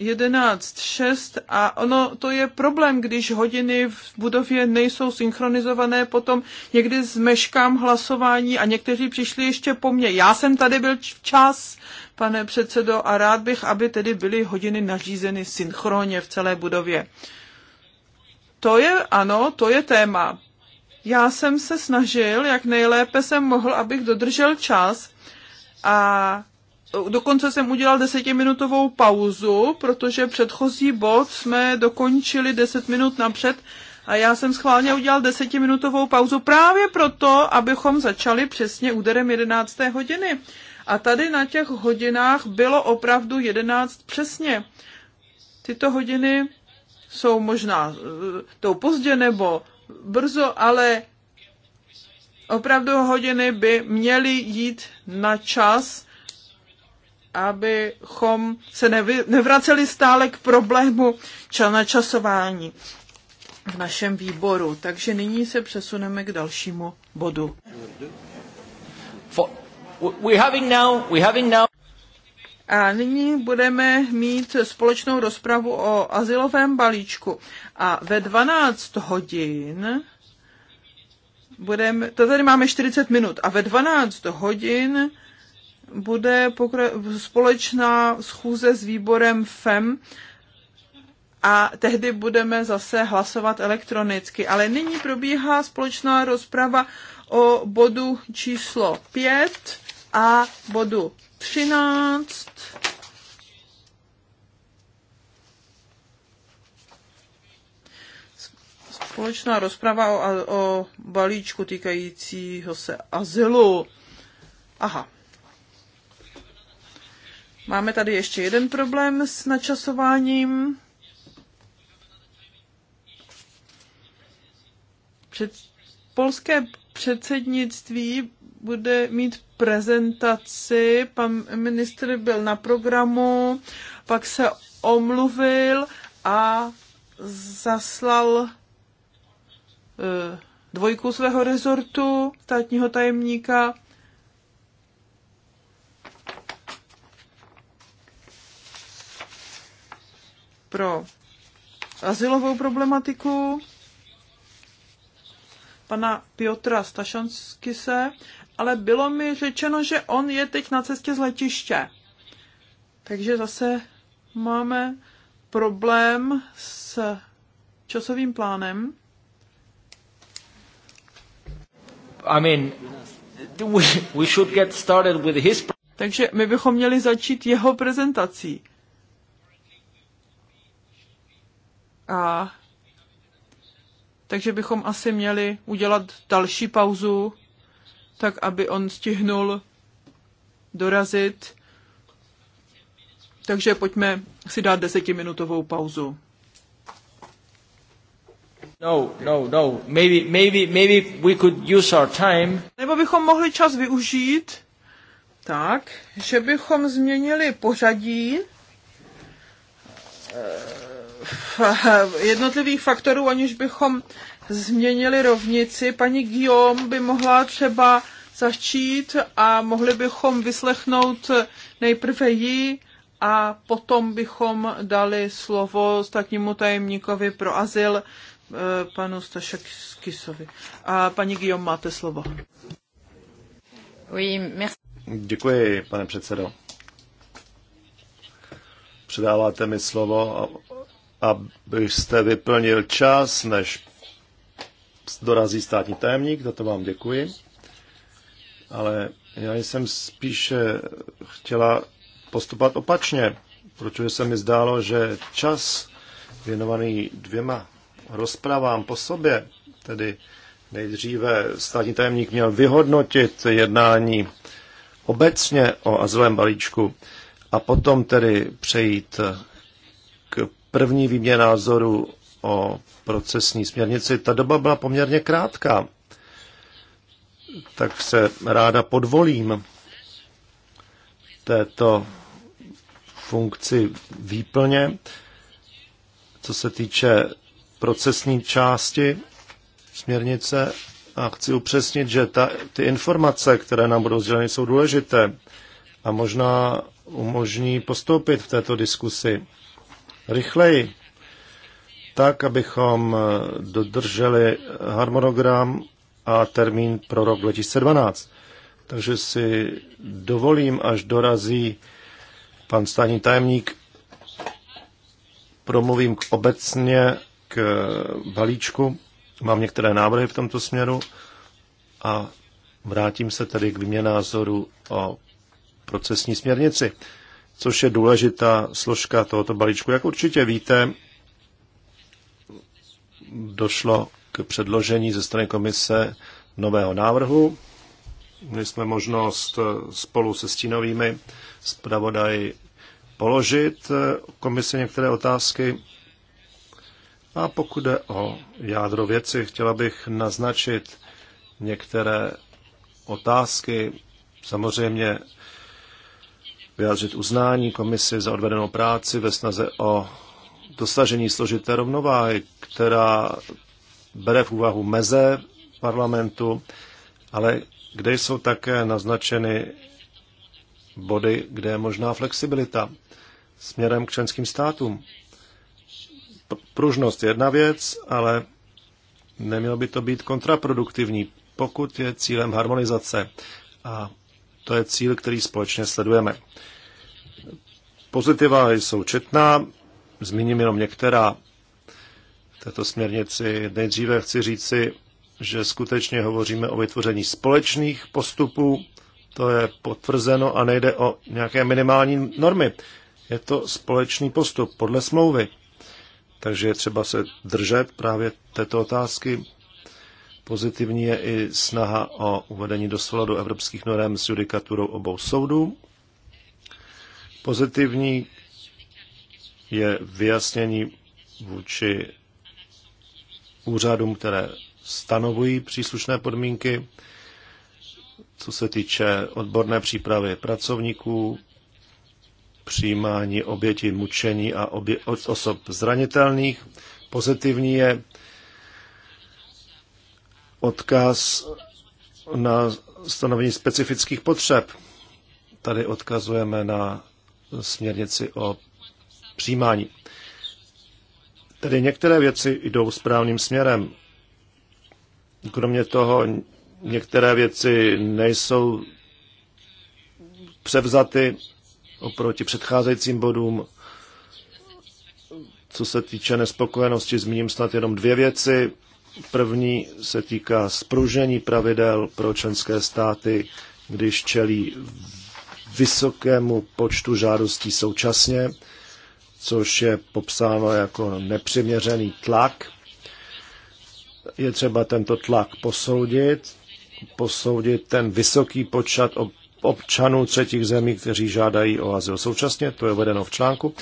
11.6 eh, a ono to je problém, když hodiny v budově nejsou synchronizované, potom někdy zmeškám hlasování a někteří přišli ještě po mně. Já jsem tady byl včas, pane předsedo, a rád bych, aby tedy byly hodiny nařízeny synchronně v celé budově. To je, ano, to je téma. Já jsem se snažil, jak nejlépe jsem mohl, abych dodržel čas a dokonce jsem udělal desetiminutovou pauzu, protože předchozí bod jsme dokončili deset minut napřed a já jsem schválně udělal desetiminutovou pauzu právě proto, abychom začali přesně úderem 11. hodiny. A tady na těch hodinách bylo opravdu 11 přesně. Tyto hodiny jsou možná eh, tou pozdě nebo brzo, ale opravdu hodiny by měly jít na čas, abychom se nevy, nevraceli stále k problému načasování v našem výboru. Takže nyní se přesuneme k dalšímu bodu. For, we having now, we having now... A nyní budeme mít společnou rozpravu o asilovém balíčku. A ve 12 hodin budeme, to tady máme 40 minut, a ve 12 hodin bude pokra- společná schůze s výborem FEM a tehdy budeme zase hlasovat elektronicky. Ale nyní probíhá společná rozprava o bodu číslo 5 a bodu 13. Společná rozprava o, o balíčku týkajícího se azylu. Aha. Máme tady ještě jeden problém s načasováním. Před, polské předsednictví bude mít prezentaci, pan ministr byl na programu, pak se omluvil a zaslal eh, dvojku svého rezortu, státního tajemníka. Pro asilovou problematiku pana Piotra Stašanskise ale bylo mi řečeno, že on je teď na cestě z letiště. Takže zase máme problém s časovým plánem. I mean, we, we should get started with his... Takže my bychom měli začít jeho prezentací. A takže bychom asi měli udělat další pauzu tak aby on stihnul dorazit. Takže pojďme si dát desetiminutovou pauzu. No, no, no. Maybe, maybe, maybe we could use our time. Nebo bychom mohli čas využít tak, že bychom změnili pořadí. Uh jednotlivých faktorů, aniž bychom změnili rovnici. Paní Guillaume by mohla třeba začít a mohli bychom vyslechnout nejprve ji a potom bychom dali slovo státnímu tajemníkovi pro azyl eh, panu Stašekisovi. A paní Guillaume, máte slovo. Děkuji, pane předsedo. Předáváte mi slovo a abyste vyplnil čas, než dorazí státní tajemník, za to vám děkuji. Ale já jsem spíše chtěla postupovat opačně, protože se mi zdálo, že čas věnovaný dvěma rozpravám po sobě, tedy nejdříve státní tajemník měl vyhodnotit jednání obecně o azylovém balíčku a potom tedy přejít k první výměn názoru o procesní směrnici, ta doba byla poměrně krátká. Tak se ráda podvolím této funkci výplně. Co se týče procesní části směrnice, a chci upřesnit, že ta, ty informace, které nám budou sděleny, jsou důležité a možná umožní postoupit v této diskusi rychleji, tak, abychom dodrželi harmonogram a termín pro rok 2012. Takže si dovolím, až dorazí pan státní tajemník, promluvím k obecně k balíčku. Mám některé návrhy v tomto směru a vrátím se tedy k výměně názoru o procesní směrnici což je důležitá složka tohoto balíčku. Jak určitě víte, došlo k předložení ze strany komise nového návrhu. Měli jsme možnost spolu se stínovými zpravodaji položit komisi některé otázky. A pokud jde o jádro věci, chtěla bych naznačit některé otázky. Samozřejmě vyjádřit uznání komisi za odvedenou práci ve snaze o dosažení složité rovnováhy, která bere v úvahu meze parlamentu, ale kde jsou také naznačeny body, kde je možná flexibilita směrem k členským státům. Pružnost je jedna věc, ale nemělo by to být kontraproduktivní, pokud je cílem harmonizace. A to je cíl, který společně sledujeme. Pozitiva jsou četná, zmíním jenom některá. V této směrnici nejdříve chci říci, že skutečně hovoříme o vytvoření společných postupů, to je potvrzeno a nejde o nějaké minimální normy. Je to společný postup podle smlouvy. Takže je třeba se držet právě této otázky. Pozitivní je i snaha o uvedení do souladu evropských norm s judikaturou obou soudů. Pozitivní je vyjasnění vůči úřadům, které stanovují příslušné podmínky, co se týče odborné přípravy pracovníků, přijímání obětí mučení a obě, osob zranitelných. Pozitivní je odkaz na stanovení specifických potřeb. Tady odkazujeme na směrnici o přijímání. Tedy některé věci jdou správným směrem. Kromě toho některé věci nejsou převzaty oproti předcházejícím bodům. Co se týče nespokojenosti, zmíním snad jenom dvě věci. První se týká spružení pravidel pro členské státy, když čelí vysokému počtu žádostí současně, což je popsáno jako nepřiměřený tlak. Je třeba tento tlak posoudit, posoudit ten vysoký počet občanů třetích zemí, kteří žádají o azyl současně, to je uvedeno v článku,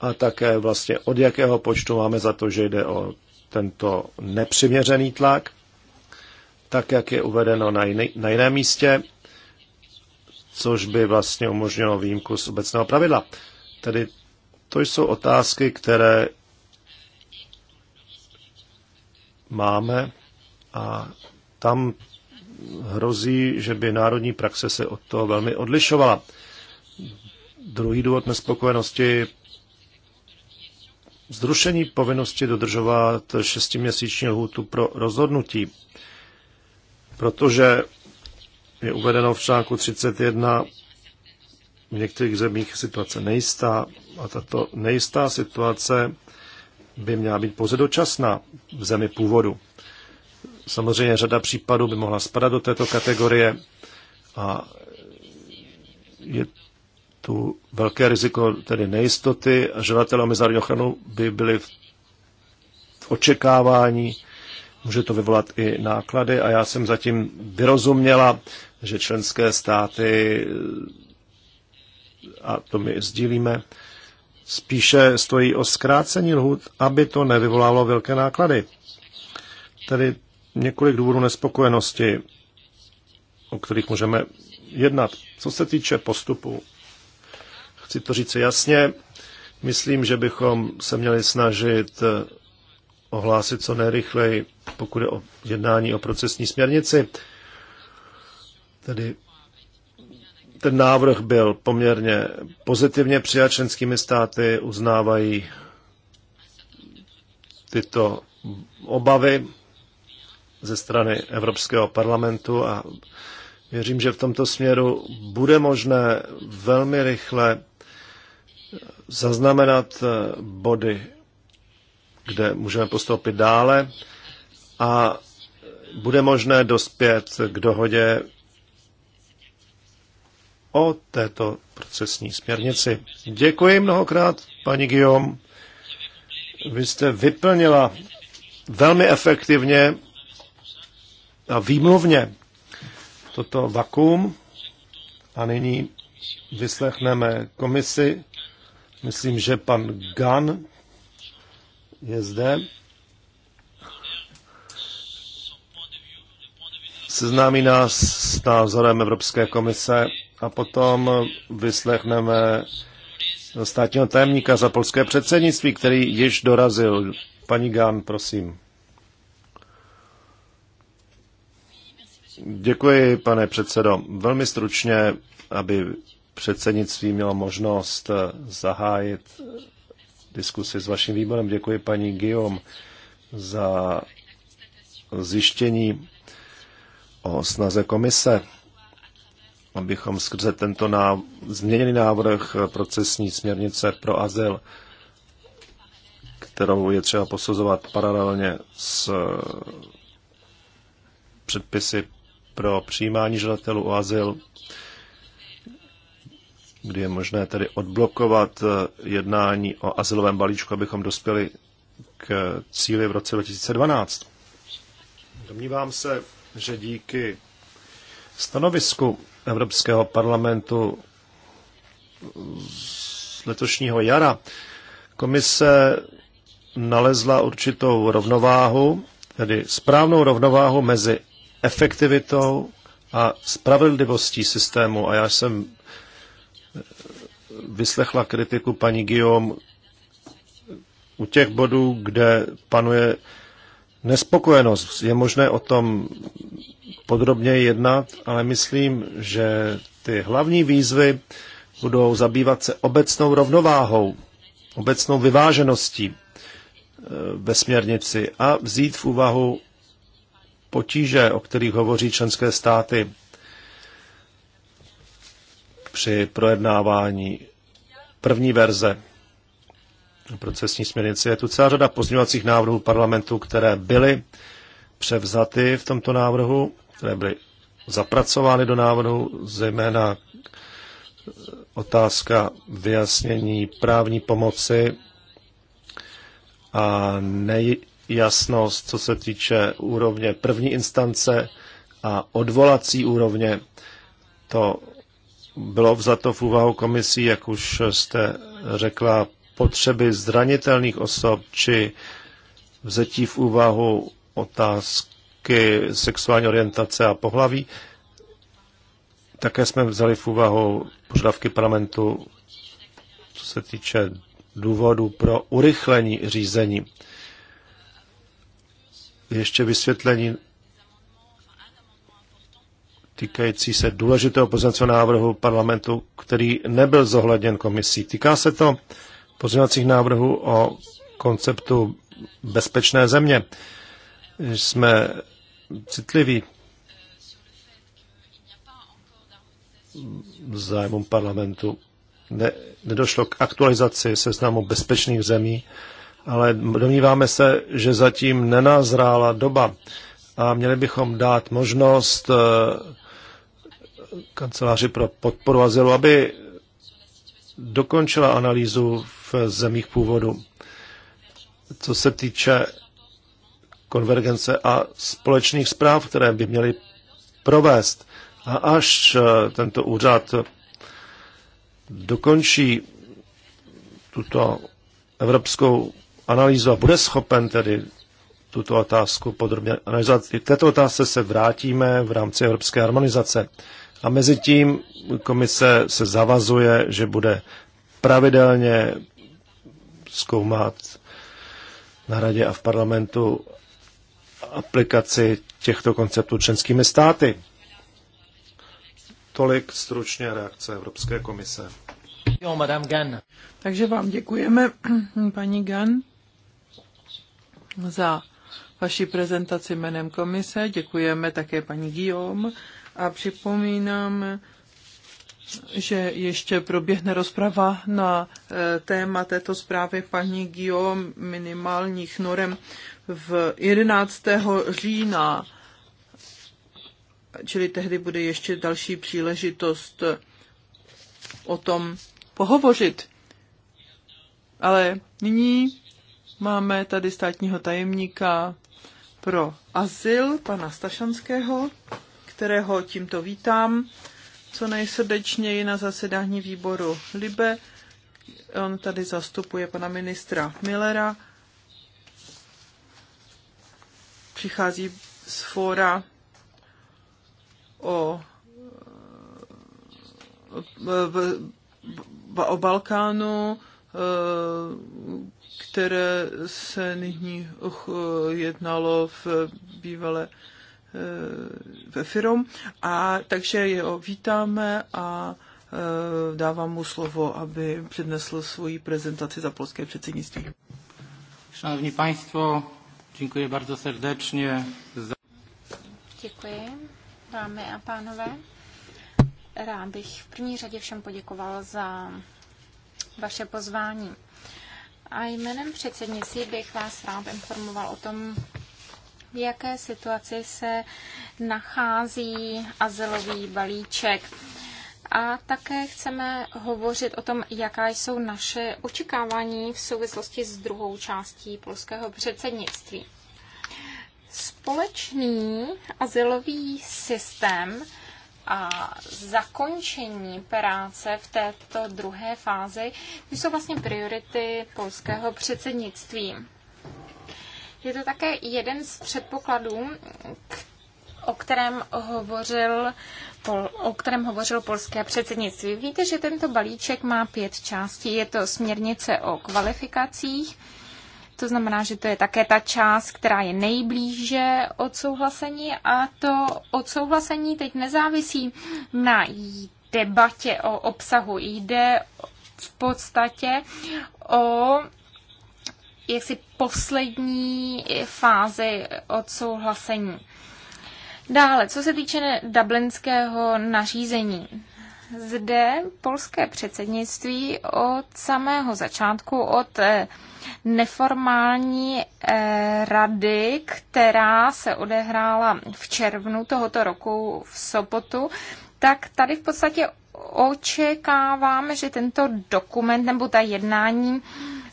a také vlastně od jakého počtu máme za to, že jde o tento nepřiměřený tlak, tak jak je uvedeno na, jiný, na jiném místě, což by vlastně umožnilo výjimku z obecného pravidla. Tedy to jsou otázky, které máme a tam hrozí, že by národní praxe se od toho velmi odlišovala. Druhý důvod nespokojenosti zrušení povinnosti dodržovat šestiměsíční lhůtu pro rozhodnutí, protože je uvedeno v článku 31, v některých zemích situace nejistá a tato nejistá situace by měla být pouze dočasná v zemi původu. Samozřejmě řada případů by mohla spadat do této kategorie a je tu velké riziko tedy nejistoty a žadatelé o mezinárodní ochranu by byli v očekávání, může to vyvolat i náklady a já jsem zatím vyrozuměla že členské státy, a to my sdílíme, spíše stojí o zkrácení lhůt, aby to nevyvolalo velké náklady. Tedy několik důvodů nespokojenosti, o kterých můžeme jednat. Co se týče postupu, chci to říct jasně, myslím, že bychom se měli snažit eh, ohlásit co nejrychleji, pokud je o jednání o procesní směrnici. Tedy ten návrh byl poměrně pozitivně přijat členskými státy, uznávají tyto obavy ze strany Evropského parlamentu a věřím, že v tomto směru bude možné velmi rychle zaznamenat body, kde můžeme postoupit dále a bude možné dospět k dohodě o této procesní směrnici. Děkuji mnohokrát, paní Guillaume. Vy jste vyplnila velmi efektivně a výmluvně toto vakuum a nyní vyslechneme komisi. Myslím, že pan Gan je zde. Seznámí nás s názorem Evropské komise a potom vyslechneme státního tajemníka za polské předsednictví, který již dorazil. Paní Gán, prosím. Děkuji, pane předsedo. Velmi stručně, aby předsednictví mělo možnost zahájit diskusi s vaším výborem. Děkuji paní Guillaume za zjištění o snaze komise abychom skrze tento náv- změněný návrh procesní směrnice pro azyl, kterou je třeba posuzovat paralelně s eh, předpisy pro přijímání žadatelů o azyl, kdy je možné tedy odblokovat eh, jednání o azylovém balíčku, abychom dospěli k cíli v roce 2012. Domnívám se, že díky stanovisku Evropského parlamentu z letošního jara komise nalezla určitou rovnováhu, tedy správnou rovnováhu mezi efektivitou a spravedlivostí systému. A já jsem vyslechla kritiku paní Guillaume u těch bodů, kde panuje nespokojenost. Je možné o tom podrobně jednat, ale myslím, že ty hlavní výzvy budou zabývat se obecnou rovnováhou, obecnou vyvážeností e, ve směrnici a vzít v úvahu potíže, o kterých hovoří členské státy při projednávání první verze procesní směrnici. Je tu celá řada pozměňovacích návrhů parlamentu, které byly převzaty v tomto návrhu, které byly zapracovány do návrhu, zejména otázka vyjasnění právní pomoci a nejasnost, co se týče úrovně první instance a odvolací úrovně. To bylo vzato v úvahu komisí, jak už jste řekla, potřeby zranitelných osob či vzetí v úvahu otázky sexuální orientace a pohlaví. Také jsme vzali v úvahu požadavky parlamentu, co se týče důvodu pro urychlení řízení. Ještě vysvětlení týkající se důležitého pozemcového návrhu parlamentu, který nebyl zohledněn komisí. Týká se to pozměňovacích návrhů o konceptu bezpečné země. Jsme citliví zájmům parlamentu. Ne, nedošlo k aktualizaci seznamu bezpečných zemí, ale domníváme se, že zatím nenazrála doba a měli bychom dát možnost eh, kanceláři pro podporu azylu, aby dokončila analýzu zemích původu. Co se týče konvergence a společných zpráv, které by měly provést. A až eh, tento úřad dokončí tuto evropskou analýzu a bude schopen tedy tuto otázku podrobně analyzovat. K této otázce se vrátíme v rámci evropské harmonizace. A mezi tím komise se zavazuje, že bude pravidelně zkoumat na radě a v parlamentu aplikaci těchto konceptů členskými státy. Tolik stručně reakce Evropské komise. Jo, madame Gan. Takže vám děkujeme, paní Gan, za vaši prezentaci jménem komise. Děkujeme také paní Guillaume a připomínám, že ještě proběhne rozprava na eh, téma této zprávy paní Gio minimálních norem v 11. října, čili tehdy bude ještě další příležitost o tom pohovořit. Ale nyní máme tady státního tajemníka pro azyl, pana Stašanského, kterého tímto vítám co nejsrdečněji na zasedání výboru Libe. On tady zastupuje pana ministra Millera. Přichází z fóra o, o Balkánu, eh, které se nyní jednalo v bývalé ve firm. A takže jo, vítáme a e, dávám mu slovo, aby přednesl svoji prezentaci za polské předsednictví. Szanowni Państwo, dziękuję bardzo serdecznie za... Dziękuję, dámy a pánové. Rád bych v první řadě všem poděkoval za vaše pozvání. A jménem předsednictví bych vás rád informoval o tom, v jaké situaci se nachází azylový balíček. A také chceme hovořit o tom, jaká jsou naše očekávání v souvislosti s druhou částí polského předsednictví. Společný azylový systém a zakončení práce v této druhé fázi, jsou vlastně priority polského předsednictví. Je to také jeden z předpokladů, o kterém hovořil o kterém hovořil polské předsednictví. Víte, že tento balíček má pět částí. Je to směrnice o kvalifikacích, to znamená, že to je také ta část, která je nejblíže odsouhlasení a to odsouhlasení teď nezávisí na debatě o obsahu. Jde v podstatě o jaksi poslední fázi odsouhlasení. Dále, co se týče dublinského nařízení. Zde polské předsednictví od samého začátku, od eh, neformální eh, rady, která se odehrála v červnu tohoto roku v sobotu, tak tady v podstatě očekáváme, že tento dokument nebo ta jednání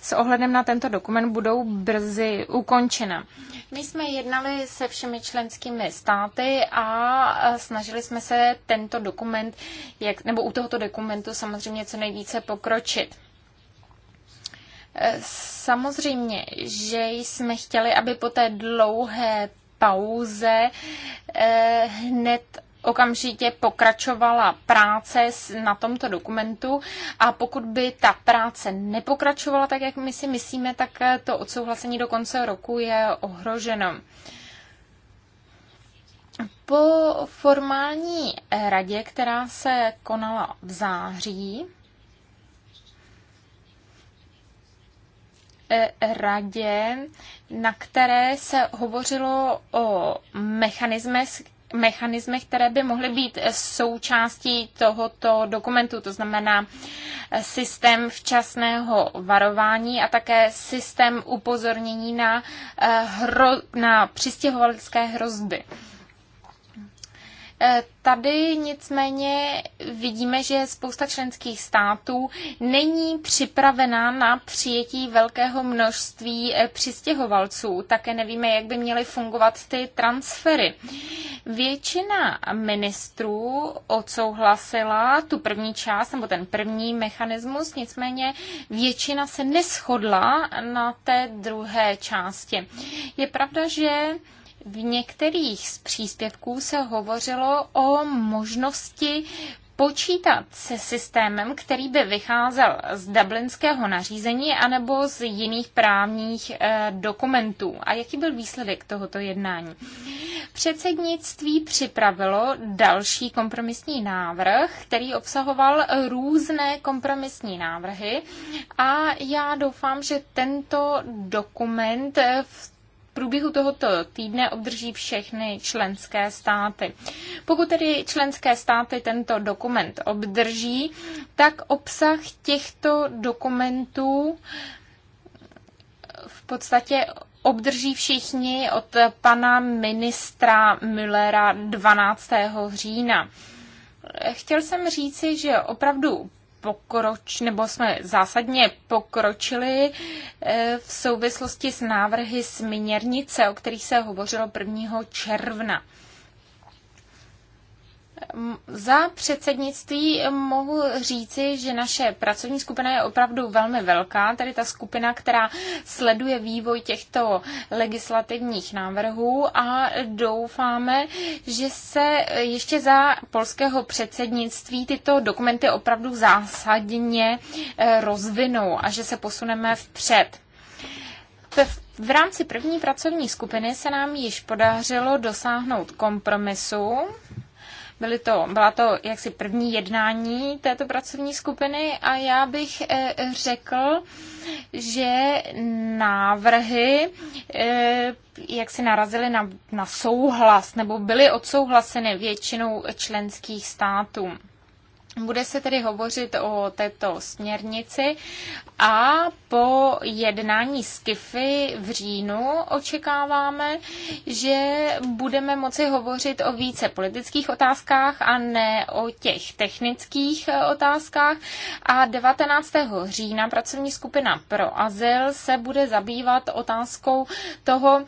s ohledem na tento dokument budou brzy ukončena. My jsme jednali se všemi členskými státy a snažili jsme se tento dokument, jak, nebo u tohoto dokumentu samozřejmě co nejvíce pokročit. Samozřejmě, že jsme chtěli, aby po té dlouhé pauze eh, hned okamžitě pokračovala práce na tomto dokumentu a pokud by ta práce nepokračovala tak, jak my si myslíme, tak eh, to odsouhlasení do konce roku je ohroženo. Po formální eh, radě, která se konala v září, eh, radě, na které se hovořilo o mechanismech, mechanismech, které by mohly být součástí tohoto dokumentu, to znamená systém včasného varování a také systém upozornění na, eh, hro, na přistěhovalecké hrozby. Tady nicméně vidíme, že spousta členských států není připravená na přijetí velkého množství eh, přistěhovalců. Také nevíme, jak by měly fungovat ty transfery. Většina ministrů odsouhlasila tu první část nebo ten první mechanismus, nicméně většina se neschodla na té druhé části. Je pravda, že v některých z příspěvků se hovořilo o možnosti počítat se systémem, který by vycházel z dublinského nařízení anebo z jiných právních eh, dokumentů. A jaký byl výsledek tohoto jednání? Předsednictví připravilo další kompromisní návrh, který obsahoval různé kompromisní návrhy a já doufám, že tento dokument v průběhu tohoto týdne obdrží všechny členské státy. Pokud tedy členské státy tento dokument obdrží, tak obsah těchto dokumentů v podstatě obdrží všichni od pana ministra Müllera 12. října. Chtěl jsem říci, že opravdu pokroč, nebo jsme zásadně pokročili eh, v souvislosti s návrhy směrnice, o kterých se hovořilo 1. června. Za předsednictví mohu říci, že naše pracovní skupina je opravdu velmi velká, tedy ta skupina, která sleduje vývoj těchto legislativních návrhů a doufáme, že se ještě za polského předsednictví tyto dokumenty opravdu zásadně eh, rozvinou a že se posuneme vpřed. V rámci první pracovní skupiny se nám již podařilo dosáhnout kompromisu Byly to, byla to jaksi první jednání této pracovní skupiny a já bych eh, řekl, že návrhy eh, jak si narazily na, na souhlas nebo byly odsouhlaseny většinou členských států. Bude se tedy hovořit o této směrnici a po jednání s KIFy v říjnu očekáváme, že budeme moci hovořit o více politických otázkách a ne o těch technických otázkách. A 19. října pracovní skupina pro azyl se bude zabývat otázkou toho,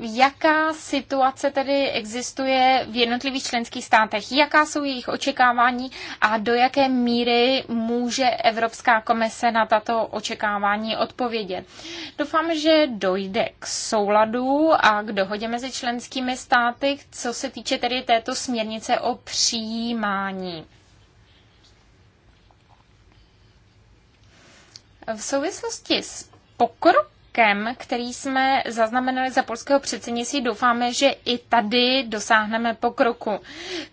jaká situace tedy existuje v jednotlivých členských státech, jaká jsou jejich očekávání a do jaké míry může Evropská komise na tato očekávání odpovědět. Doufám, že dojde k souladu a k dohodě mezi členskými státy, co se týče tedy této směrnice o přijímání. V souvislosti s pokrokem pokrokem, který jsme zaznamenali za polského předsednictví, doufáme, že i tady dosáhneme pokroku.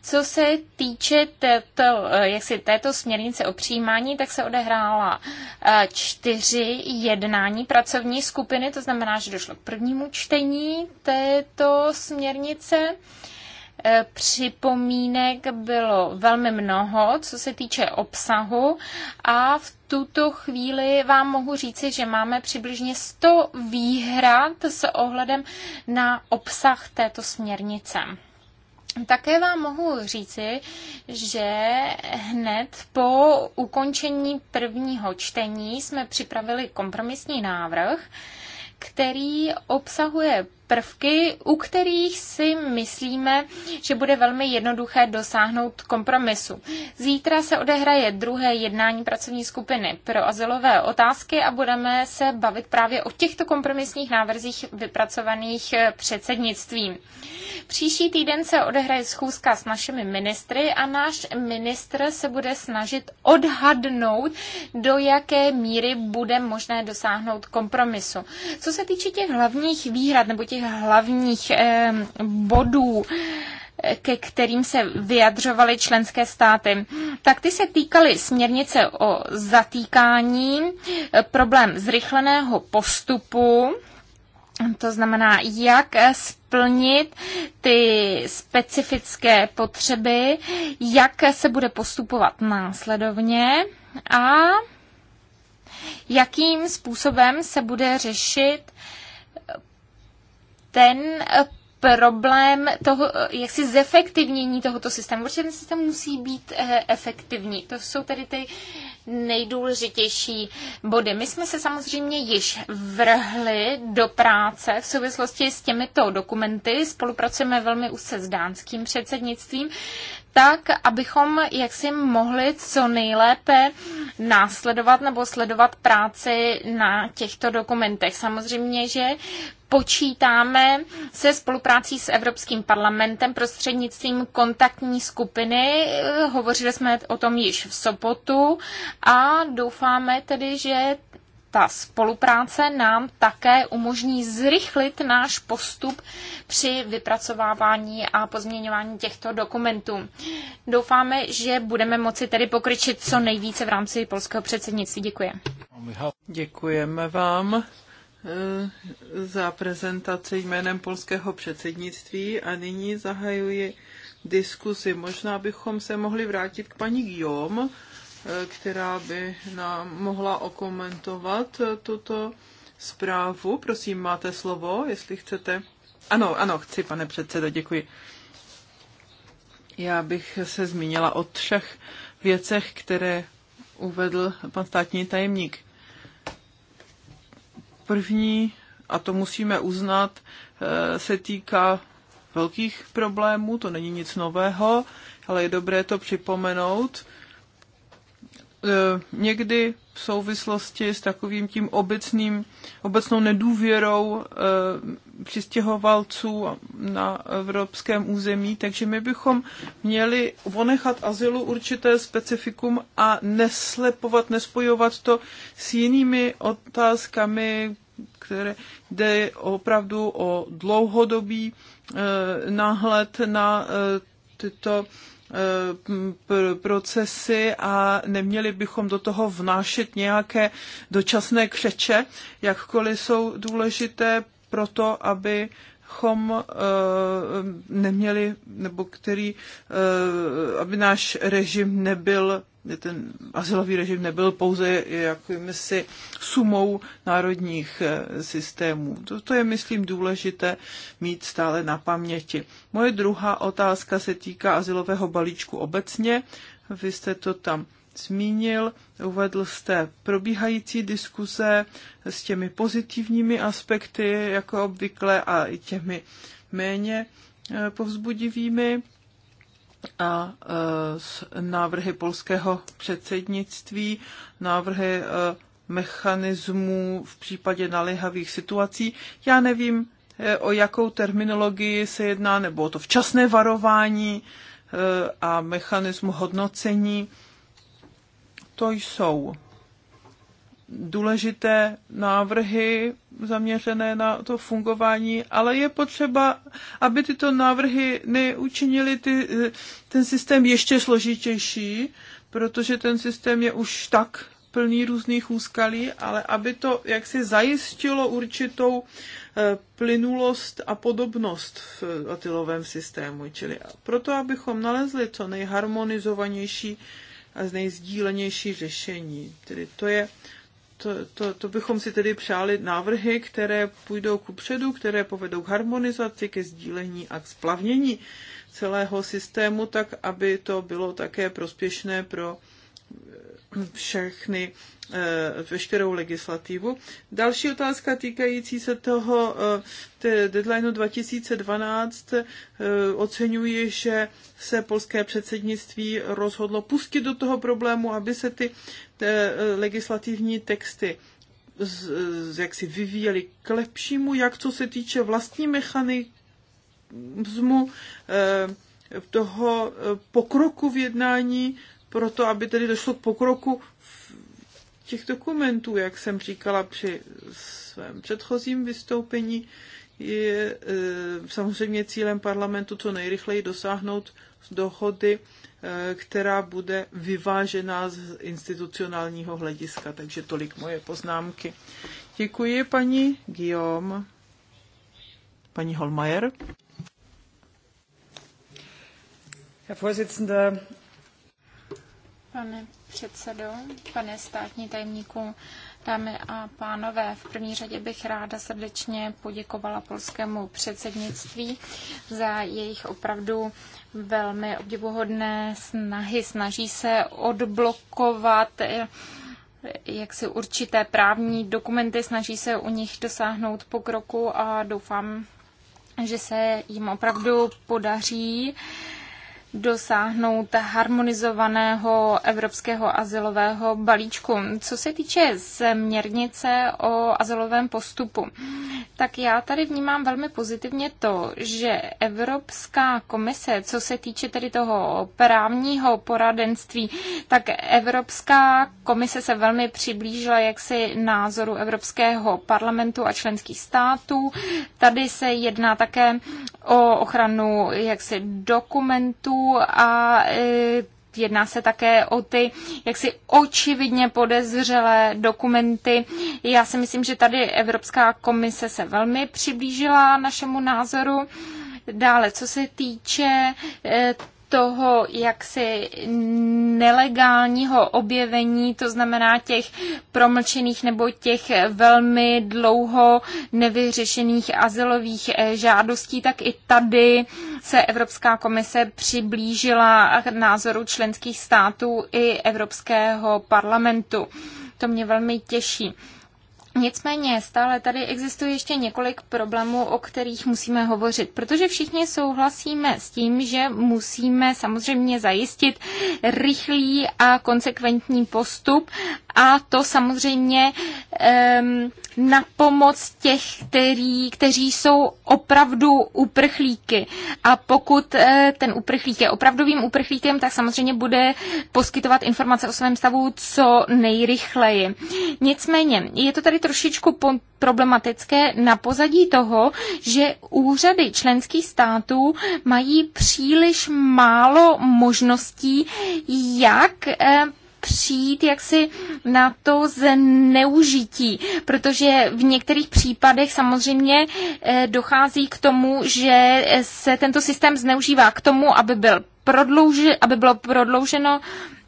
Co se týče této, eh, jaksi této směrnice o přijímání, tak se odehrála eh, čtyři jednání pracovní skupiny, to znamená, že došlo k prvnímu čtení této směrnice. Eh, připomínek bylo velmi mnoho, co se týče obsahu a v tuto chvíli vám mohu říci, že máme přibližně 100 výhrad s ohledem na obsah této směrnice. Také vám mohu říci, že hned po ukončení prvního čtení jsme připravili kompromisní návrh, který obsahuje prvky, u kterých si myslíme, že bude velmi jednoduché dosáhnout kompromisu. Zítra se odehraje druhé jednání pracovní skupiny pro azylové otázky a budeme se bavit právě o těchto kompromisních návrzích vypracovaných eh, předsednictvím. Příští týden se odehraje schůzka s našimi ministry a náš ministr se bude snažit odhadnout, do jaké míry bude možné dosáhnout kompromisu. Co se týče těch hlavních výhrad nebo těch těch hlavních eh, bodů, eh, ke kterým se vyjadřovaly členské státy. Tak ty se týkaly směrnice o zatýkání, eh, problém zrychleného postupu, to znamená, jak splnit ty specifické potřeby, jak se bude postupovat následovně a jakým způsobem se bude řešit ten eh, problém toho, eh, jak si zefektivnění tohoto systému, protože ten systém musí být eh, efektivní. To jsou tedy ty nejdůležitější body. My jsme se samozřejmě již vrhli do práce v souvislosti s těmito dokumenty. Spolupracujeme velmi úzce s dánským předsednictvím tak, abychom jaksi mohli co nejlépe následovat nebo sledovat práci na těchto dokumentech. Samozřejmě, že počítáme se spoluprácí s Evropským parlamentem prostřednictvím kontaktní skupiny. Hovořili jsme o tom již v sobotu a doufáme tedy, že ta spolupráce nám také umožní zrychlit náš postup při vypracovávání a pozměňování těchto dokumentů. Doufáme, že budeme moci tedy pokryčit co nejvíce v rámci polského předsednictví. Děkuji. Děkujeme vám. Eh, za prezentaci jménem polského předsednictví a nyní zahajuji diskusi. Možná bychom se mohli vrátit k paní Guillaume, eh, která by nám mohla okomentovat tuto zprávu. Prosím, máte slovo, jestli chcete. Ano, ano, chci, pane předsedo, děkuji. Já bych se zmínila o třech věcech, které uvedl pan státní tajemník. První, a to musíme uznat, eh, se týká velkých problémů, to není nic nového, ale je dobré to připomenout. E, někdy v souvislosti s takovým tím obecným, obecnou nedůvěrou e, přistěhovalců na evropském území, takže my bychom měli ponechat azylu určité specifikum a neslepovat, nespojovat to s jinými otázkami, které jde opravdu o dlouhodobý e, náhled na tyto Eh, procesy a neměli bychom do toho vnášet nějaké dočasné křeče, jakkoliv jsou důležité pro to, aby abychom eh, neměli, nebo který, eh, aby náš režim nebyl, ten asilový režim nebyl pouze jakýmsi sumou národních eh, systémů. To, to je, myslím, důležité mít stále na paměti. Moje druhá otázka se týká asilového balíčku obecně. Vy jste to tam zmínil. Uvedl jste probíhající diskuze s těmi pozitivními aspekty, jako obvykle, a i těmi méně eh, povzbudivými a eh, s návrhy polského předsednictví, návrhy eh, mechanismů v případě naléhavých situací. Já nevím, o jakou terminologii se jedná, nebo to včasné varování a mechanismu hodnocení to jsou důležité návrhy zaměřené na to fungování, ale je potřeba, aby tyto návrhy neučinily ty, ten systém ještě složitější, protože ten systém je už tak plný různých úskalí, ale aby to jaksi zajistilo určitou eh, plynulost a podobnost v atilovém systému. Čili proto, abychom nalezli co nejharmonizovanější a nejzdílenější řešení. Tedy to je to, to, to bychom si tedy přáli návrhy, které půjdou ku předu, které povedou k harmonizaci, ke sdílení a k splavnění celého systému, tak aby to bylo také prospěšné pro všechny, eh, veškerou legislativu. Další otázka týkající se toho eh, deadlineu 2012 eh, oceňuji, že se polské předsednictví rozhodlo pustit do toho problému, aby se ty legislativní texty z, jak si vyvíjeli k lepšímu, jak co se týče vlastní mechanismu toho pokroku v jednání proto aby tedy došlo k pokroku těch dokumentů, jak jsem říkala při svém předchozím vystoupení, je e, samozřejmě cílem parlamentu co nejrychleji dosáhnout dohody, e, která bude vyvážená z institucionálního hlediska. Takže tolik moje poznámky. Děkuji paní Guillaume. Paní Holmajer. Herr Vorsitzender, Pane předsedo, pane státní tajemníku, dámy a pánové, v první řadě bych ráda srdečně poděkovala polskému předsednictví za jejich opravdu velmi obdivuhodné snahy. Snaží se odblokovat eh, jak si určité právní dokumenty, snaží se u nich dosáhnout pokroku a doufám, že se jim opravdu podaří dosáhnout harmonizovaného evropského azylového balíčku. Co se týče směrnice o azylovém postupu, tak já tady vnímám velmi pozitivně to, že Evropská komise, co se týče tedy toho právního poradenství, tak Evropská komise se velmi přiblížila jaksi názoru Evropského parlamentu a členských států. Tady se jedná také o ochranu jaksi dokumentů, a a e, Jedná se také o ty jak si očividně podezřelé dokumenty. Já si myslím, že tady Evropská komise se velmi přiblížila našemu názoru. Dále, co se týče e, toho jaksi nelegálního objevení, to znamená těch promlčených nebo těch velmi dlouho nevyřešených azylových eh, žádostí, tak i tady se Evropská komise přiblížila názoru členských států i Evropského parlamentu. To mě velmi těší. Nicméně stále tady existuje ještě několik problémů, o kterých musíme hovořit, protože všichni souhlasíme s tím, že musíme samozřejmě zajistit rychlý a konsekventní postup a to samozřejmě um, na pomoc těch, který, kteří jsou opravdu uprchlíky. A pokud eh, ten uprchlík je opravdovým uprchlíkem, tak samozřejmě bude poskytovat informace o svém stavu co nejrychleji. Nicméně je to tady to trošičku problematické na pozadí toho, že úřady členských států mají příliš málo možností, jak eh, přijít jaksi na to zneužití, protože v některých případech samozřejmě eh, dochází k tomu, že eh, se tento systém zneužívá k tomu, aby byl prodlouži, aby bylo prodlouženo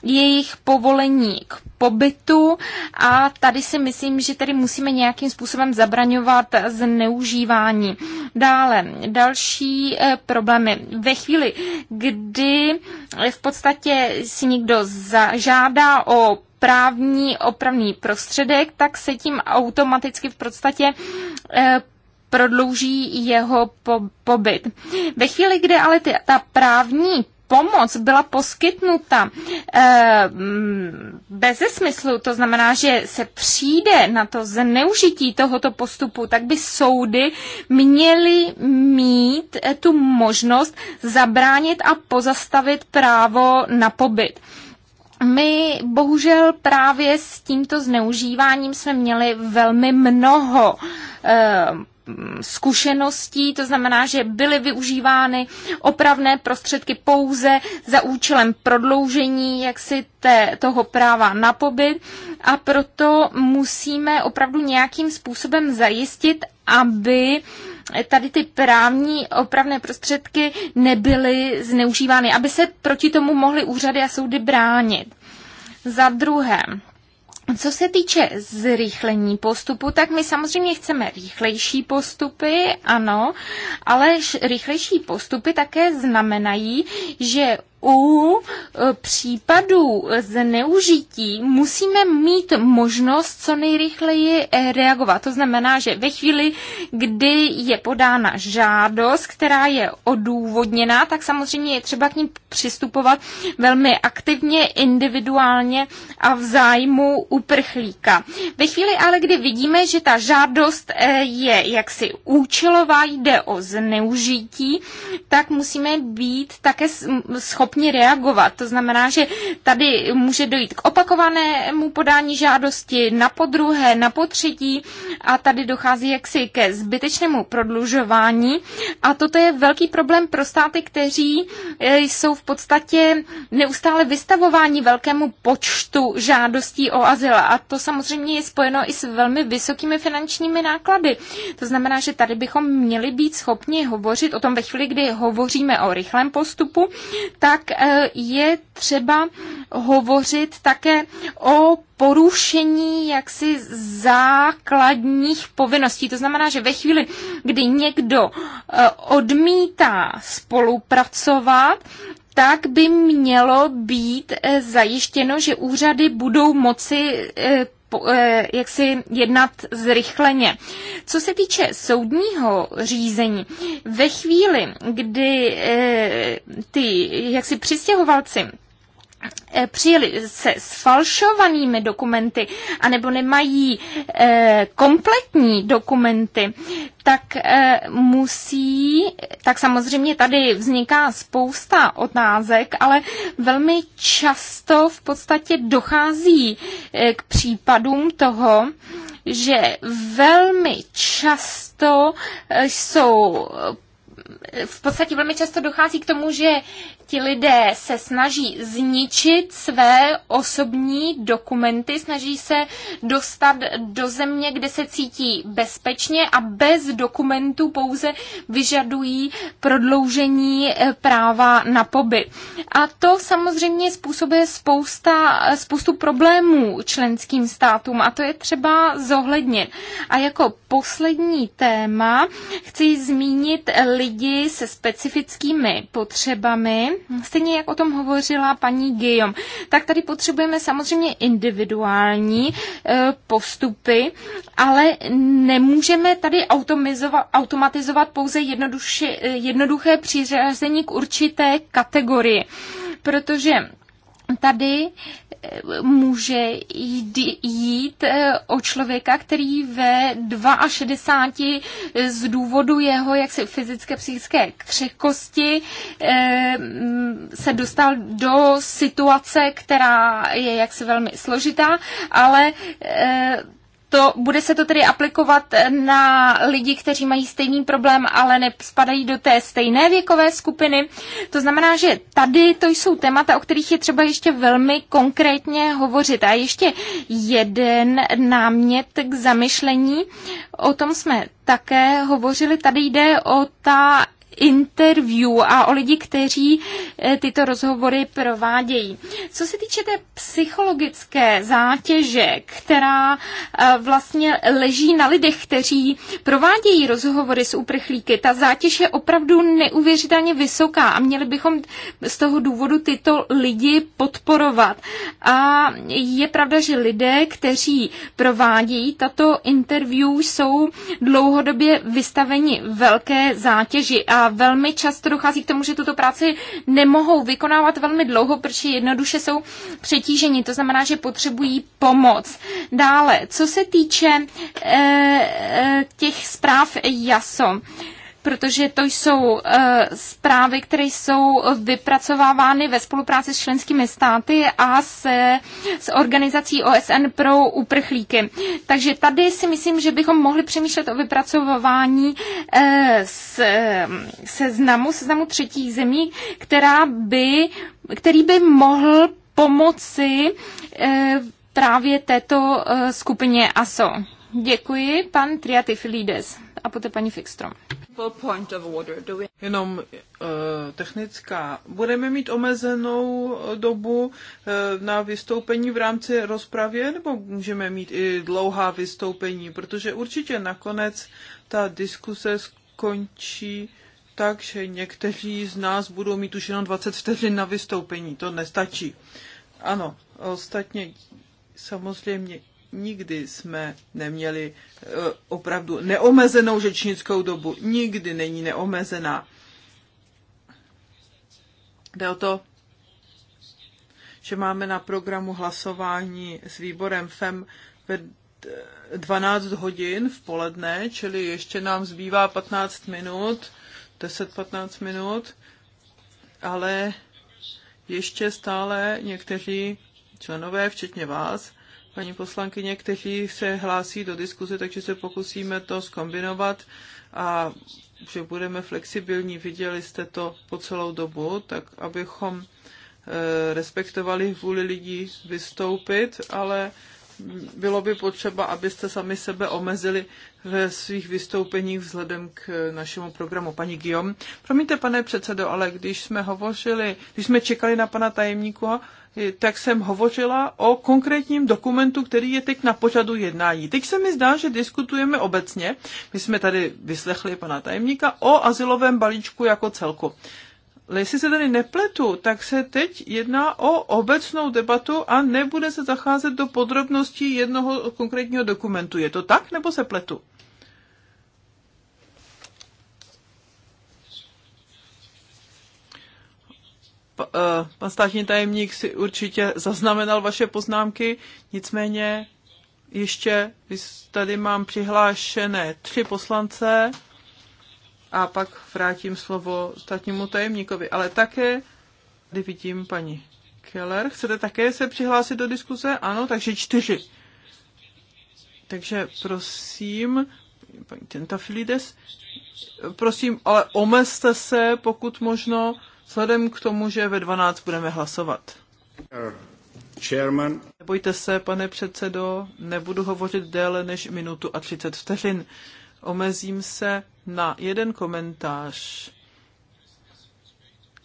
jejich povolení k pobytu a tady si myslím, že tedy musíme nějakým způsobem zabraňovat zneužívání. Dále další e, problémy. Ve chvíli, kdy v podstatě si někdo zažádá o právní opravný prostředek, tak se tím automaticky v podstatě e, prodlouží jeho po, pobyt. Ve chvíli, kdy ale ty, ta právní pomoc byla poskytnuta eh, mm, bez smyslu, to znamená, že se přijde na to zneužití tohoto postupu, tak by soudy měly mít eh, tu možnost zabránit a pozastavit právo na pobyt. My bohužel právě s tímto zneužíváním jsme měli velmi mnoho eh, zkušeností, to znamená, že byly využívány opravné prostředky pouze za účelem prodloužení jaksi té, toho práva na pobyt a proto musíme opravdu nějakým způsobem zajistit, aby tady ty právní opravné prostředky nebyly zneužívány, aby se proti tomu mohly úřady a soudy bránit. Za druhé, co se týče zrychlení postupu, tak my samozřejmě chceme rychlejší postupy, ano, ale rychlejší postupy také znamenají, že u e, případů zneužití musíme mít možnost co nejrychleji reagovat. To znamená, že ve chvíli, kdy je podána žádost, která je odůvodněná, tak samozřejmě je třeba k ní přistupovat velmi aktivně, individuálně a v zájmu uprchlíka. Ve chvíli ale, kdy vidíme, že ta žádost e, je jaksi účelová, jde o zneužití, tak musíme být také schopni schopni reagovat. To znamená, že tady může dojít k opakovanému podání žádosti na podruhé, na potřetí a tady dochází jaksi ke zbytečnému prodlužování. A toto je velký problém pro státy, kteří e, jsou v podstatě neustále vystavováni velkému počtu žádostí o azyl. A to samozřejmě je spojeno i s velmi vysokými finančními náklady. To znamená, že tady bychom měli být schopni hovořit o tom ve chvíli, kdy hovoříme o rychlém postupu, tak tak eh, je třeba hovořit také o porušení jaksi základních povinností. To znamená, že ve chvíli, kdy někdo eh, odmítá spolupracovat, tak by mělo být eh, zajištěno, že úřady budou moci Eh, jak si jednat zrychleně. Co se týče soudního řízení, ve chvíli, kdy eh, ty jaksi přistěhovalci Eh, přijeli se sfalšovanými dokumenty anebo nemají e, kompletní dokumenty, tak e, musí, tak samozřejmě tady vzniká spousta otázek, ale velmi často v podstatě dochází e, k případům toho, že velmi často e, jsou v podstatě velmi často dochází k tomu, že ti lidé se snaží zničit své osobní dokumenty, snaží se dostat do země, kde se cítí bezpečně a bez dokumentů pouze vyžadují prodloužení eh, práva na pobyt. A to samozřejmě způsobuje spousta, spoustu problémů členským státům a to je třeba zohlednit. A jako poslední téma chci zmínit lidi se specifickými potřebami stejně jak o tom hovořila paní Guillaume, tak tady potřebujeme samozřejmě individuální e, postupy, ale nemůžeme tady automatizovat pouze jednoduše, jednoduché přiřazení k určité kategorii, protože tady eh, může jít eh, o člověka, který ve 62 z důvodu jeho jaksi fyzické, psychické křehkosti eh, mm, se dostal do situace, která je jaksi velmi složitá, ale to, bude se to tedy aplikovat na lidi, kteří mají stejný problém, ale nespadají do té stejné věkové skupiny. To znamená, že tady to jsou témata, o kterých je třeba ještě velmi konkrétně hovořit. A ještě jeden námět k zamyšlení. O tom jsme také hovořili. Tady jde o ta interview a o lidi, kteří eh, tyto rozhovory provádějí. Co se týče té psychologické zátěže, která eh, vlastně leží na lidech, kteří provádějí rozhovory s uprchlíky, ta zátěž je opravdu neuvěřitelně vysoká a měli bychom z toho důvodu tyto lidi podporovat. A je pravda, že lidé, kteří provádějí tato interview, jsou dlouhodobě vystaveni velké zátěži a velmi často dochází k tomu, že tuto práci nemohou vykonávat velmi dlouho, protože jednoduše jsou přetíženi, to znamená, že potřebují pomoc. Dále, co se týče eh, eh, těch zpráv JASO, eh, protože to jsou eh, zprávy, které jsou vypracovávány ve spolupráci s členskými státy a se, s organizací OSN pro uprchlíky. Takže tady si myslím, že bychom mohli přemýšlet o vypracovávání eh, eh, seznamu, seznamu třetích zemí, která by, který by mohl pomoci právě této skupině ASO. Děkuji, pan Triatifilides a poté paní Fixstrom. Jenom uh, technická. Budeme mít omezenou eh, dobu uh, na vystoupení v rámci rozpravě, nebo můžeme mít i dlouhá vystoupení? Protože určitě nakonec ta diskuse skončí tak, že někteří z nás budou mít už jenom 20 vteřin na vystoupení. To nestačí. Ano, ostatně samozřejmě nikdy jsme neměli eh, opravdu neomezenou řečnickou dobu. Nikdy není neomezená. Jde o to, že máme na programu hlasování s výborem FEM ve 12 hodin v poledne, čili ještě nám zbývá 15 minut, 10-15 minut, ale ještě stále někteří členové, včetně vás, paní poslankyně, kteří se hlásí do diskuze, takže se pokusíme to skombinovat a že budeme flexibilní. Viděli jste to po celou dobu, tak abychom eh, respektovali vůli lidí vystoupit, ale bylo by potřeba, abyste sami sebe omezili ve svých vystoupeních vzhledem k eh, našemu programu. Paní Guillaume, promiňte, pane předsedo, ale když jsme hovořili, když jsme čekali na pana tajemníku, Eh, tak jsem hovořila o konkrétním dokumentu, který je teď na pořadu jednání. Teď se mi zdá, že diskutujeme obecně, my jsme tady vyslechli pana tajemníka, o asilovém balíčku jako celku. Jestli se tady nepletu, tak se teď jedná o obecnou debatu a nebude se zacházet do podrobností jednoho konkrétního dokumentu. Je to tak, nebo se pletu? Eh, pan státní tajemník si určitě zaznamenal vaše poznámky, nicméně ještě tady mám přihlášené tři poslance a pak vrátím slovo státnímu tajemníkovi. Ale také, kdy vidím paní Keller, chcete také se přihlásit do diskuze? Ano, takže čtyři. Takže prosím, paní Tentafilides, prosím, ale omezte se, pokud možno, vzhledem k tomu, že ve 12 budeme hlasovat. Uh, chairman. Nebojte se, pane předsedo, nebudu hovořit déle než minutu a 30 vteřin. Omezím se na jeden komentář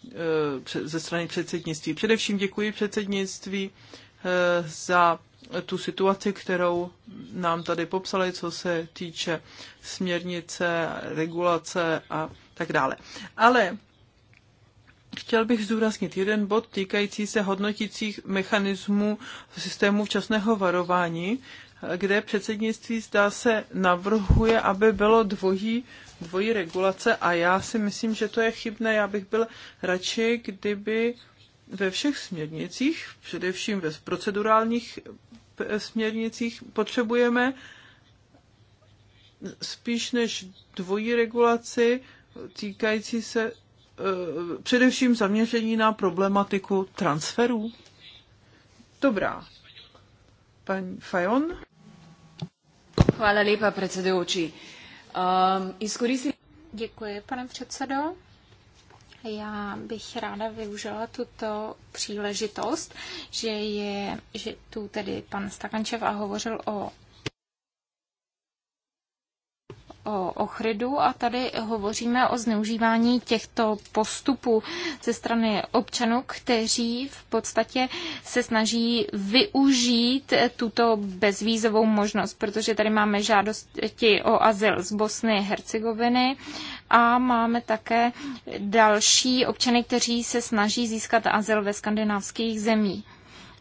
eh, ze strany předsednictví. Především děkuji předsednictví eh, za tu situaci, kterou nám tady popsali, co se týče směrnice, regulace a tak dále. Ale Chtěl bych zdůraznit jeden bod týkající se hodnotících mechanismů systému včasného varování, kde předsednictví zdá se navrhuje, aby bylo dvojí, dvojí regulace a já si myslím, že to je chybné. Já bych byl radši, kdyby ve všech směrnicích, především ve procedurálních směrnicích, potřebujeme spíš než dvojí regulaci týkající se Eh, především zaměření na problematiku transferů? Dobrá. Paní Fajon? Hvala lepa, predsedující. Um, ehm, iskoristili... Děkuji, pane předsedo. Já bych ráda využila tuto příležitost, že je že tu tedy pan Stakančev a hovořil o o ochrydu a tady hovoříme o zneužívání těchto postupů ze strany občanů, kteří v podstatě se snaží využít tuto bezvízovou možnost, protože tady máme žádosti o azyl z Bosny a Hercegoviny a máme také další občany, kteří se snaží získat azyl ve skandinávských zemích.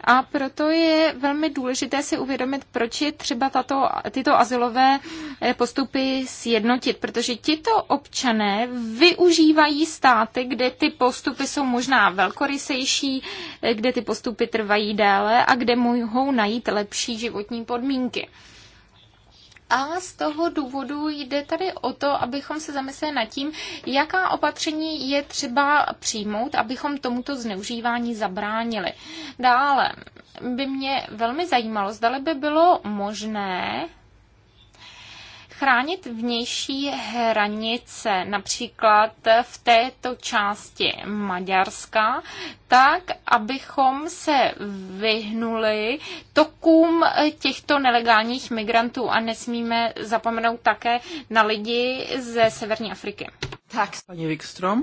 A proto je velmi důležité si uvědomit, proč je třeba tato, tyto asilové eh, postupy sjednotit, protože tito občané využívají státy, kde ty postupy jsou možná velkorysejší, eh, kde ty postupy trvají déle a kde mohou najít lepší životní podmínky. A z toho důvodu jde tady o to, abychom se zamysleli nad tím, jaká opatření je třeba přijmout, abychom tomuto zneužívání zabránili. Dále by mě velmi zajímalo, zda by bylo možné chránit vnější hranice, například v této části Maďarska, tak, abychom se vyhnuli tokům těchto nelegálních migrantů a nesmíme zapomenout také na lidi ze Severní Afriky. Tak, paní Wikström.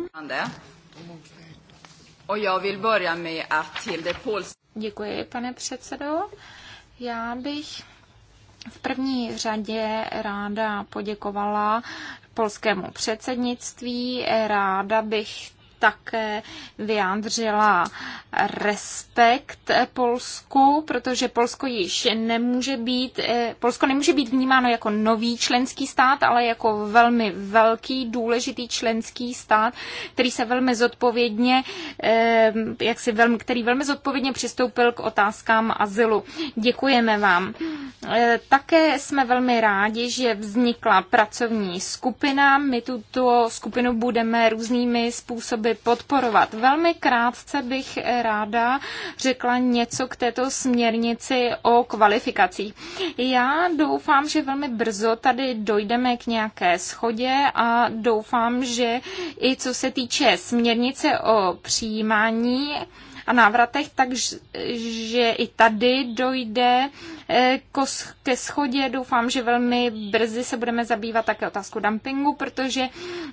Děkuji, pane předsedo. Já bych v první řadě ráda poděkovala polskému předsednictví. Ráda bych také vyjádřila respekt Polsku, protože Polsko již nemůže být, eh, Polsko nemůže být vnímáno jako nový členský stát, ale jako velmi velký, důležitý členský stát, který se velmi zodpovědně, eh, jak si velmi, který velmi zodpovědně přistoupil k otázkám azylu. Děkujeme vám. Eh, také jsme velmi rádi, že vznikla pracovní skupina. My tuto skupinu budeme různými způsoby podporovat. Velmi krátce bych ráda řekla něco k této směrnici o kvalifikacích. Já doufám, že velmi brzo tady dojdeme k nějaké schodě a doufám, že i co se týče směrnice o přijímání, a návratech, takže i tady dojde eh, ke schodě. Doufám, že velmi brzy se budeme zabývat také otázkou dumpingu, protože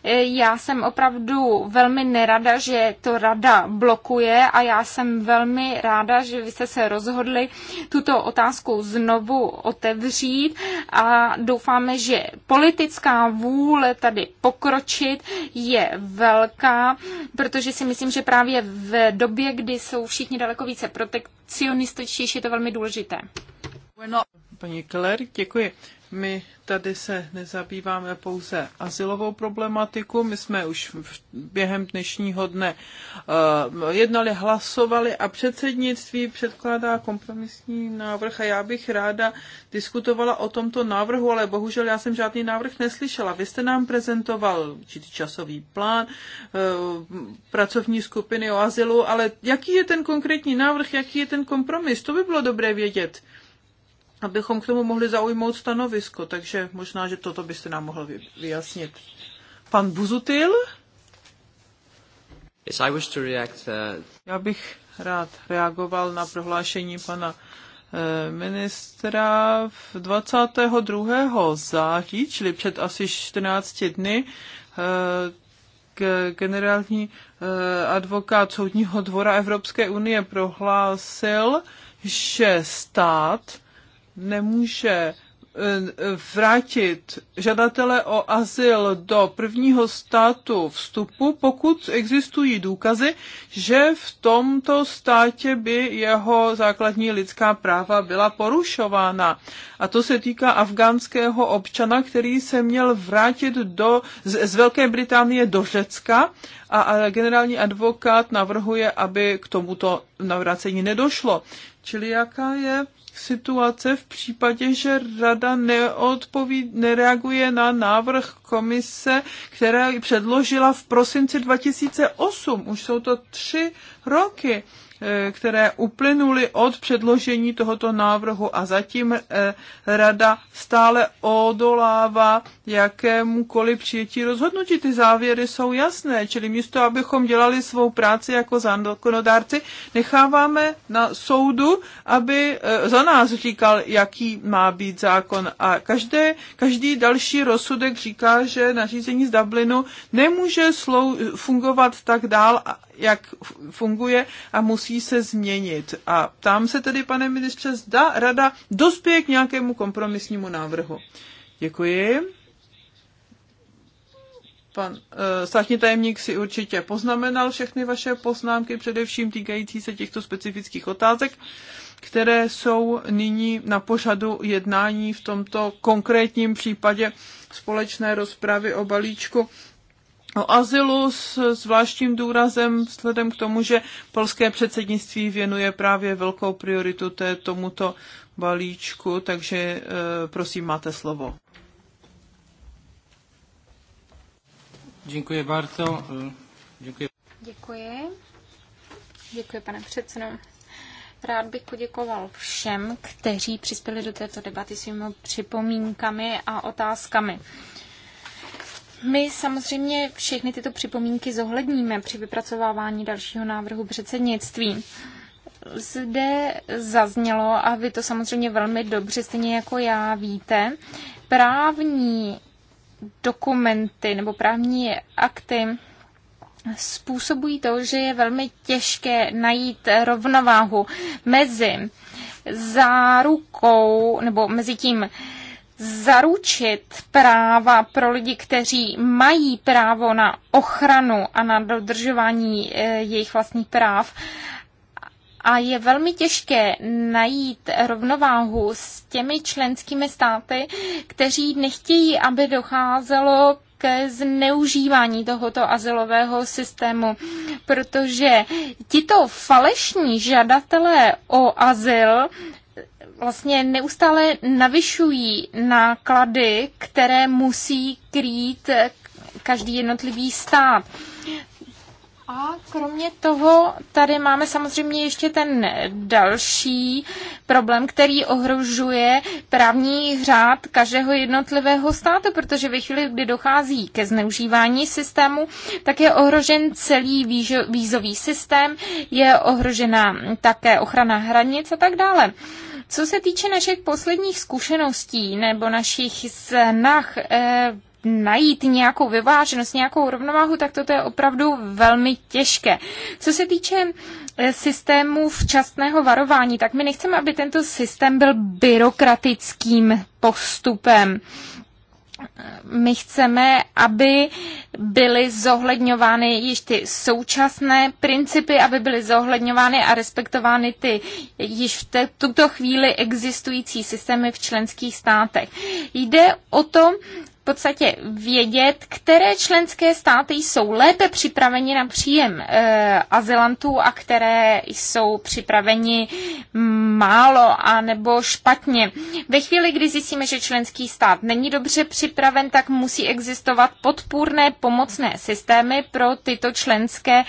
eh, já jsem opravdu velmi nerada, že to rada blokuje a já jsem velmi ráda, že vy jste se rozhodli tuto otázku znovu otevřít a doufáme, že politická vůle tady pokročit je velká, protože si myslím, že právě v době, kdy jsou všichni daleko více protekcionističtější, je to velmi důležité. Paní Keller, děkuji. My tady se nezabýváme pouze asilovou problematiku. My jsme už během dnešního dne eh, jednali, hlasovali a předsednictví předkládá kompromisní návrh a já bych ráda diskutovala o tomto návrhu, ale bohužel já jsem žádný návrh neslyšela. Vy jste nám prezentoval určitý časový plán eh, pracovní skupiny o asilu, ale jaký je ten konkrétní návrh, jaký je ten kompromis, to by bylo dobré vědět abychom k tomu mohli zaujmout stanovisko, takže možná, že toto byste nám mohl vyjasnit. Pan Buzutil? Yes, I wish to react, uh... Já bych rád reagoval na prohlášení pana eh, ministra v 22. září, čili před asi 14 dny, eh, generální eh, advokát Soudního dvora Evropské unie prohlásil, že stát nemůže eh, vrátit žadatele o azyl do prvního státu vstupu, pokud existují důkazy, že v tomto státě by jeho základní lidská práva byla porušována. A to se týká afgánského občana, který se měl vrátit do, z, z Velké Británie do Řecka a, a generální advokát navrhuje, aby k tomuto navrácení nedošlo. Čili jaká je situace v případě, že rada neodpoví, nereaguje na návrh komise, která ji předložila v prosinci 2008. Už jsou to tři roky. Eh, které uplynuly od předložení tohoto návrhu a zatím eh, rada stále odolává jakémukoliv přijetí rozhodnutí. Ty závěry jsou jasné, čili místo, abychom dělali svou práci jako zákonodárci, necháváme na soudu, aby eh, za nás říkal, jaký má být zákon. A každé, každý další rozsudek říká, že nařízení z Dublinu nemůže slou, fungovat tak dál, jak funguje a musí se změnit. A ptám se tedy, pane ministře, zda rada dospěje k nějakému kompromisnímu návrhu. Děkuji. Pan e, státní tajemník si určitě poznamenal všechny vaše poznámky, především týkající se těchto specifických otázek, které jsou nyní na pořadu jednání v tomto konkrétním případě společné rozpravy o balíčku o azylu s zvláštním důrazem vzhledem k tomu, že polské předsednictví věnuje právě velkou prioritu té tomuto balíčku, takže e, prosím, máte slovo. Děkuji, Barto. E, děkuji. Děkuji. Děkuji, pane předsedo. Rád bych poděkoval všem, kteří přispěli do této debaty svými připomínkami a otázkami. My samozřejmě všechny tyto připomínky zohledníme při vypracovávání dalšího návrhu předsednictví zde zaznělo, a vy to samozřejmě velmi dobře, stejně jako já víte, právní dokumenty nebo právní akty způsobují to, že je velmi těžké najít rovnováhu mezi zárukou nebo mezi tím zaručit práva pro lidi, kteří mají právo na ochranu a na dodržování eh, jejich vlastních práv. A je velmi těžké najít rovnováhu s těmi členskými státy, kteří nechtějí, aby docházelo k zneužívání tohoto azylového systému, protože tito falešní žadatelé o azyl vlastně neustále navyšují náklady, které musí krýt každý jednotlivý stát. A kromě toho tady máme samozřejmě ještě ten další problém, který ohrožuje právní řád každého jednotlivého státu, protože ve chvíli, kdy dochází ke zneužívání systému, tak je ohrožen celý vízový systém, je ohrožena také ochrana hranic a tak dále. Co se týče našich posledních zkušeností nebo našich snah e, najít nějakou vyváženost, nějakou rovnováhu, tak toto je opravdu velmi těžké. Co se týče eh, systému včasného varování, tak my nechceme, aby tento systém byl byrokratickým postupem my chceme, aby byly zohledňovány již ty současné principy, aby byly zohledňovány a respektovány ty již v te, tuto chvíli existující systémy v členských státech. Jde o to, podstatě vědět, které členské státy jsou lépe připraveni na příjem e, azylantů a které jsou připraveni málo a nebo špatně. Ve chvíli, kdy zjistíme, že členský stát není dobře připraven, tak musí existovat podpůrné pomocné systémy pro tyto členské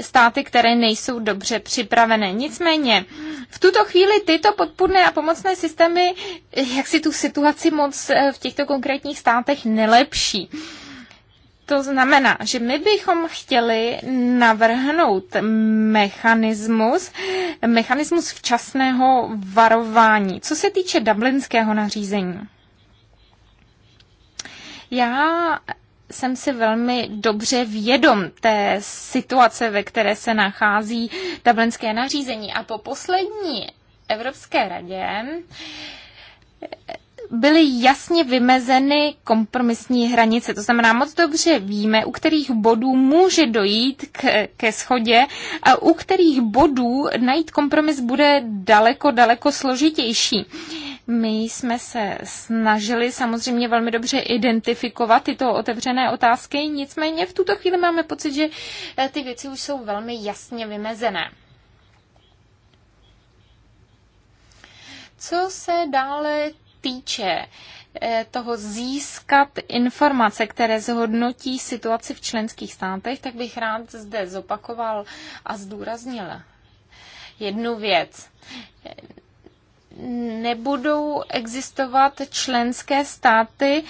státy, které nejsou dobře připravené. Nicméně, v tuto chvíli tyto podpůrné a pomocné systémy, jak si tu situaci moc eh, v těchto konkrétních státech nelepší. To znamená, že my bychom chtěli navrhnout mechanismus, mechanismus včasného varování. Co se týče dublinského nařízení, já jsem si velmi dobře vědom té situace, ve které se nachází dublinské nařízení. A po poslední Evropské radě byly jasně vymezeny kompromisní hranice. To znamená, moc dobře víme, u kterých bodů může dojít k, ke schodě a u kterých bodů najít kompromis bude daleko, daleko složitější. My jsme se snažili samozřejmě velmi dobře identifikovat tyto otevřené otázky, nicméně v tuto chvíli máme pocit, že eh, ty věci už jsou velmi jasně vymezené. Co se dále týče eh, toho získat informace, které zhodnotí situaci v členských státech, tak bych rád zde zopakoval a zdůraznil jednu věc nebudou existovat členské státy,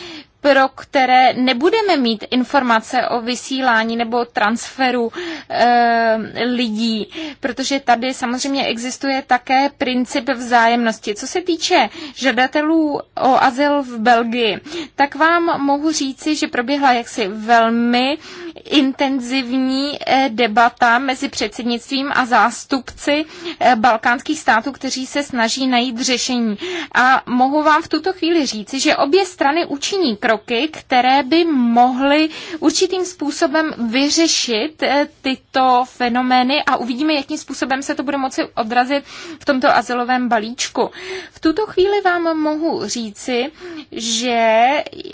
pro které nebudeme mít informace o vysílání nebo transferu e, lidí, protože tady samozřejmě existuje také princip vzájemnosti. Co se týče žadatelů o azyl v Belgii, tak vám mohu říci, že proběhla jaksi velmi intenzivní eh, debata mezi předsednictvím a zástupci eh, balkánských států, kteří se snaží najít řešení. A mohu vám v tuto chvíli říci, že obě strany učiní krok kroky, které by mohly určitým způsobem vyřešit eh, tyto fenomény a uvidíme, jakým způsobem se to bude moci odrazit v tomto azylovém balíčku. V tuto chvíli vám mohu říci, že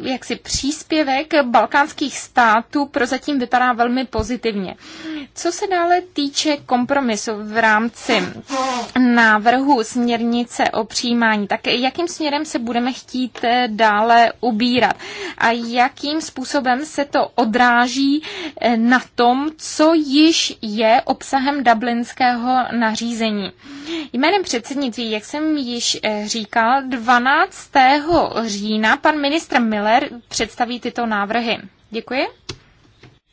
jaksi příspěvek balkánských států prozatím vypadá velmi pozitivně. Co se dále týče kompromisu v rámci návrhu směrnice o přijímání, tak jakým směrem se budeme chtít eh, dále ubírat? a jakým způsobem se to odráží eh, na tom, co již je obsahem dublinského nařízení. Jménem předsednictví, jak jsem již eh, říkal, 12. října pan ministr Miller představí tyto návrhy. Děkuji.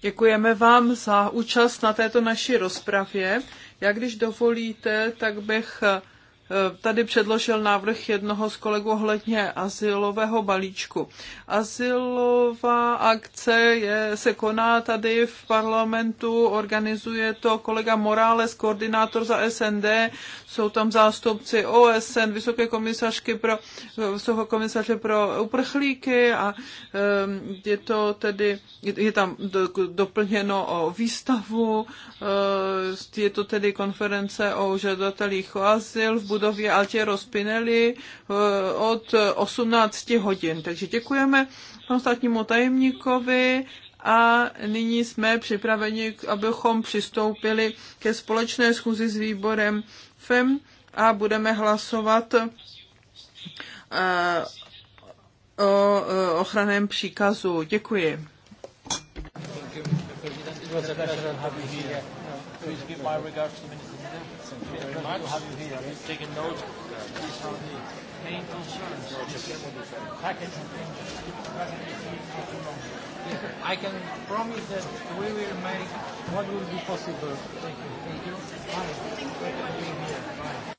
Děkujeme vám za účast na této naší rozpravě. Jak když dovolíte, tak bych eh, tady předložil návrh jednoho z kolegů ohledně asilového balíčku. Asilová akce je, se koná tady v parlamentu, organizuje to kolega Morales, koordinátor za SND jsou tam zástupci OSN, Vysoké komisařky pro, Vysoké komisaře pro uprchlíky a ehm, je to tedy, je tam doplněno o výstavu, ehm, je to tedy konference o žadatelích o azyl v budově Altiero Spinelli ehm, od 18 hodin. Takže děkujeme panu tajemníkovi a nyní jsme připraveni, abychom přistoupili ke společné schůzi s výborem EFem a budeme hlasovat eh, o eh, ochraném příkazu. Děkuji. Please give my regards to the Minister. Thank you very much. Have you here. Please take a note. Please help me. I can promise that we will make what will be possible. Thank you. Thank you. Bye. Thank you. Thank Bye.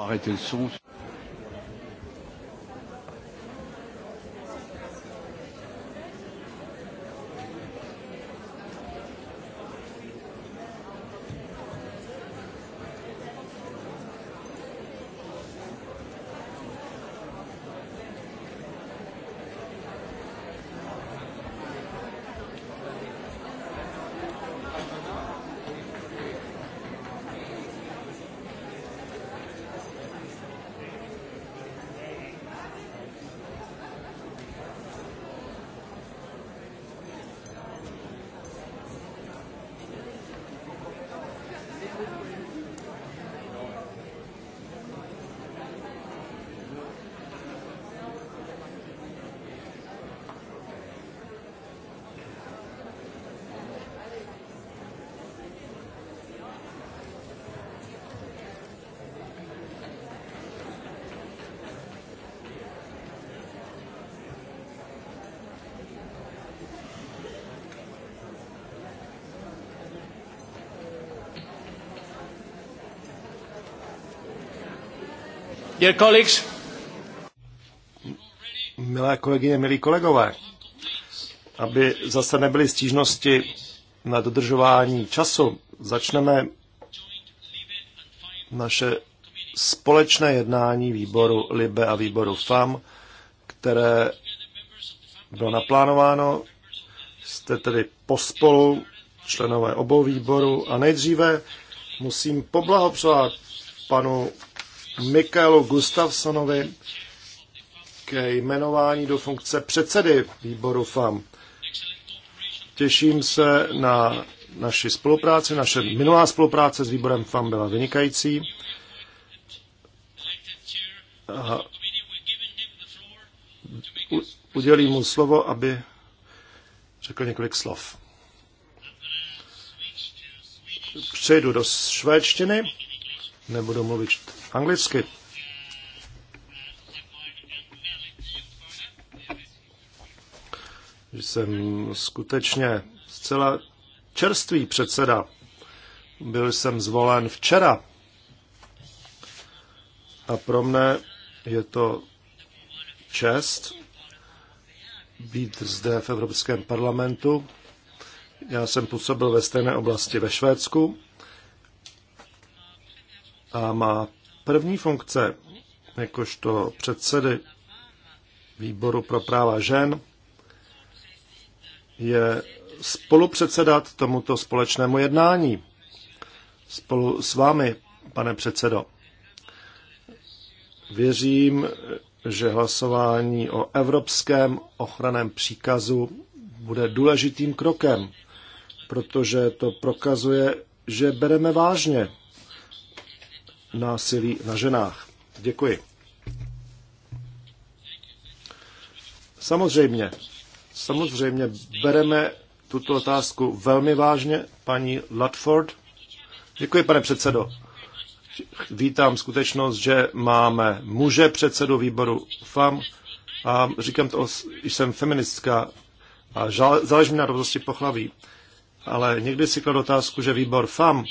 Arrêtez le son. Milé kolegyně, milí kolegové, aby zase nebyly stížnosti na dodržování času, začneme naše společné jednání výboru LIBE a výboru FAM, které bylo naplánováno. Jste tedy pospolu členové obou výborů a nejdříve musím poblahopřát panu Mikaelu Gustafsonovi ke jmenování do funkce předsedy výboru FAM. Těším se na naši spolupráci. Naše minulá spolupráce s výborem FAM byla vynikající. A udělím mu slovo, aby řekl několik slov. Přejdu do švédštiny, nebudu mluvit anglicky. Jsem skutečně zcela čerstvý předseda. Byl jsem zvolen včera. A pro mne je to čest být zde v Evropském parlamentu. Já jsem působil ve stejné oblasti ve Švédsku a má první funkce, jakožto předsedy výboru pro práva žen, je spolupředsedat tomuto společnému jednání spolu s vámi, pane předsedo. Věřím, že hlasování o evropském ochraném příkazu bude důležitým krokem, protože to prokazuje, že bereme vážně násilí na ženách. Děkuji. Samozřejmě, samozřejmě bereme tuto otázku velmi vážně, paní Ludford. Děkuji, pane předsedo. Vítám skutečnost, že máme muže předsedu výboru FAM a říkám to, že jsem feministka a záleží mi na rovnosti pochlaví, Ale někdy si kladu otázku, že výbor FAM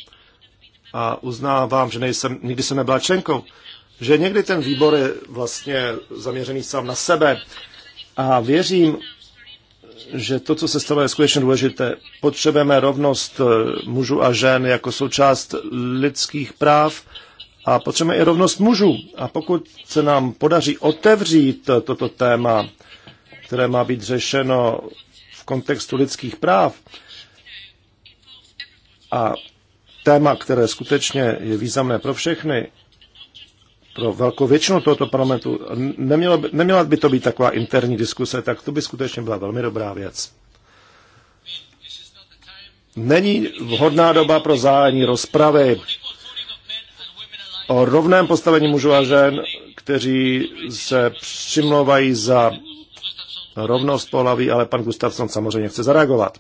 a uznávám, že nejsem, nikdy jsem nebyla členkou, že někdy ten výbor je vlastně zaměřený sám na sebe a věřím, že to, co se stalo, je skutečně důležité. Potřebujeme rovnost eh, mužů a žen jako součást lidských práv a potřebujeme i rovnost mužů. A pokud se nám podaří otevřít eh, toto téma, které má být řešeno v kontextu lidských práv a téma, které skutečně je významné pro všechny, pro velkou většinu tohoto parlamentu, nemělo by, neměla by to být taková interní diskuse, tak to by skutečně byla velmi dobrá věc. Není vhodná doba pro zájení rozpravy o rovném postavení mužů a žen, kteří se přimlouvají za rovnost pohlaví, ale pan Gustavson samozřejmě chce zareagovat.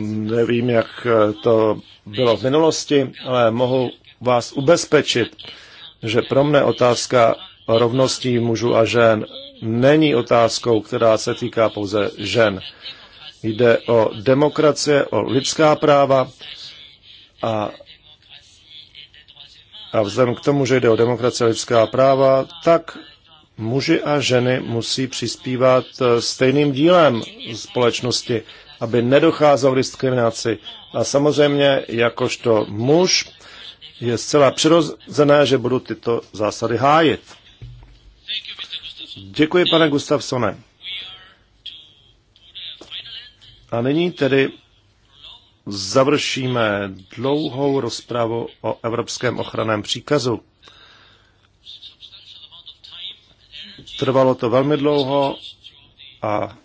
Nevím, jak eh, to bylo v minulosti, ale mohu vás ubezpečit, že pro mne otázka rovnosti mužů a žen není otázkou, která se týká pouze žen. Jde o demokracie, o lidská práva a, a vzhledem k tomu, že jde o demokracie a lidská práva, tak muži a ženy musí přispívat eh, stejným dílem společnosti aby nedocházelo k diskriminaci. A samozřejmě, jakožto muž, je zcela přirozené, že budu tyto zásady hájit. Děkuji, pane Gustavsone. A nyní tedy završíme dlouhou rozpravu o Evropském ochraném příkazu. Trvalo to velmi dlouho a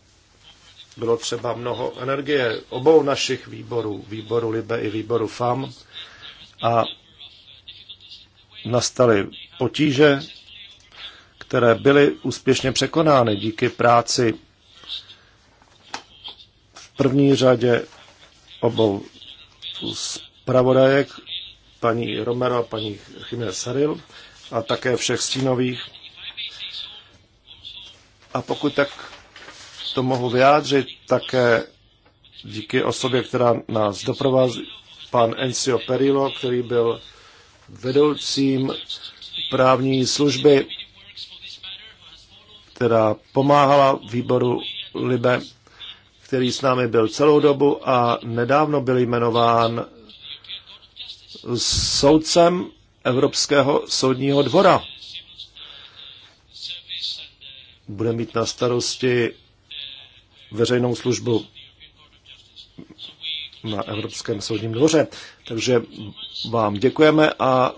bylo třeba mnoho energie obou našich výborů, výboru Libe i výboru FAM a nastaly potíže, které byly úspěšně překonány díky práci v první řadě obou zpravodajek, paní Romero a paní Jiménez Saril a také všech stínových. A pokud tak to mohu vyjádřit také díky osobě, která nás doprovází, pan Encio Perillo, který byl vedoucím právní služby, která pomáhala výboru Libe, který s námi byl celou dobu a nedávno byl jmenován soudcem Evropského soudního dvora. Bude mít na starosti veřejnou službu na Evropském soudním dvoře. Takže vám děkujeme a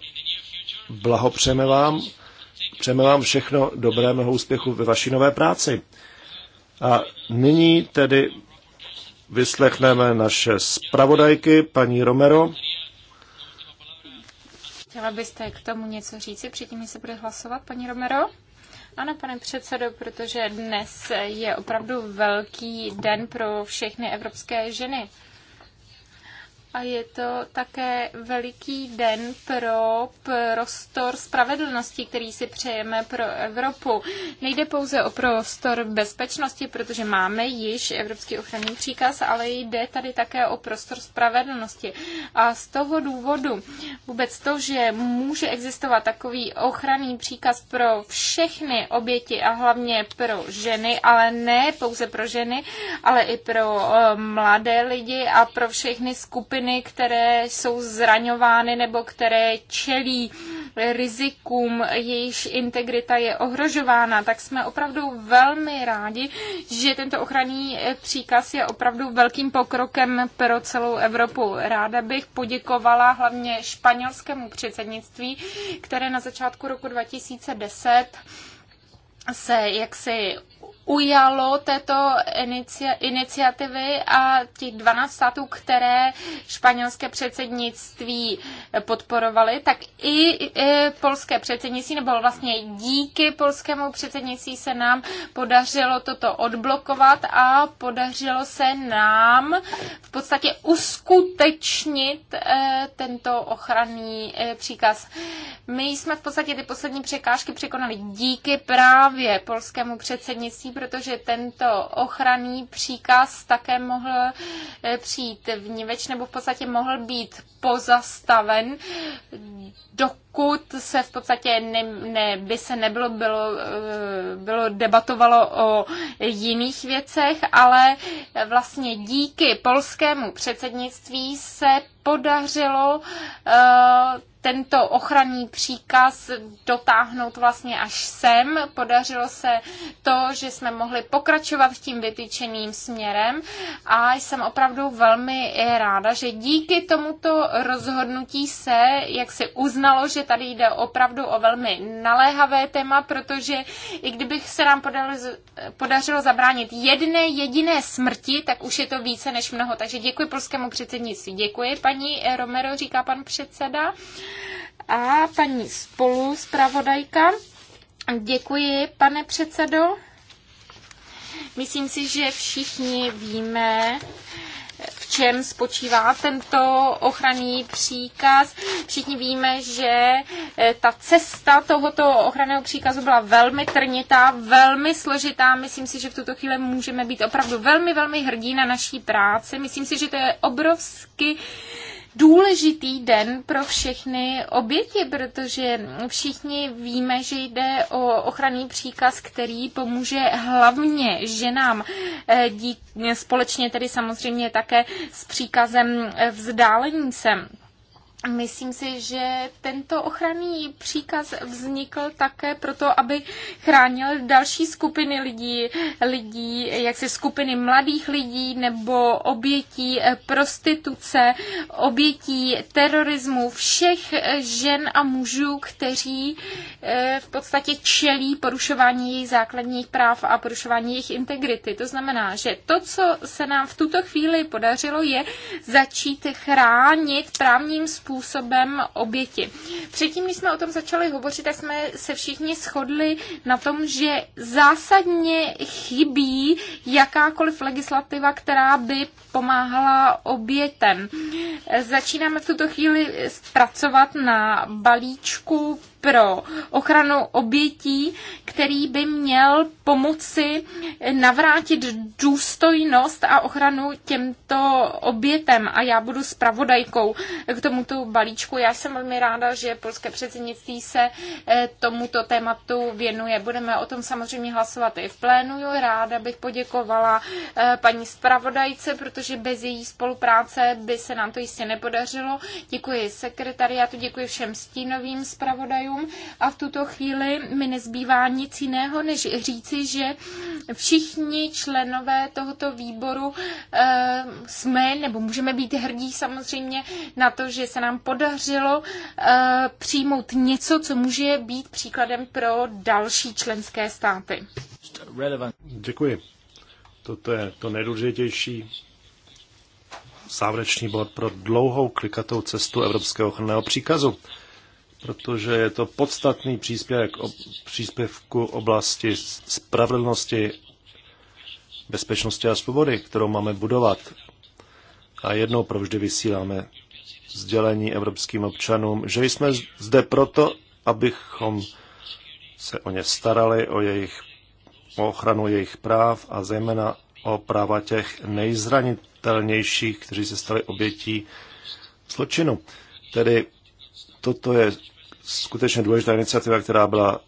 blahopřejeme vám. Přejeme vám všechno dobré, mnoho úspěchu ve vaší nové práci. A nyní tedy vyslechneme naše zpravodajky, paní Romero. Chtěla byste k tomu něco říci předtím, než se bude hlasovat, paní Romero? Ano, pane předsedo, protože dnes je opravdu velký den pro všechny evropské ženy a je to také veliký den pro prostor spravedlnosti, který si přejeme pro Evropu. Nejde pouze o prostor bezpečnosti, protože máme již Evropský ochranný příkaz, ale jde tady také o prostor spravedlnosti. A z toho důvodu vůbec to, že může existovat takový ochranný příkaz pro všechny oběti a hlavně pro ženy, ale ne pouze pro ženy, ale i pro eh, mladé lidi a pro všechny skupiny skupiny, které jsou zraňovány nebo které čelí rizikům, jejichž integrita je ohrožována, tak jsme opravdu velmi rádi, že tento ochranný příkaz je opravdu velkým pokrokem pro celou Evropu. Ráda bych poděkovala hlavně španělskému předsednictví, které na začátku roku 2010 se jaksi ujalo této iniciativy a těch 12 států, které španělské předsednictví podporovaly, tak i polské předsednictví, nebo vlastně díky polskému předsednictví se nám podařilo toto odblokovat a podařilo se nám v podstatě uskutečnit eh, tento ochranný eh, příkaz. My jsme v podstatě ty poslední překážky překonali díky právě polskému předsednictví, protože tento ochranný příkaz také mohl eh, přijít v Niveč, nebo v podstatě mohl být pozastaven, dokud se v podstatě ne, ne, by se nebylo bylo, eh, bylo debatovalo o jiných věcech, ale vlastně díky polskému předsednictví se podařilo uh, tento ochranný příkaz dotáhnout vlastně až sem. Podařilo se to, že jsme mohli pokračovat tím vytyčeným směrem a jsem opravdu velmi ráda, že díky tomuto rozhodnutí se, jak se uznalo, že tady jde opravdu o velmi naléhavé téma, protože i kdybych se nám podařilo, zabránit jedné jediné smrti, tak už je to více než mnoho. Takže děkuji polskému předsednictví. Děkuji, paní Romero, říká pan předseda a paní spolu zpravodajka. Děkuji, pane předsedo. Myslím si, že všichni víme, v čem spočívá tento ochranný příkaz. Všichni víme, že e, ta cesta tohoto ochranného příkazu byla velmi trnitá, velmi složitá. Myslím si, že v tuto chvíli můžeme být opravdu velmi, velmi hrdí na naší práci. Myslím si, že to je obrovsky důležitý den pro všechny oběti, protože všichni víme, že jde o ochranný příkaz, který pomůže hlavně ženám eh, dík, společně tedy samozřejmě také s příkazem vzdálení se. Myslím si, že tento ochranný příkaz vznikl také proto, aby chránil další skupiny lidí, lidí, jak se skupiny mladých lidí nebo obětí eh, prostituce, obětí terorismu, všech žen a mužů, kteří eh, v podstatě čelí porušování jejich základních práv a porušování jejich integrity. To znamená, že to, co se nám v tuto chvíli podařilo, je začít chránit právním způsobem způsobem oběti. Předtím, když jsme o tom začali hovořit, tak jsme se všichni shodli na tom, že zásadně chybí jakákoliv legislativa, která by pomáhala obětem. Začínáme v tuto chvíli pracovat na balíčku pro ochranu obětí, který by měl pomoci navrátit důstojnost a ochranu těmto obětem. A já budu spravodajkou k tomuto balíčku. Já jsem velmi ráda, že polské předsednictví se eh, tomuto tématu věnuje. Budeme o tom samozřejmě hlasovat i v plénu. Ráda bych poděkovala eh, paní spravodajce, protože bez její spolupráce by se nám to jistě nepodařilo. Děkuji sekretariátu, děkuji všem stínovým spravodajům údajům a v tuto chvíli mi nezbývá nic jiného, než říci, že všichni členové tohoto výboru eh, jsme, nebo můžeme být hrdí samozřejmě na to, že se nám podařilo eh, přijmout něco, co může být příkladem pro další členské státy. Děkuji. Toto je to nejdůležitější závěrečný bod pro dlouhou klikatou cestu Evropského ochranného příkazu protože je to podstatný příspěvek příspěvku oblasti spravedlnosti, bezpečnosti a svobody, kterou máme budovat. A jednou provždy vysíláme sdělení evropským občanům, že jsme zde proto, abychom se o ně starali, o jejich o ochranu jejich práv a zejména o práva těch nejzranitelnějších, kteří se stali obětí zločinu. Tedy Toto je skutečně důležitá iniciativa, která byla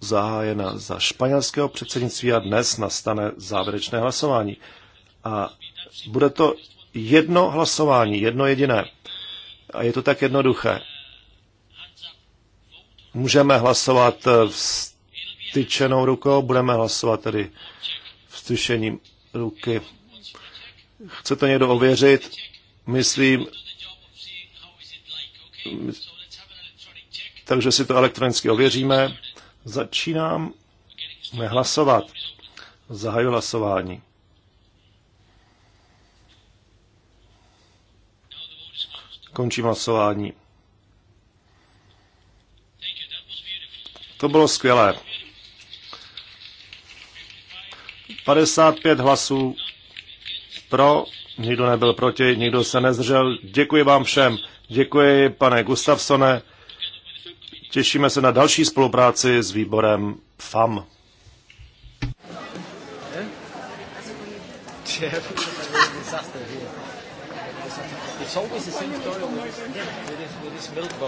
zahájena za španělského předsednictví a dnes nastane závěrečné hlasování. A bude to jedno hlasování, jedno jediné. A je to tak jednoduché. Můžeme hlasovat vstyčenou rukou, budeme hlasovat tedy vstyšením ruky. Chce to někdo ověřit? Myslím, takže si to elektronicky ověříme. Začínám hlasovat. Zahaju hlasování. Končím hlasování. To bylo skvělé. 55 hlasů pro, nikdo nebyl proti, nikdo se nezdržel. Děkuji vám všem. Děkuji, pane Gustafsone. Těšíme se na další spolupráci s výborem FAM. It's always the same story with this, with this milk bowl.